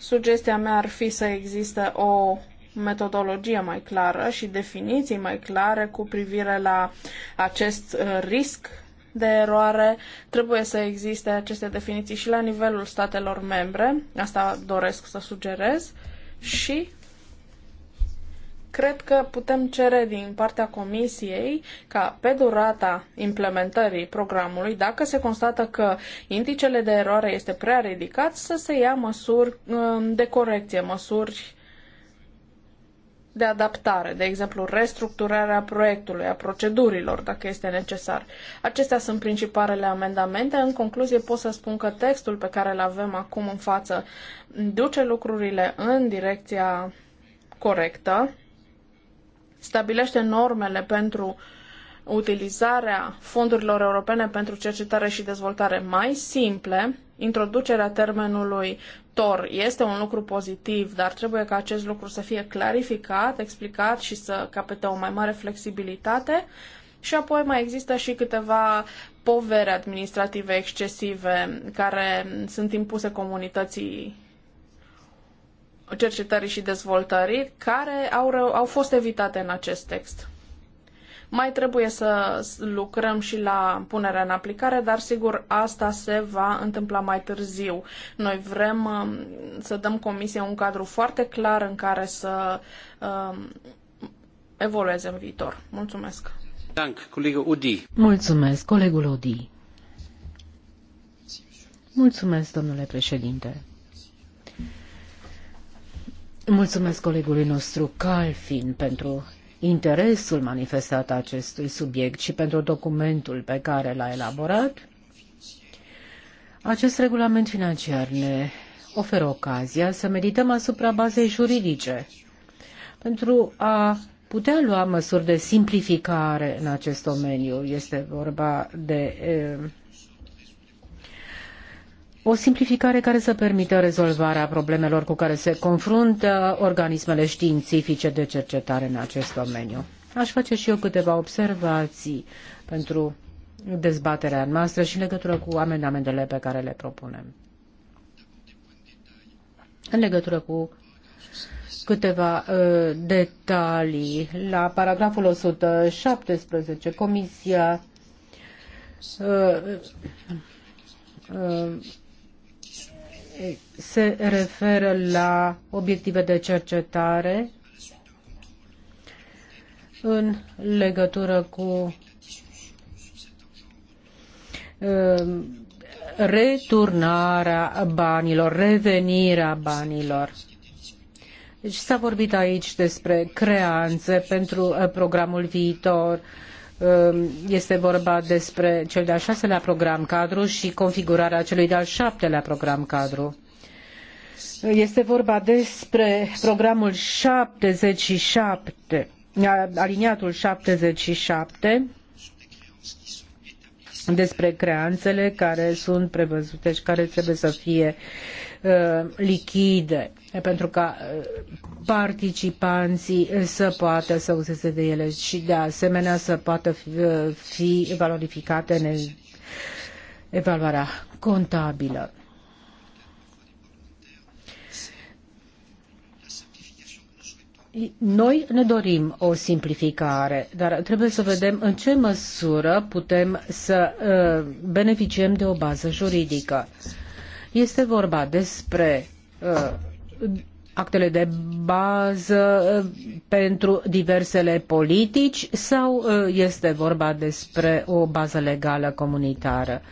Sugestia mea ar fi să existe o metodologie mai clară și definiții mai clare cu privire la acest uh, risc de eroare. Trebuie să existe aceste definiții și la nivelul statelor membre. Asta doresc să sugerez. Și cred că putem cere din partea Comisiei ca pe durata implementării programului, dacă se constată că indicele de eroare este prea ridicat, să se ia măsuri uh, de corecție, măsuri de adaptare, de exemplu restructurarea proiectului, a procedurilor, dacă este necesar. Acestea sunt principalele amendamente. În concluzie pot să spun că textul pe care îl avem acum în față duce lucrurile în direcția corectă stabilește normele pentru utilizarea fondurilor europene pentru cercetare și dezvoltare mai simple. Introducerea termenului TOR este un lucru pozitiv, dar trebuie ca acest lucru să fie clarificat, explicat și să capete o mai mare flexibilitate. Și apoi mai există și câteva povere administrative excesive care sunt impuse comunității cercetării și dezvoltării care au, au fost evitate în acest text. Mai trebuie să lucrăm și la punerea în aplicare, dar sigur asta se va întâmpla mai târziu. Noi vrem um, să dăm comisiei un cadru foarte clar în care să um, evolueze în viitor. Mulțumesc! Mulțumesc, colegul Odi. Mulțumesc, domnule președinte. Mulțumesc colegului nostru Calfin pentru interesul manifestat acestui subiect și pentru documentul pe care l-a elaborat. Acest regulament financiar ne oferă ocazia să medităm asupra bazei juridice pentru a putea lua măsuri de simplificare în acest domeniu. Este vorba de eh, o simplificare care să permită rezolvarea problemelor cu care se confruntă organismele științifice de cercetare în acest domeniu. Aș face și eu câteva observații pentru dezbaterea noastră și în legătură cu amendamentele pe care le propunem. În legătură cu câteva uh, detalii, la paragraful 117, Comisia uh, uh, se referă la obiective de cercetare în legătură cu um, returnarea banilor, revenirea banilor. Deci s-a vorbit aici despre creanțe pentru uh, programul viitor, Um, este vorba despre cel de-al șaselea program cadru și configurarea celui de-al șaptelea program cadru. Este vorba despre programul 77, aliniatul 77, despre creanțele care sunt prevăzute și care trebuie să fie uh, Uh, lichide pentru ca uh, participanții să poată să useze de ele și de asemenea să poată fi, uh, valorificate în evaluarea contabilă. Noi ne dorim o simplificare, dar trebuie să vedem în ce măsură putem să beneficiem de o bază juridică. Este vorba despre uh, actele de bază uh, pentru diversele politici sau uh, este vorba despre o bază legală comunitară?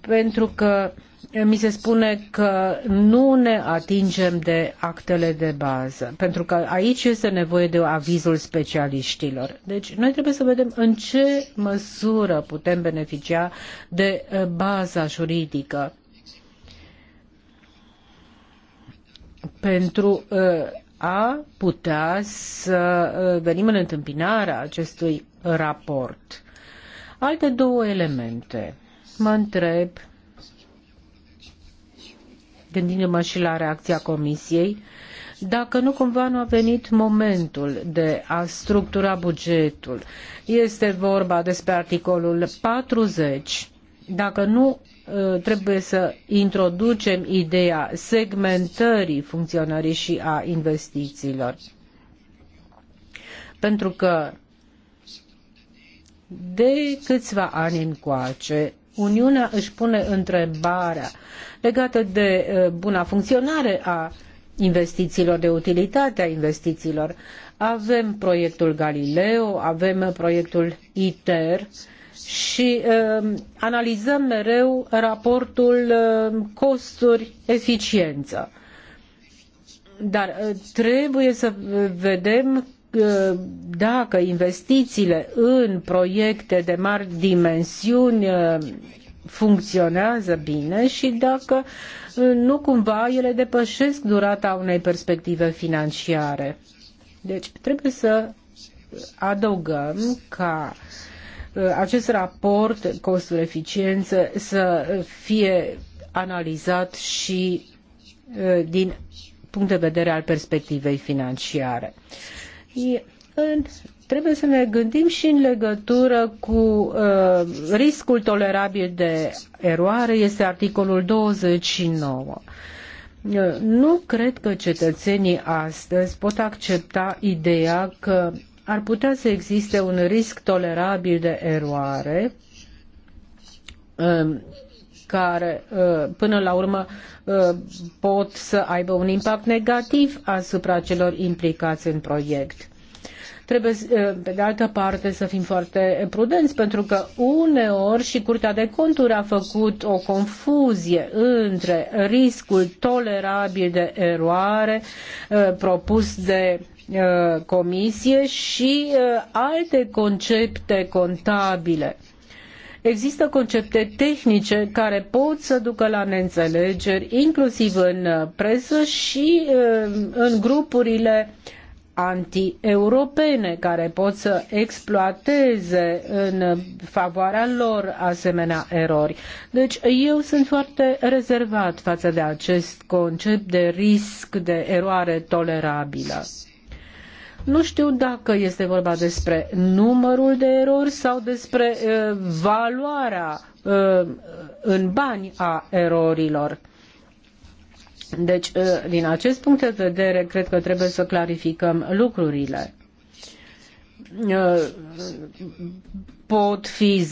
Pentru că uh, mi se spune că nu ne atingem de actele de bază, pentru că aici este nevoie de avizul specialiștilor. Deci noi trebuie să vedem în ce măsură putem beneficia de baza juridică pentru uh, a putea să uh, venim în întâmpinarea acestui raport. Alte două elemente. Mă întreb, gândindu-mă și la reacția Comisiei, dacă nu cumva nu a venit momentul de a structura bugetul. Este vorba despre articolul 40. Dacă nu Uh, trebuie să introducem ideea segmentării funcționării și a investițiilor. Pentru că de câțiva ani încoace, Uniunea își pune întrebarea legată de uh, buna funcționare a investițiilor, de utilitatea investițiilor. Avem proiectul Galileo, avem proiectul ITER, și um, analizăm mereu raportul um, costuri-eficiență. Dar uh, trebuie să vedem uh, dacă investițiile în proiecte de mari dimensiuni uh, funcționează bine și dacă nu cumva ele depășesc durata unei perspective financiare. Deci trebuie să adăugăm ca uh, Uh, acest raport costuri-eficiență să fie analizat și uh, din punct de vedere al perspectivei financiare. Trebuie să ne gândim și în legătură cu uh, riscul tolerabil de eroare, este articolul 29. Uh, nu cred că cetățenii astăzi pot accepta ideea că ar putea să existe un risc tolerabil de eroare um, care uh, până la urmă uh, pot să aibă un impact negativ asupra celor implicați în proiect. Trebuie, uh, pe de altă parte, să fim foarte prudenți, pentru că uneori și Curtea de Conturi a făcut o confuzie între riscul tolerabil de eroare propus de Uh, comisie și uh, alte concepte contabile. Există concepte tehnice care pot să ducă la neînțelegeri, inclusiv în uh, presă și în grupurile anti-europene care pot să exploateze în favoarea lor asemenea erori. Deci eu sunt foarte rezervat față de acest concept de risc de eroare tolerabilă. Nu știu dacă este vorba despre numărul de erori sau despre uh, valoarea uh, în bani a erorilor. Deci, uh, din acest punct de vedere, cred că trebuie să clarificăm lucrurile uh, pot fi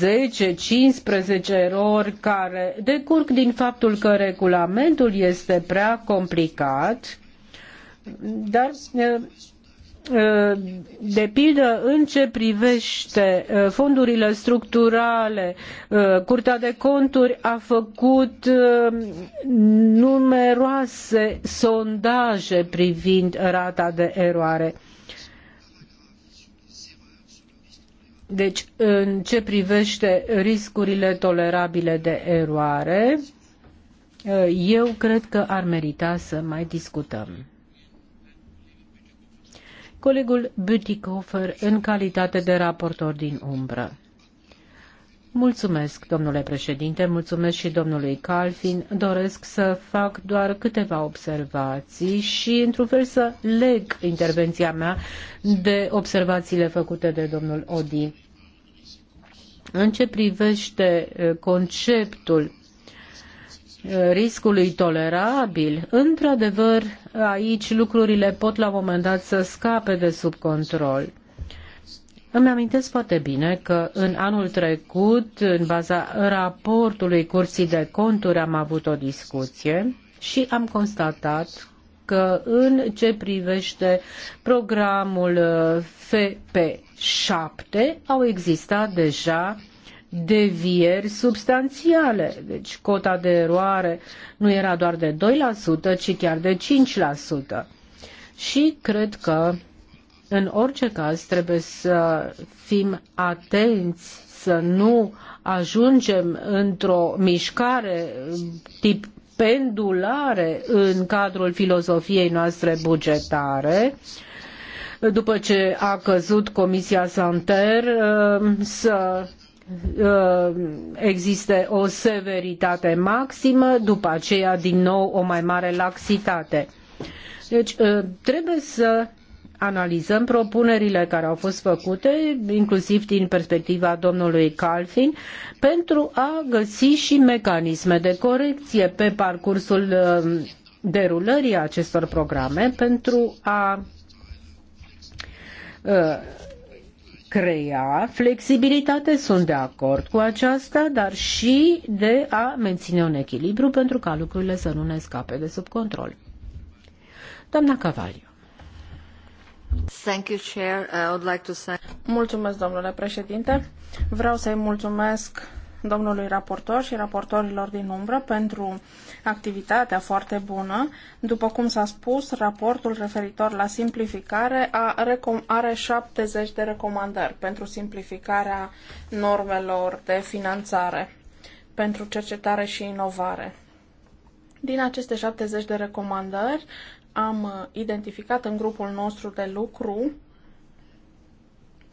10-15 erori care decurg din faptul că regulamentul este prea complicat, dar uh, de pildă în ce privește uh, fondurile structurale, uh, Curtea de Conturi a făcut uh, numeroase sondaje privind rata de eroare. Deci, în ce privește riscurile tolerabile de eroare, eu cred că ar merita să mai discutăm colegul Bütikofer, în calitate de raportor din umbră. Mulțumesc, domnule președinte, mulțumesc și domnului Calfin. Doresc să fac doar câteva observații și, într-un fel, să leg intervenția mea de observațiile făcute de domnul Odi. În ce privește eh, conceptul riscului tolerabil, într-adevăr, aici lucrurile pot la un moment dat să scape de sub control. Îmi amintesc foarte bine că în anul trecut, în baza raportului Curții de Conturi, am avut o discuție și am constatat că în ce privește programul uh, FP7 au existat deja devieri substanțiale. Deci cota de eroare nu era doar de 2%, ci chiar de 5%. Și cred că în orice caz trebuie să fim atenți să nu ajungem într-o mișcare tip pendulare în cadrul filozofiei noastre bugetare. După ce a căzut Comisia Santer să Uh, existe o severitate maximă, după aceea din nou o mai mare laxitate. Deci uh, trebuie să analizăm propunerile care au fost făcute, inclusiv din perspectiva domnului Calfin, pentru a găsi și mecanisme de corecție pe parcursul uh, derulării acestor programe pentru a crea flexibilitate, sunt de acord cu aceasta, dar și de a menține un echilibru pentru ca lucrurile să nu ne scape de sub control. Doamna Cavaliu. Thank you, Chair. I would like to say... Mulțumesc, domnule președinte. Vreau să-i mulțumesc domnului raportor și raportorilor din umbră pentru activitatea foarte bună. După cum s-a spus, raportul referitor la simplificare are 70 de recomandări pentru simplificarea normelor de finanțare pentru cercetare și inovare. Din aceste 70 de recomandări am identificat în grupul nostru de lucru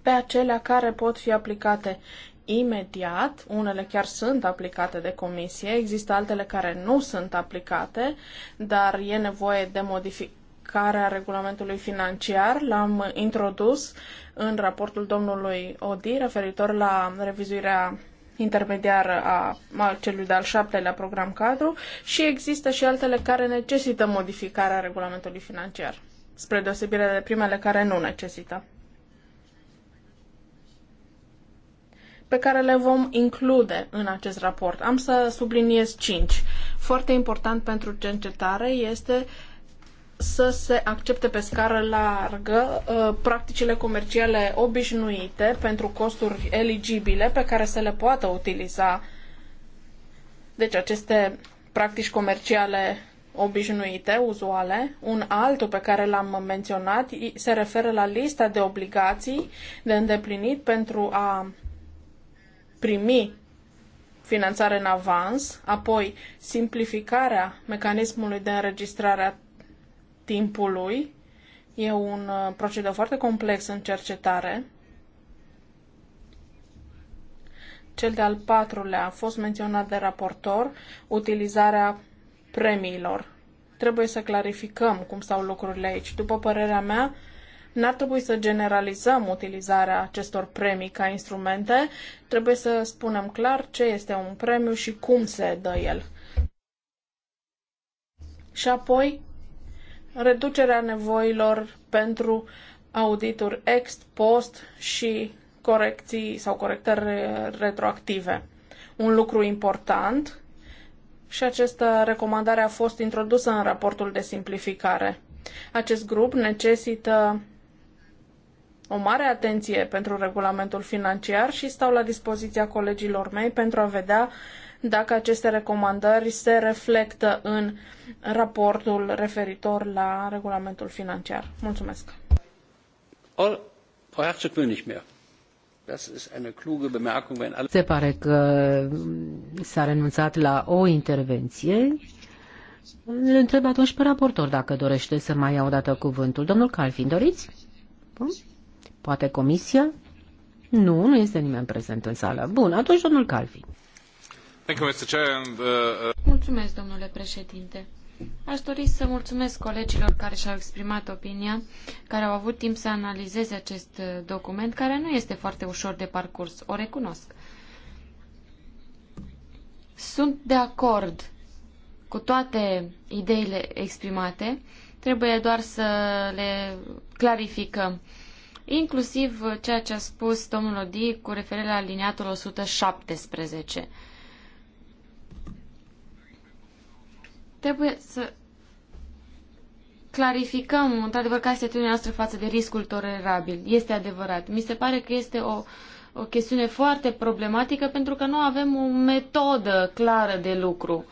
pe acelea care pot fi aplicate imediat, unele chiar sunt aplicate de comisie, există altele care nu sunt aplicate, dar e nevoie de modificarea regulamentului financiar. L-am introdus în raportul domnului Odi referitor la revizuirea intermediară a, a celui de-al șaptelea program cadru și există și altele care necesită modificarea regulamentului financiar, spre deosebire de primele care nu necesită. pe care le vom include în acest raport. Am să subliniez cinci. Foarte important pentru cercetare este să se accepte pe scară largă uh, practicile comerciale obișnuite pentru costuri eligibile pe care să le poată utiliza. Deci aceste practici comerciale obișnuite, uzuale. Un altul pe care l-am menționat se referă la lista de obligații de îndeplinit pentru a primi finanțare în avans, apoi simplificarea mecanismului de înregistrare a timpului. E un uh, procedeu foarte complex în cercetare. Cel de-al patrulea a fost menționat de raportor, utilizarea premiilor. Trebuie să clarificăm cum stau lucrurile aici. După părerea mea, N-ar trebui să generalizăm utilizarea acestor premii ca instrumente, trebuie să spunem clar ce este un premiu și cum se dă el. Și apoi, reducerea nevoilor pentru audituri ex post și corecții sau corectări retroactive. Un lucru important și această recomandare a fost introdusă în raportul de simplificare. Acest grup necesită o mare atenție pentru regulamentul financiar și stau la dispoziția colegilor mei pentru a vedea dacă aceste recomandări se reflectă în raportul referitor la regulamentul financiar. Mulțumesc. Se pare că s-a renunțat la o intervenție. Îl întreb atunci pe raportor dacă dorește să mai ia o dată cuvântul. Domnul Calfin, doriți? Bun. Poate comisia? Nu, nu este nimeni prezent în sală. Bun, atunci domnul Calvi. Uh, uh, mulțumesc, domnule președinte. Aș dori să mulțumesc colegilor care și-au exprimat opinia, care au avut timp să analizeze acest uh, document, care nu este foarte ușor de parcurs, o recunosc. Sunt de acord cu toate ideile exprimate, trebuie doar să le clarificăm. Uh, inclusiv ceea ce a spus domnul Odi cu referire la liniatul 117. Trebuie să clarificăm, într-adevăr, care este atitudinea noastră față de riscul tolerabil. Este adevărat. Mi se pare că este o, o chestiune foarte problematică pentru că nu avem o metodă clară de lucru.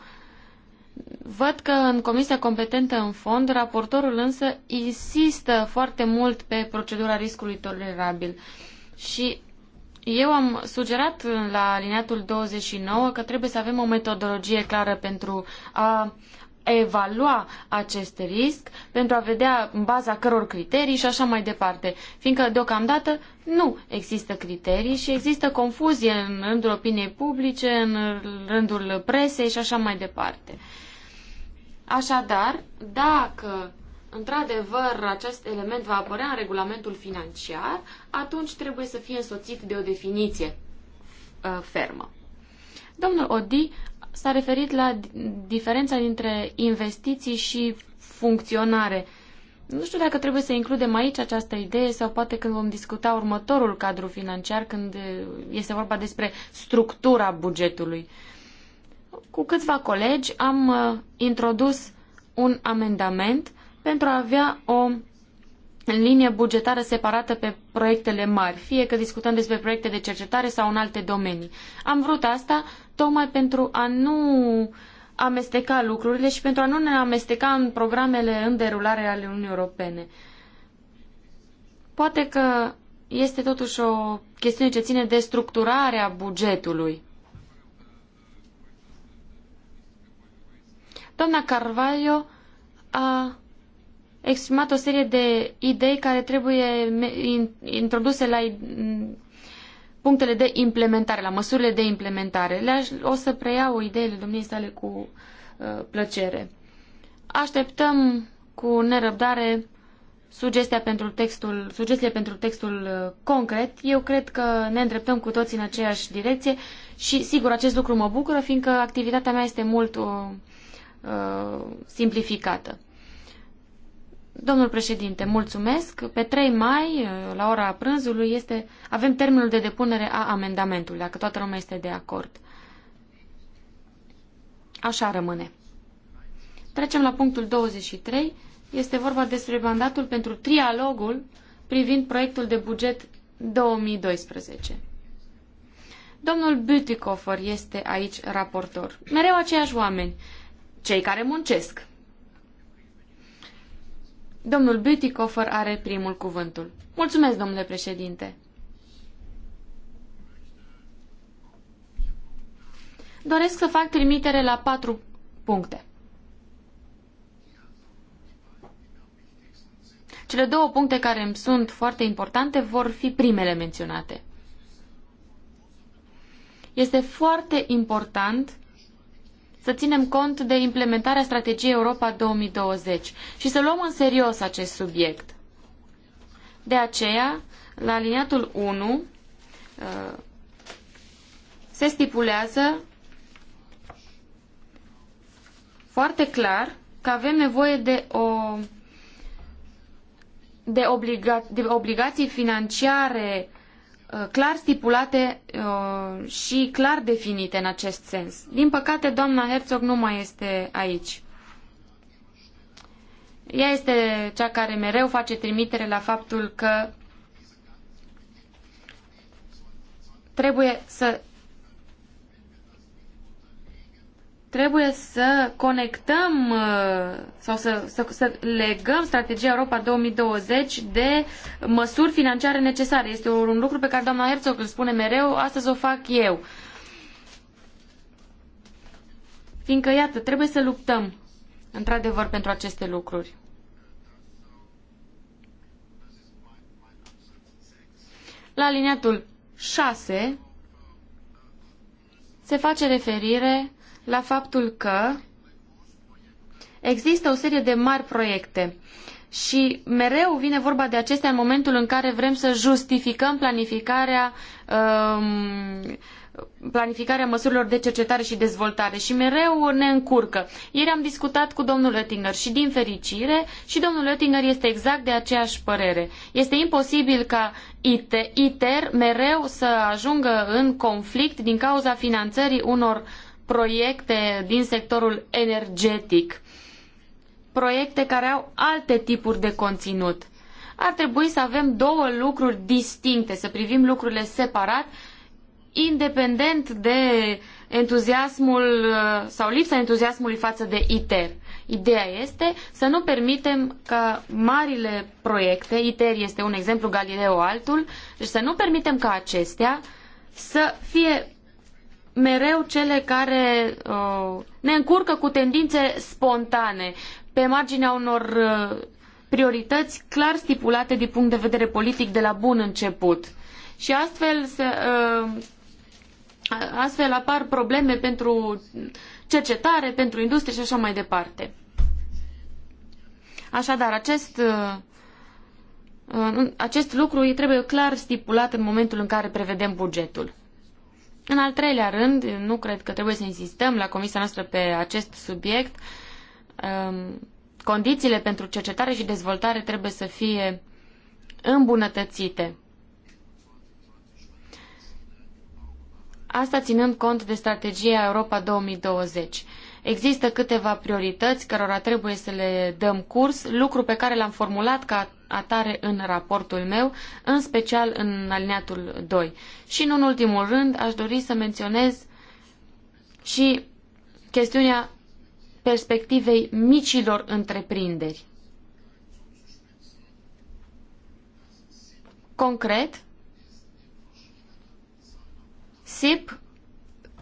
Văd că în comisia competentă în fond, raportorul însă insistă foarte mult pe procedura riscului tolerabil. Și eu am sugerat la alineatul 29 că trebuie să avem o metodologie clară pentru a evalua acest risc, pentru a vedea în baza căror criterii și așa mai departe. Fiindcă deocamdată nu există criterii și există confuzie în rândul opiniei publice, în rândul presei și așa mai departe. Așadar, dacă într-adevăr acest element va apărea în regulamentul financiar, atunci trebuie să fie însoțit de o definiție uh, fermă. Domnul Odi s-a referit la diferența dintre investiții și funcționare. Nu știu dacă trebuie să includem aici această idee sau poate când vom discuta următorul cadru financiar, când este vorba despre structura bugetului. Cu câțiva colegi am uh, introdus un amendament pentru a avea o linie bugetară separată pe proiectele mari, fie că discutăm despre proiecte de cercetare sau în alte domenii. Am vrut asta tocmai pentru a nu amesteca lucrurile și pentru a nu ne amesteca în programele în derulare ale Uniunii Europene. Poate că este totuși o chestiune ce ține de structurarea bugetului. Doamna Carvalho a exprimat o serie de idei care trebuie introduse la punctele de implementare, la măsurile de implementare. Le-aș, o să preiau ideile domniei sale cu uh, plăcere. Așteptăm cu nerăbdare sugestia pentru textul, sugestiile pentru textul uh, concret. Eu cred că ne îndreptăm cu toții în aceeași direcție și, sigur, acest lucru mă bucură, fiindcă activitatea mea este mult uh, uh simplificată. Domnul președinte, mulțumesc. Pe 3 mai, la ora prânzului, este, avem termenul de depunere a amendamentului, dacă toată lumea este de acord. Așa rămâne. Trecem la punctul 23. Este vorba despre mandatul pentru trialogul privind proiectul de buget 2012. Domnul Bütikofer este aici raportor. Mereu aceiași oameni, cei care muncesc. Domnul Bütikofer are primul cuvântul. Mulțumesc, domnule președinte. Doresc să fac trimitere la patru puncte. Cele două puncte care îmi sunt foarte importante vor fi primele menționate. Este foarte important să ținem cont de implementarea strategiei Europa 2020 și să luăm în serios acest subiect. De aceea, la aliniatul 1 uh, se stipulează foarte clar că avem nevoie de o de, obliga, de obligații financiare uh, Uh, clar stipulate uh, și clar definite în acest sens. Din păcate, doamna Herzog nu mai este aici. Ea este cea care mereu face trimitere la faptul că trebuie să trebuie să conectăm uh, sau să, să, să legăm strategia Europa 2020 de măsuri financiare necesare. Este un lucru pe care doamna Herzog îl spune mereu, astăzi o fac eu. Fiindcă, iată, trebuie să luptăm, într-adevăr, pentru aceste lucruri. La aliniatul 6 se face referire la faptul că există o serie de mari proiecte și mereu vine vorba de acestea în momentul în care vrem să justificăm planificarea um, planificarea măsurilor de cercetare și dezvoltare și mereu ne încurcă. Ieri am discutat cu domnul Oettinger și din fericire și domnul Oettinger este exact de aceeași părere. Este imposibil ca ITER mereu să ajungă în conflict din cauza finanțării unor proiecte din sectorul energetic, proiecte care au alte tipuri de conținut. Ar trebui să avem două lucruri distincte, să privim lucrurile separat, independent de entuziasmul uh, sau lipsa entuziasmului față de ITER. Ideea este să nu permitem ca marile proiecte, ITER este un exemplu, Galileo altul, deci să nu permitem ca acestea să fie mereu cele care uh, ne încurcă cu tendințe spontane pe marginea unor uh, priorități clar stipulate din punct de vedere politic de la bun început. Și astfel, se, uh, astfel apar probleme pentru cercetare, pentru industrie și așa mai departe. Așadar, acest, acest lucru trebuie clar stipulat în momentul în care prevedem bugetul. În al treilea rând, nu cred că trebuie să insistăm la comisia noastră pe acest subiect. Ehm, condițiile pentru cercetare și dezvoltare trebuie să fie îmbunătățite. Asta ținând cont de strategia Europa 2020. Există câteva priorități cărora trebuie să le dăm curs, lucru pe care l-am formulat ca atare în raportul meu, în special în alineatul 2. Și, în ultimul rând, aș dori să menționez și chestiunea perspectivei micilor întreprinderi. Concret, SIP,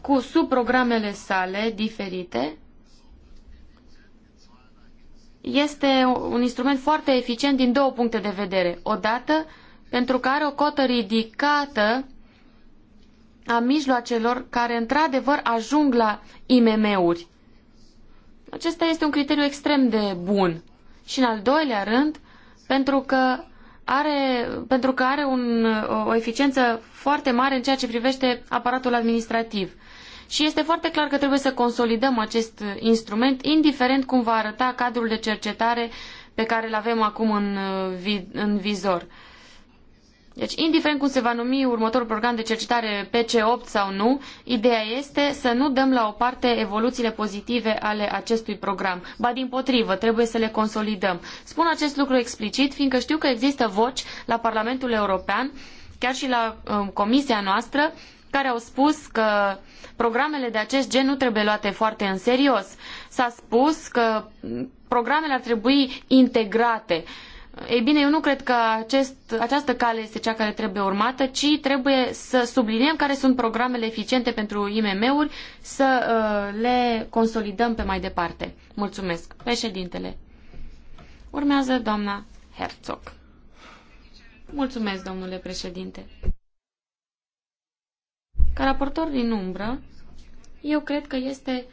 cu subprogramele sale diferite, este un instrument foarte eficient din două puncte de vedere. Odată, pentru că are o cotă ridicată a mijloacelor care într-adevăr ajung la IMM-uri. Acesta este un criteriu extrem de bun. Și în al doilea rând, pentru că are, pentru că are un, o eficiență foarte mare în ceea ce privește aparatul administrativ. Și este foarte clar că trebuie să consolidăm acest instrument, indiferent cum va arăta cadrul de cercetare pe care îl avem acum în, uh, în vizor. Deci, indiferent cum se va numi următorul program de cercetare PC8 sau nu, ideea este să nu dăm la o parte evoluțiile pozitive ale acestui program. Ba din potrivă, trebuie să le consolidăm. Spun acest lucru explicit, fiindcă știu că există voci la Parlamentul European, chiar și la um, comisia noastră, care au spus că programele de acest gen nu trebuie luate foarte în serios. S-a spus că programele ar trebui integrate. Ei bine, eu nu cred că acest, această cale este cea care trebuie urmată, ci trebuie să subliniem care sunt programele eficiente pentru IMM-uri, să uh, le consolidăm pe mai departe. Mulțumesc. Președintele. Urmează doamna Herzog. Mulțumesc, domnule președinte. Ca raportor din umbră, eu cred că este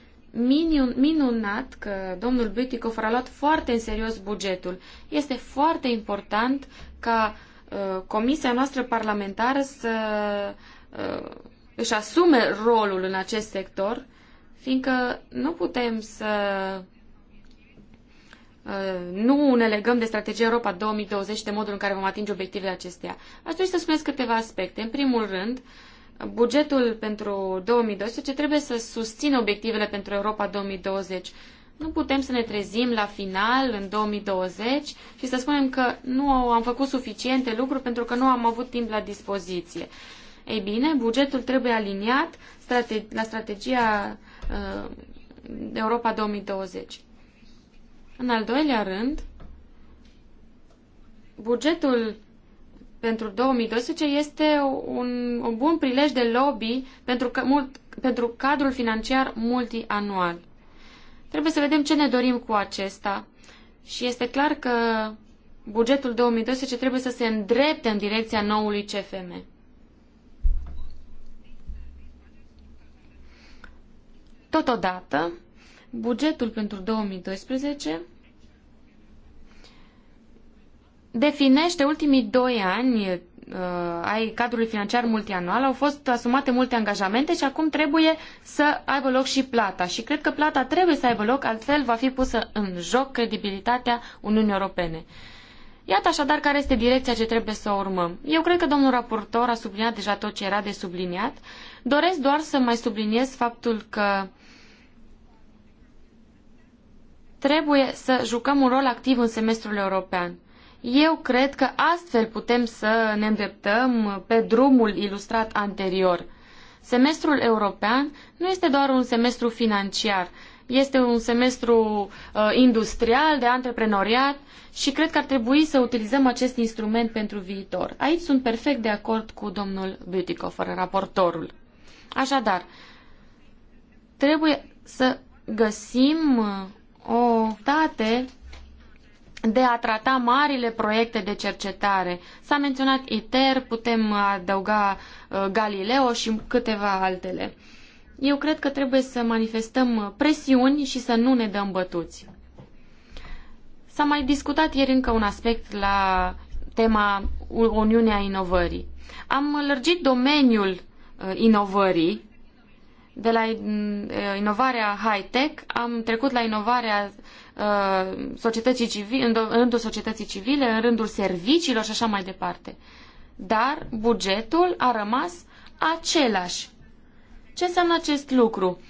minunat că domnul Butikov a luat foarte în serios bugetul. Este foarte important ca uh, comisia noastră parlamentară să uh, își asume rolul în acest sector, fiindcă nu putem să uh, nu ne legăm de strategia Europa 2020 de modul în care vom atinge obiectivele acestea. Aș dori să spuneți câteva aspecte. În primul rând, uh, bugetul pentru 2012 trebuie să susțină obiectivele pentru Europa 2020. Nu putem să ne trezim la final, în 2020, și să spunem că nu am făcut suficiente lucruri pentru că nu am avut timp la dispoziție. Ei bine, bugetul trebuie aliniat strate la strategia uh, Europa 2020. În al doilea rând, bugetul pentru 2012 este un, un bun prilej de lobby pentru, că, mult, pentru cadrul financiar multianual. Trebuie să vedem ce ne dorim cu acesta. Și este clar că bugetul 2012 trebuie să se îndrepte în direcția noului CFM. Totodată, bugetul pentru 2012 definește ultimii doi ani uh, ai cadrului financiar multianual, au fost asumate multe angajamente și acum trebuie să aibă loc și plata. Și cred că plata trebuie să aibă loc, altfel va fi pusă în joc credibilitatea Uniunii Europene. Iată așadar care este direcția ce trebuie să o urmăm. Eu cred că domnul raportor a subliniat deja tot ce era de subliniat. Doresc doar să mai subliniez faptul că trebuie să jucăm un rol activ în semestrul european. Eu cred că astfel putem să ne îndreptăm pe drumul ilustrat anterior. Semestrul european nu este doar un semestru financiar, este un semestru uh, industrial, de antreprenoriat și cred că ar trebui să utilizăm acest instrument pentru viitor. Aici sunt perfect de acord cu domnul Bütikofer, raportorul. Așadar, trebuie să găsim uh, o date de a trata marile proiecte de cercetare. S-a menționat ITER, putem adăuga uh, Galileo și câteva altele. Eu cred că trebuie să manifestăm presiuni și să nu ne dăm bătuți. S-a mai discutat ieri încă un aspect la tema Uniunea Inovării. Am lărgit domeniul uh, inovării de la uh, inovarea high-tech, am trecut la inovarea Uh, societății civile, în rândul societății civile, în rândul serviciilor și așa mai departe. Dar bugetul a rămas același. Ce înseamnă acest lucru?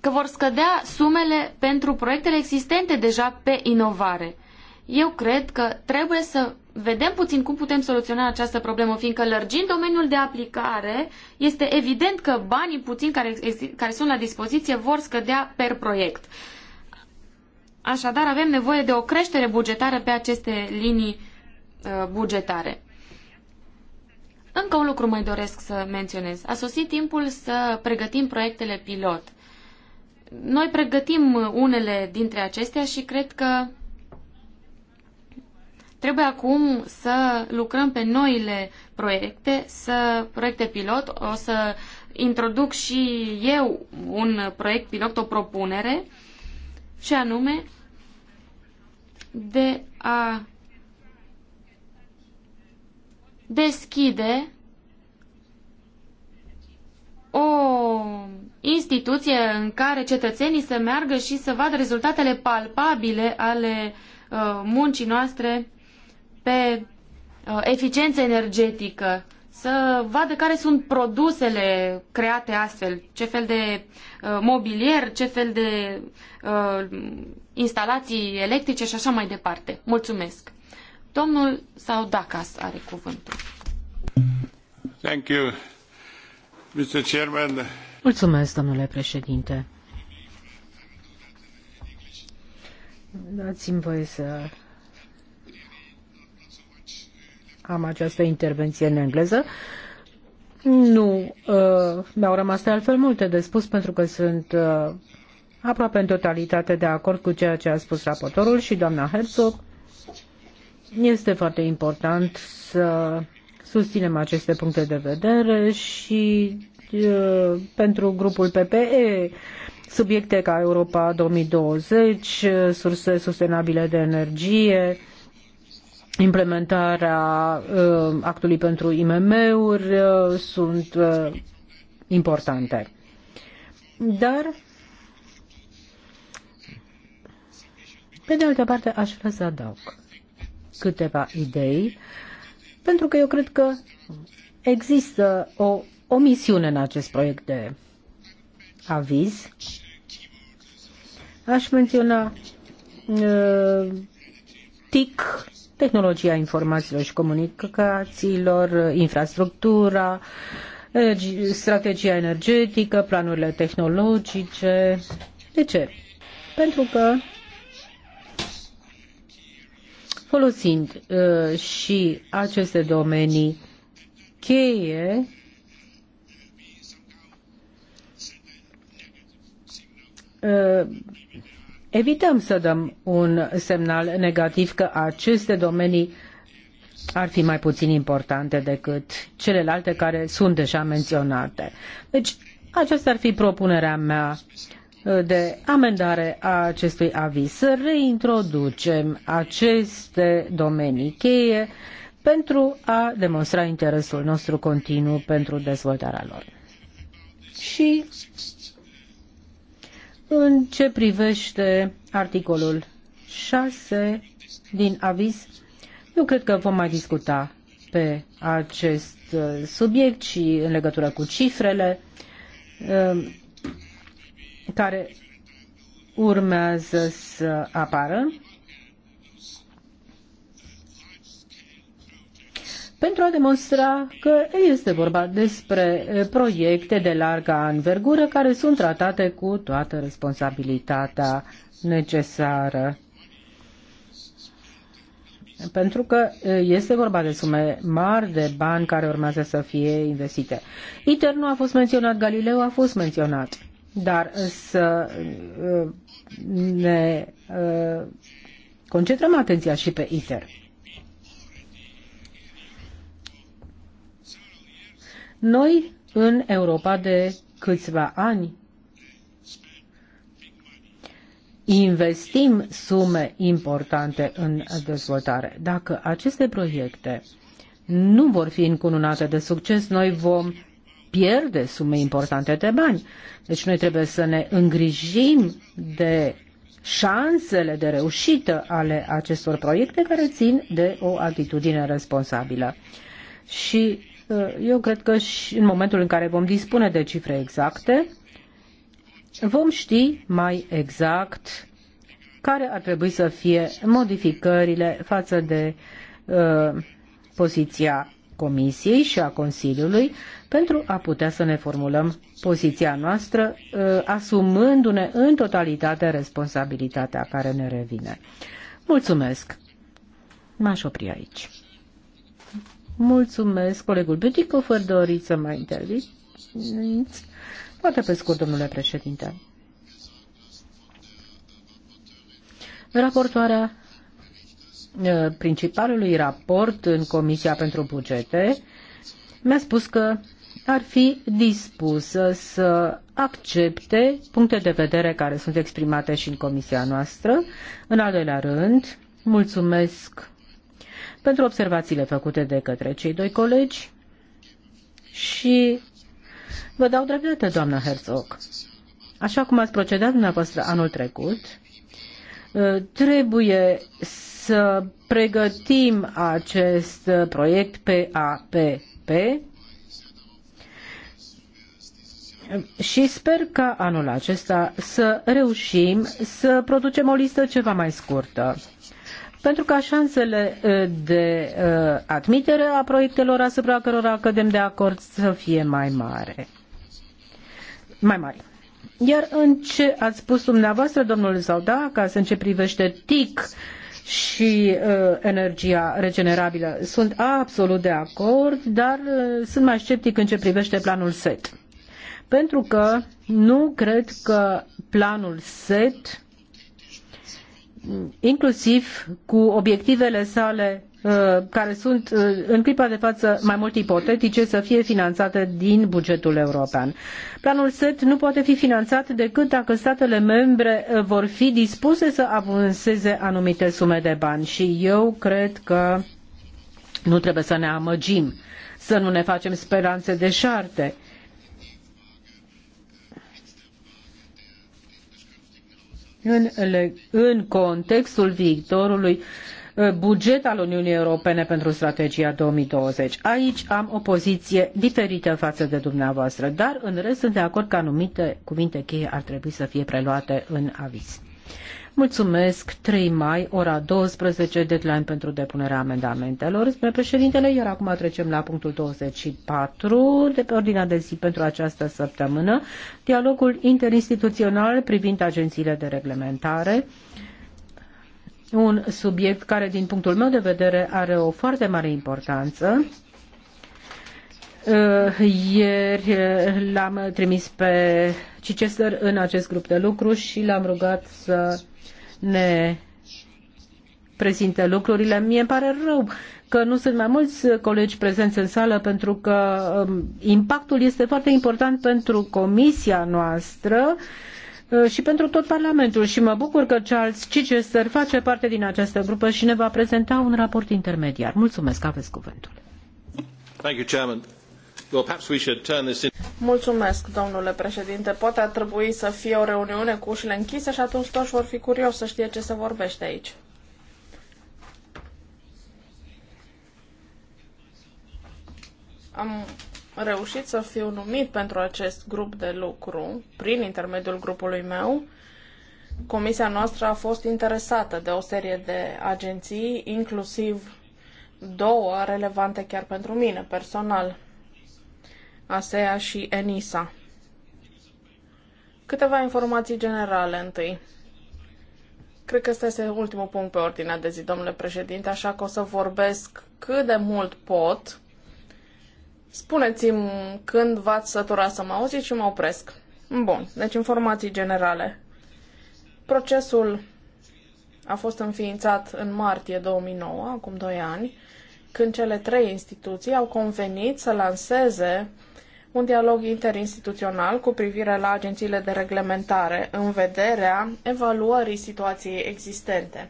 Că vor scădea sumele pentru proiectele existente deja pe inovare. Eu cred că trebuie să vedem puțin cum putem soluționa această problemă, fiindcă lărgind domeniul de aplicare, este evident că banii puțin care, care sunt la dispoziție vor scădea per proiect. Așadar, avem nevoie de o creștere bugetară pe aceste linii uh, bugetare. Încă un lucru mai doresc să menționez. A sosit timpul să pregătim proiectele pilot. Noi pregătim unele dintre acestea și cred că trebuie acum să lucrăm pe noile proiecte, să proiecte pilot. O să introduc și eu un proiect pilot, o propunere, și anume de a deschide o instituție în care cetățenii să meargă și să vadă rezultatele palpabile ale uh, muncii noastre pe uh, eficiență energetică să vadă care sunt produsele create astfel, ce fel de uh, mobilier, ce fel de uh, instalații electrice și așa mai departe. Mulțumesc. Domnul sau Dacas are cuvântul. Thank you, Mr. Chairman. Mulțumesc, domnule președinte. Dați-mi voie să am această intervenție în engleză. Nu, uh, mi-au rămas de altfel multe de spus pentru că sunt uh, aproape în totalitate de acord cu ceea ce a spus raportorul și doamna Herzog. Este foarte important să susținem aceste puncte de vedere și uh, pentru grupul PPE subiecte ca Europa 2020, uh, surse sustenabile de energie, uh, implementarea uh, actului pentru IMM-uri uh, sunt uh, importante. Dar, pe de altă parte, aș vrea să adaug câteva idei, pentru că eu cred că există o, o misiune în acest proiect de aviz. Aș menționa uh, TIC tehnologia informațiilor și comunicațiilor, infrastructura, strategia energetică, planurile tehnologice. De ce? Pentru că folosind uh, și aceste domenii cheie, uh, evităm să dăm un semnal negativ că aceste domenii ar fi mai puțin importante decât celelalte care sunt deja menționate. Deci, aceasta ar fi propunerea mea uh, de amendare a acestui aviz, să reintroducem aceste domenii cheie pentru a demonstra interesul nostru continuu pentru dezvoltarea lor. Și în ce privește articolul 6 din aviz, eu cred că vom mai discuta pe acest uh, subiect și în legătură cu cifrele um, care urmează să apară. pentru a demonstra că este vorba despre proiecte de largă anvergură care sunt tratate cu toată responsabilitatea necesară. Pentru că este vorba de sume mari de bani care urmează să fie investite. ITER nu a fost menționat, Galileu a fost menționat, dar să ne concentrăm atenția și pe ITER. Noi, în Europa de câțiva ani, investim sume importante în dezvoltare. Dacă aceste proiecte nu vor fi încununate de succes, noi vom pierde sume importante de bani. Deci noi trebuie să ne îngrijim de șansele de reușită ale acestor proiecte care țin de o atitudine responsabilă. Și Eh, eu cred că și în momentul în care vom dispune de cifre exacte, vom ști mai exact care ar trebui să fie modificările față de uh, poziția Comisiei și a Consiliului pentru a putea să ne formulăm poziția noastră, uh, asumându-ne în totalitate responsabilitatea care ne revine. Mulțumesc! M-aș opri aici. Mulțumesc, colegul Buticofer, doriți să mai interviți? Poate pe scurt, domnule președinte. Raportoarea principalului raport în Comisia pentru Bugete mi-a spus că ar fi dispusă să accepte puncte de vedere care sunt exprimate și în comisia noastră. În al doilea rând, mulțumesc pentru observațiile făcute de către cei doi colegi și vă dau dreptate, doamnă Herzog. Așa cum ați procedat dumneavoastră anul trecut, ă, trebuie să pregătim acest proiect PAPP și sper ca anul acesta să reușim să producem o listă ceva mai scurtă pentru ca șansele de admitere a proiectelor asupra cărora cădem de acord să fie mai mare. Mai mari. Iar în ce ați spus dumneavoastră, domnul să în ce privește TIC și uh, energia regenerabilă, sunt absolut de acord, dar uh, sunt mai sceptic în ce privește planul SET. Pentru că nu cred că planul SET inclusiv cu obiectivele sale uh, care sunt uh, în clipa de față mai mult ipotetice să fie finanțate din bugetul european. Planul SET nu poate fi finanțat decât dacă statele membre uh, vor fi dispuse să avanseze anumite sume de bani și eu cred că nu trebuie să ne amăgim, să nu ne facem speranțe deșarte. în, în contextul viitorului uh, buget al Uniunii Europene pentru strategia 2020. Aici am o poziție diferită față de dumneavoastră, dar în rest sunt de acord că anumite cuvinte cheie ar trebui să fie preluate în aviz. Mulțumesc, 3 mai, ora 12, deadline pentru depunerea amendamentelor. Spre președintele, iar acum trecem la punctul 24 de pe ordinea de zi pentru această săptămână, dialogul interinstituțional privind agențiile de reglementare. Un subiect care, din punctul meu de vedere, are o foarte mare importanță Eh, ieri eh, l-am trimis pe Cicester în acest grup de lucru și l-am rugat să ne prezinte lucrurile. Mie îmi pare rău că nu sunt mai mulți colegi prezenți în sală pentru că um, impactul este foarte important pentru comisia noastră uh, și pentru tot Parlamentul și mă bucur că Charles Chichester face parte din această grupă și ne va prezenta un raport intermediar. Mulțumesc, aveți cuvântul. Thank you, Chairman. Mulțumesc, domnule președinte. Poate ar trebui să fie o reuniune cu ușile închise și atunci toți vor fi curioși să știe ce se vorbește aici. Am reușit să fiu numit pentru acest grup de lucru prin intermediul grupului meu. Comisia noastră a fost interesată de o serie de agenții, inclusiv două relevante chiar pentru mine personal. ASEA și ENISA. Câteva informații generale întâi. Cred că ăsta este ultimul punct pe ordinea de zi, domnule președinte, așa că o să vorbesc cât de mult pot. Spuneți-mi când v-ați sătura să mă auziți și mă opresc. Bun, deci informații generale. Procesul a fost înființat în martie 2009, acum 2 ani, când cele trei instituții au convenit să lanseze un dialog interinstituțional cu privire la agențiile de reglementare în vederea evaluării situației existente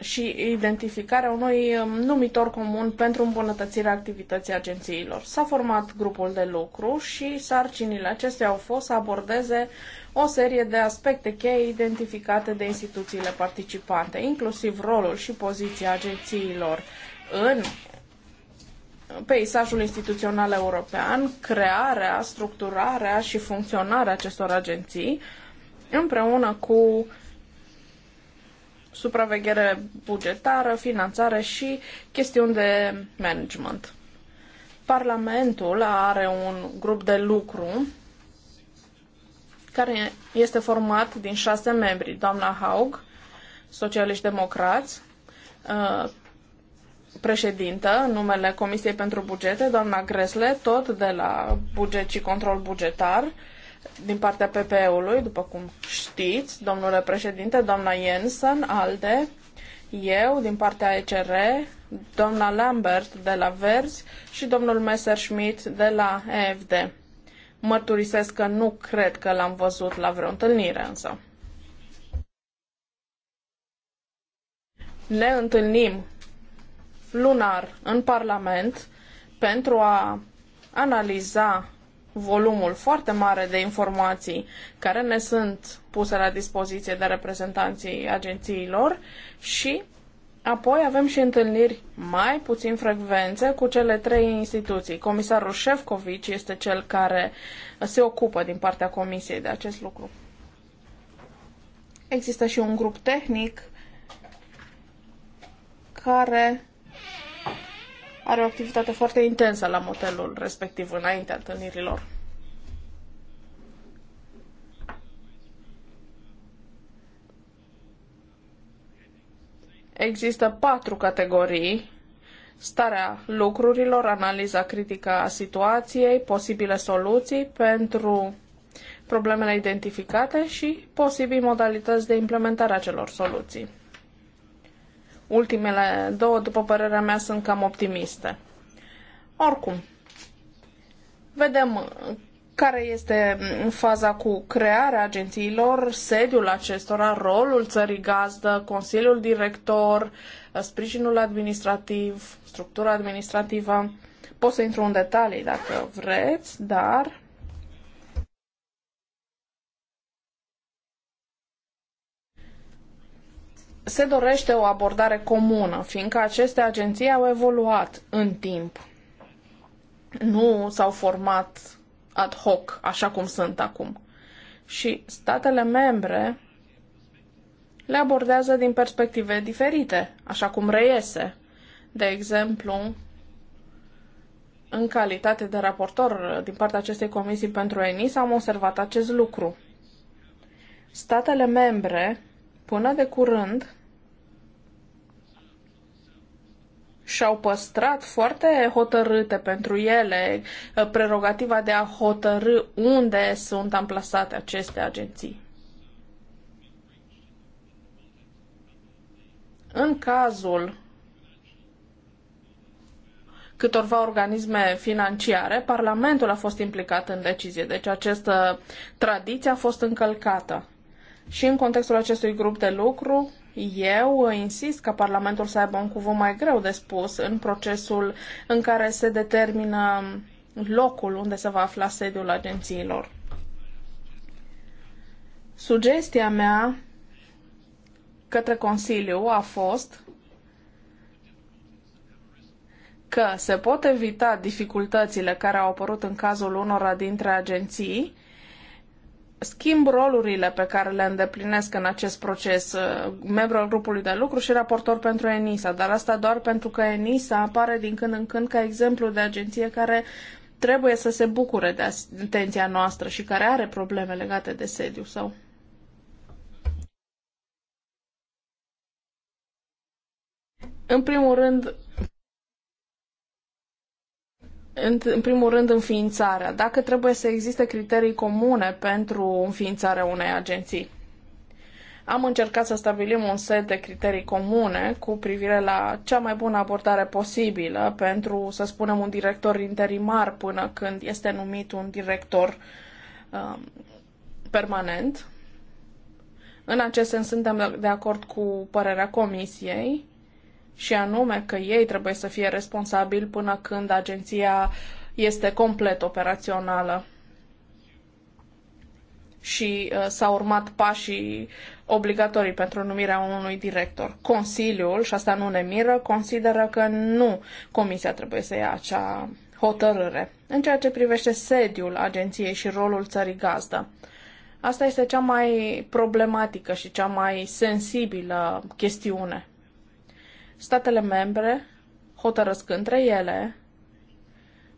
și identificarea unui numitor comun pentru îmbunătățirea activității agențiilor. S-a format grupul de lucru și sarcinile acestea au fost să abordeze o serie de aspecte cheie identificate de instituțiile participante, inclusiv rolul și poziția agențiilor în peisajul instituțional european, crearea, structurarea și funcționarea acestor agenții, împreună cu supraveghere bugetară, finanțare și chestiuni de management. Parlamentul are un grup de lucru care este format din șase membri, doamna Haug, socialiști democrați, uh, președintă, în numele Comisiei pentru Bugete, doamna Gresle, tot de la Buget și Control Bugetar, din partea PPE-ului, după cum știți, domnule președinte, doamna Jensen, ALDE, eu din partea ECR, doamna Lambert de la Verzi și domnul Messerschmidt de la EFD. Mărturisesc că nu cred că l-am văzut la vreo întâlnire însă. Ne întâlnim lunar în Parlament pentru a analiza volumul foarte mare de informații care ne sunt puse la dispoziție de reprezentanții agențiilor și apoi avem și întâlniri mai puțin frecvențe cu cele trei instituții. Comisarul Șefcovici este cel care se ocupă din partea Comisiei de acest lucru. Există și un grup tehnic care are o activitate foarte intensă la motelul respectiv înaintea întâlnirilor. Există patru categorii. Starea lucrurilor, analiza critică a situației, posibile soluții pentru problemele identificate și posibili modalități de implementare a celor soluții. Ultimele două, după părerea mea, sunt cam optimiste. Oricum, vedem care este faza cu crearea agențiilor, sediul acestora, rolul țării gazdă, consiliul director, sprijinul administrativ, structura administrativă. Pot să intru în detalii dacă vreți, dar se dorește o abordare comună, fiindcă aceste agenții au evoluat în timp. Nu s-au format ad hoc, așa cum sunt acum. Și statele membre le abordează din perspective diferite, așa cum reiese. De exemplu, în calitate de raportor din partea acestei comisii pentru ENIS, am observat acest lucru. Statele membre Până de curând și-au păstrat foarte hotărâte pentru ele uh, prerogativa de a hotărâ unde sunt amplasate aceste agenții. În cazul câtorva organisme financiare, Parlamentul a fost implicat în decizie, deci această tradiție a fost încălcată. Și în contextul acestui grup de lucru, eu insist ca Parlamentul să aibă un cuvânt mai greu de spus în procesul în care se determină locul unde se va afla sediul agențiilor. Sugestia mea către Consiliu a fost că se pot evita dificultățile care au apărut în cazul unora dintre agenții schimb rolurile pe care le îndeplinesc în acest proces uh, membru al grupului de lucru și raportor pentru ENISA, dar asta doar pentru că ENISA apare din când în când ca exemplu de agenție care trebuie să se bucure de atenția noastră și care are probleme legate de sediu sau. În primul rând, în, în primul rând, înființarea. Dacă trebuie să existe criterii comune pentru înființarea unei agenții. Am încercat să stabilim un set de criterii comune cu privire la cea mai bună abordare posibilă pentru, să spunem, un director interimar până când este numit un director um, permanent. În acest sens, suntem de acord cu părerea Comisiei și anume că ei trebuie să fie responsabili până când agenția este complet operațională. Și uh, s-au urmat pașii obligatorii pentru numirea unui director. Consiliul, și asta nu ne miră, consideră că nu comisia trebuie să ia acea hotărâre. În ceea ce privește sediul agenției și rolul țării gazdă, asta este cea mai problematică și cea mai sensibilă chestiune Statele membre hotărăsc între ele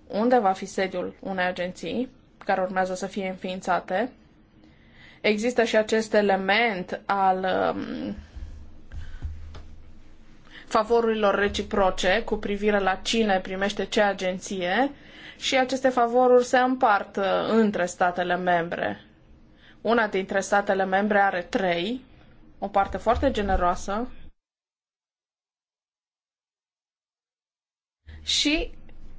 unde va fi sediul unei agenții care urmează să fie înființate. Există și acest element al um, favorurilor reciproce cu privire la cine primește ce agenție și aceste favoruri se împart uh, între statele membre. Una dintre statele membre are trei, o parte foarte generoasă, și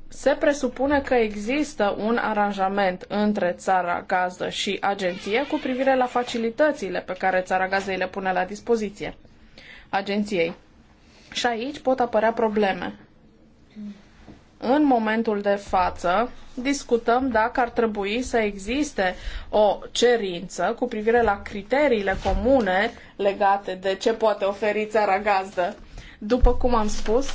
se presupune că există un aranjament între țara gazdă și agenție cu privire la facilitățile pe care țara gazdă le pune la dispoziție agenției. Și aici pot apărea probleme. În momentul de față, discutăm dacă ar trebui să existe o cerință cu privire la criteriile comune legate de ce poate oferi țara gazdă. După cum am spus,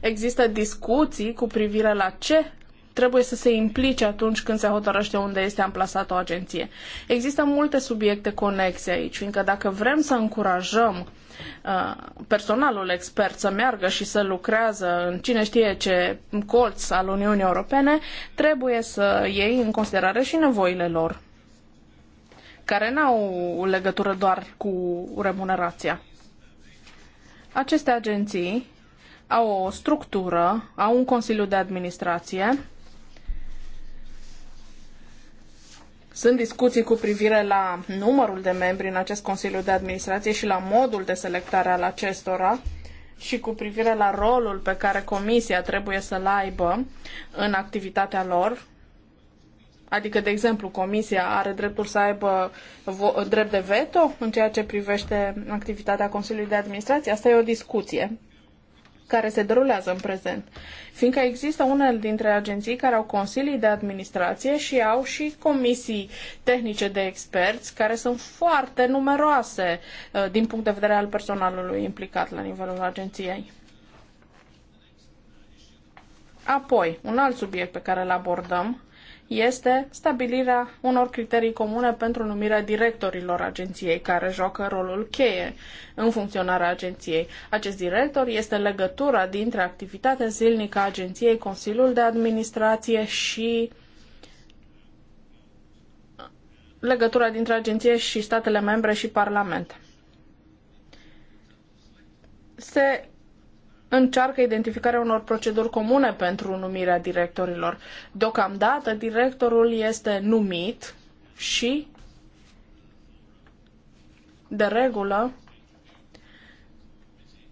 Există discuții cu privire la ce trebuie să se implice atunci când se hotărăște unde este amplasată o agenție. Există multe subiecte conexe aici, fiindcă dacă vrem să încurajăm uh, personalul expert să meargă și să lucrează în cine știe ce colț al Uniunii Europene, trebuie să iei în considerare și nevoile lor, care n-au legătură doar cu remunerația. Aceste agenții au o structură, au un consiliu de administrație, Sunt discuții cu privire la numărul de membri în acest Consiliu de Administrație și la modul de selectare al acestora și cu privire la rolul pe care Comisia trebuie să-l aibă în activitatea lor. Adică, de exemplu, Comisia are dreptul să aibă drept de veto în ceea ce privește activitatea Consiliului de Administrație. Asta e o discuție care se derulează în prezent, fiindcă există unele dintre agenții care au consilii de administrație și au și comisii tehnice de experți care sunt foarte numeroase uh, din punct de vedere al personalului implicat la nivelul agenției. Apoi, un alt subiect pe care îl abordăm este stabilirea unor criterii comune pentru numirea directorilor agenției care joacă rolul cheie în funcționarea agenției. Acest director este legătura dintre activitatea zilnică a agenției, Consiliul de Administrație și legătura dintre agenție și statele membre și Parlament. Se încearcă identificarea unor proceduri comune pentru numirea directorilor. Deocamdată, directorul este numit și, de regulă,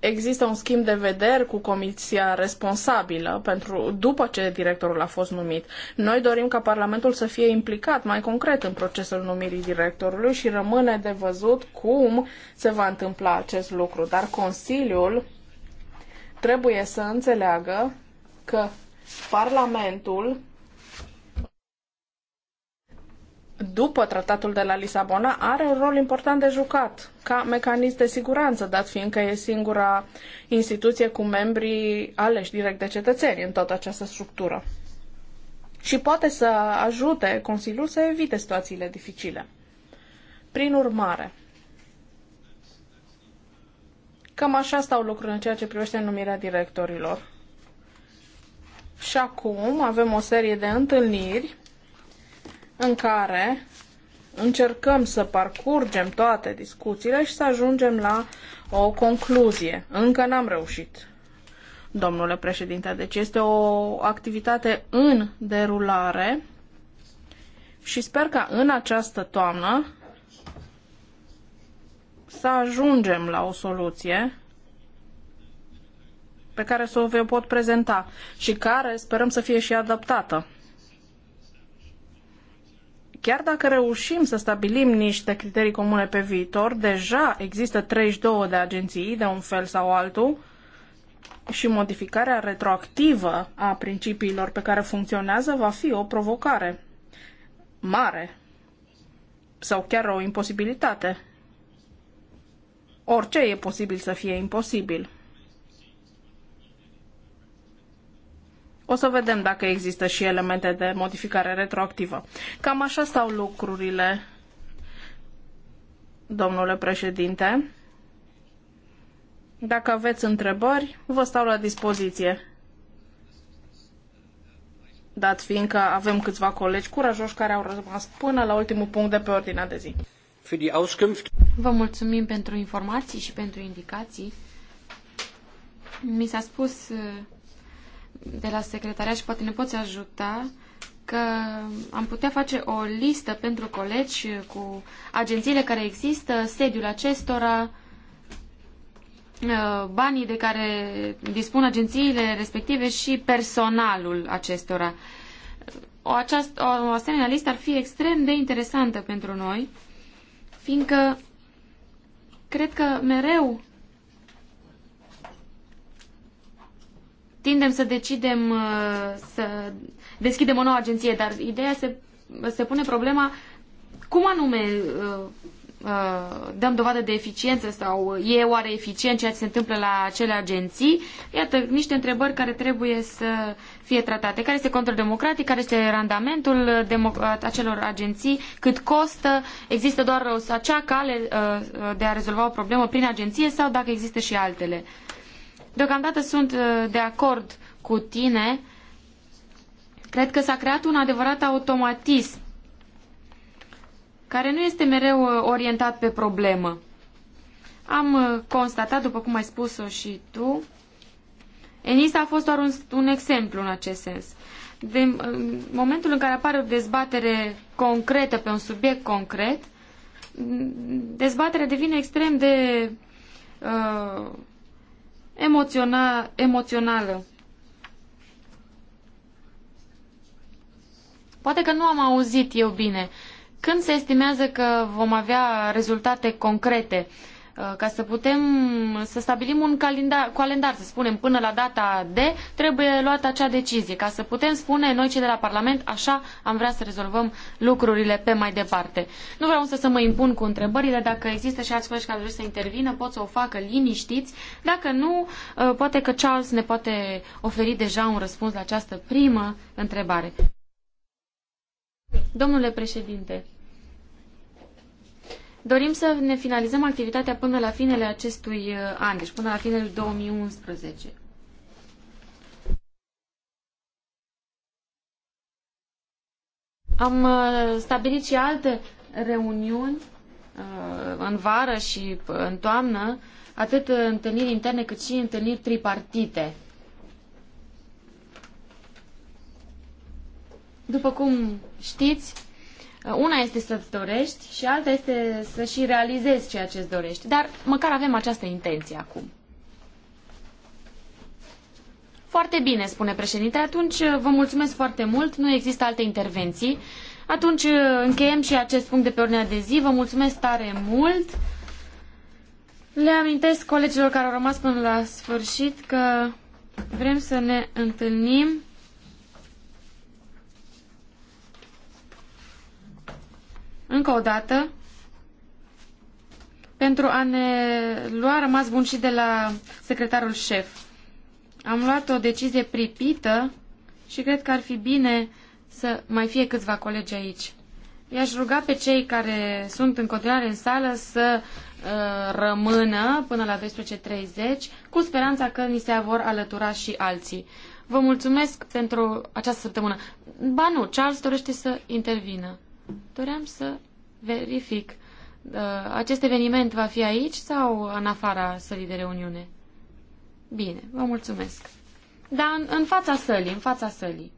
există un schimb de vederi cu comisia responsabilă pentru după ce directorul a fost numit. Noi dorim ca Parlamentul să fie implicat mai concret în procesul numirii directorului și rămâne de văzut cum se va întâmpla acest lucru. Dar Consiliul trebuie să înțeleagă că Parlamentul după tratatul de la Lisabona, are un rol important de jucat ca mecanism de siguranță, dat fiindcă e singura instituție cu membrii aleși direct de cetățeni în toată această structură. Și poate să ajute Consiliul să evite situațiile dificile. Prin urmare, Cam așa stau lucrurile în ceea ce privește numirea directorilor. Și acum avem o serie de întâlniri în care încercăm să parcurgem toate discuțiile și să ajungem la o concluzie. Încă n-am reușit, domnule președinte. Deci este o activitate în derulare și sper ca în această toamnă să ajungem la o soluție pe care să o vă pot prezenta și care sperăm să fie și adaptată. Chiar dacă reușim să stabilim niște criterii comune pe viitor, deja există 32 de agenții de un fel sau altul și modificarea retroactivă a principiilor pe care funcționează va fi o provocare mare sau chiar o imposibilitate orice e posibil să fie imposibil. O să vedem dacă există și elemente de modificare retroactivă. Cam așa stau lucrurile, domnule președinte. Dacă aveți întrebări, vă stau la dispoziție. Dat fiindcă avem câțiva colegi curajoși care au rămas până la ultimul punct de pe ordinea de zi. Vă mulțumim pentru informații și pentru indicații. Mi s-a spus eh, de la secretariat și poate ne poți ajuta că am putea face o listă pentru colegi cu agențiile care există, sediul acestora, eh, banii de care dispun agențiile respective și personalul acestora. O, aceast, o asemenea listă ar fi extrem de interesantă pentru noi fiindcă cred că mereu tindem să decidem uh, să deschidem o nouă agenție, dar ideea se, se pune problema cum anume uh, Uh, dăm dovadă de eficiență sau e oare eficient ceea ce se întâmplă la acele agenții? Iată, niște întrebări care trebuie să fie tratate. Care este control democratic? Care este randamentul uh, uh, acelor agenții? Cât costă? Există doar acea cale de a rezolva o problemă prin agenție sau dacă există și altele? Deocamdată sunt de acord cu tine. Cred că s-a creat un adevărat automatism care nu este mereu uh, orientat pe problemă. Am uh, constatat, după cum ai spus-o și tu, ENISA a fost doar un, un exemplu în acest sens. De, în momentul în care apare o dezbatere concretă pe un subiect concret, dezbaterea devine extrem de uh, emoționa, emoțională. Poate că nu am auzit eu bine, când se estimează că vom avea rezultate concrete uh, ca să putem uh, să stabilim un calendar, calendar, să spunem, până la data D, trebuie luată acea decizie, ca să putem spune noi cei de la Parlament, așa am vrea să rezolvăm lucrurile pe mai departe. Nu vreau însă să mă impun cu întrebările, dacă există și alți colegi care doresc să intervină, pot să o facă liniștiți, dacă nu, uh, poate că Charles ne poate oferi deja un răspuns la această primă întrebare. Domnule președinte, dorim să ne finalizăm activitatea până la finele acestui uh, an, deci până la finele 2011. Am uh, stabilit și alte reuniuni uh, în vară și în toamnă, atât întâlniri interne cât și întâlniri tripartite După cum știți, una este să-ți dorești și alta este să și realizezi ceea ce-ți dorești. Dar măcar avem această intenție acum. Foarte bine, spune președinte. Atunci vă mulțumesc foarte mult. Nu există alte intervenții. Atunci încheiem și acest punct de pe ordinea de zi. Vă mulțumesc tare mult. Le amintesc colegilor care au rămas până la sfârșit că vrem să ne întâlnim încă o dată pentru a ne lua rămas bun și de la secretarul șef. Am luat o decizie pripită și cred că ar fi bine să mai fie câțiva colegi aici. I-aș ruga pe cei care sunt în continuare în sală să uh, rămână până la 12.30 cu speranța că ni se vor alătura și alții. Vă mulțumesc pentru această săptămână. Ba nu, Charles dorește să intervină. Doream să verific. Uh, acest eveniment va fi aici sau în afara sălii de reuniune? Bine, vă mulțumesc. Dar în, în fața sălii, în fața sălii.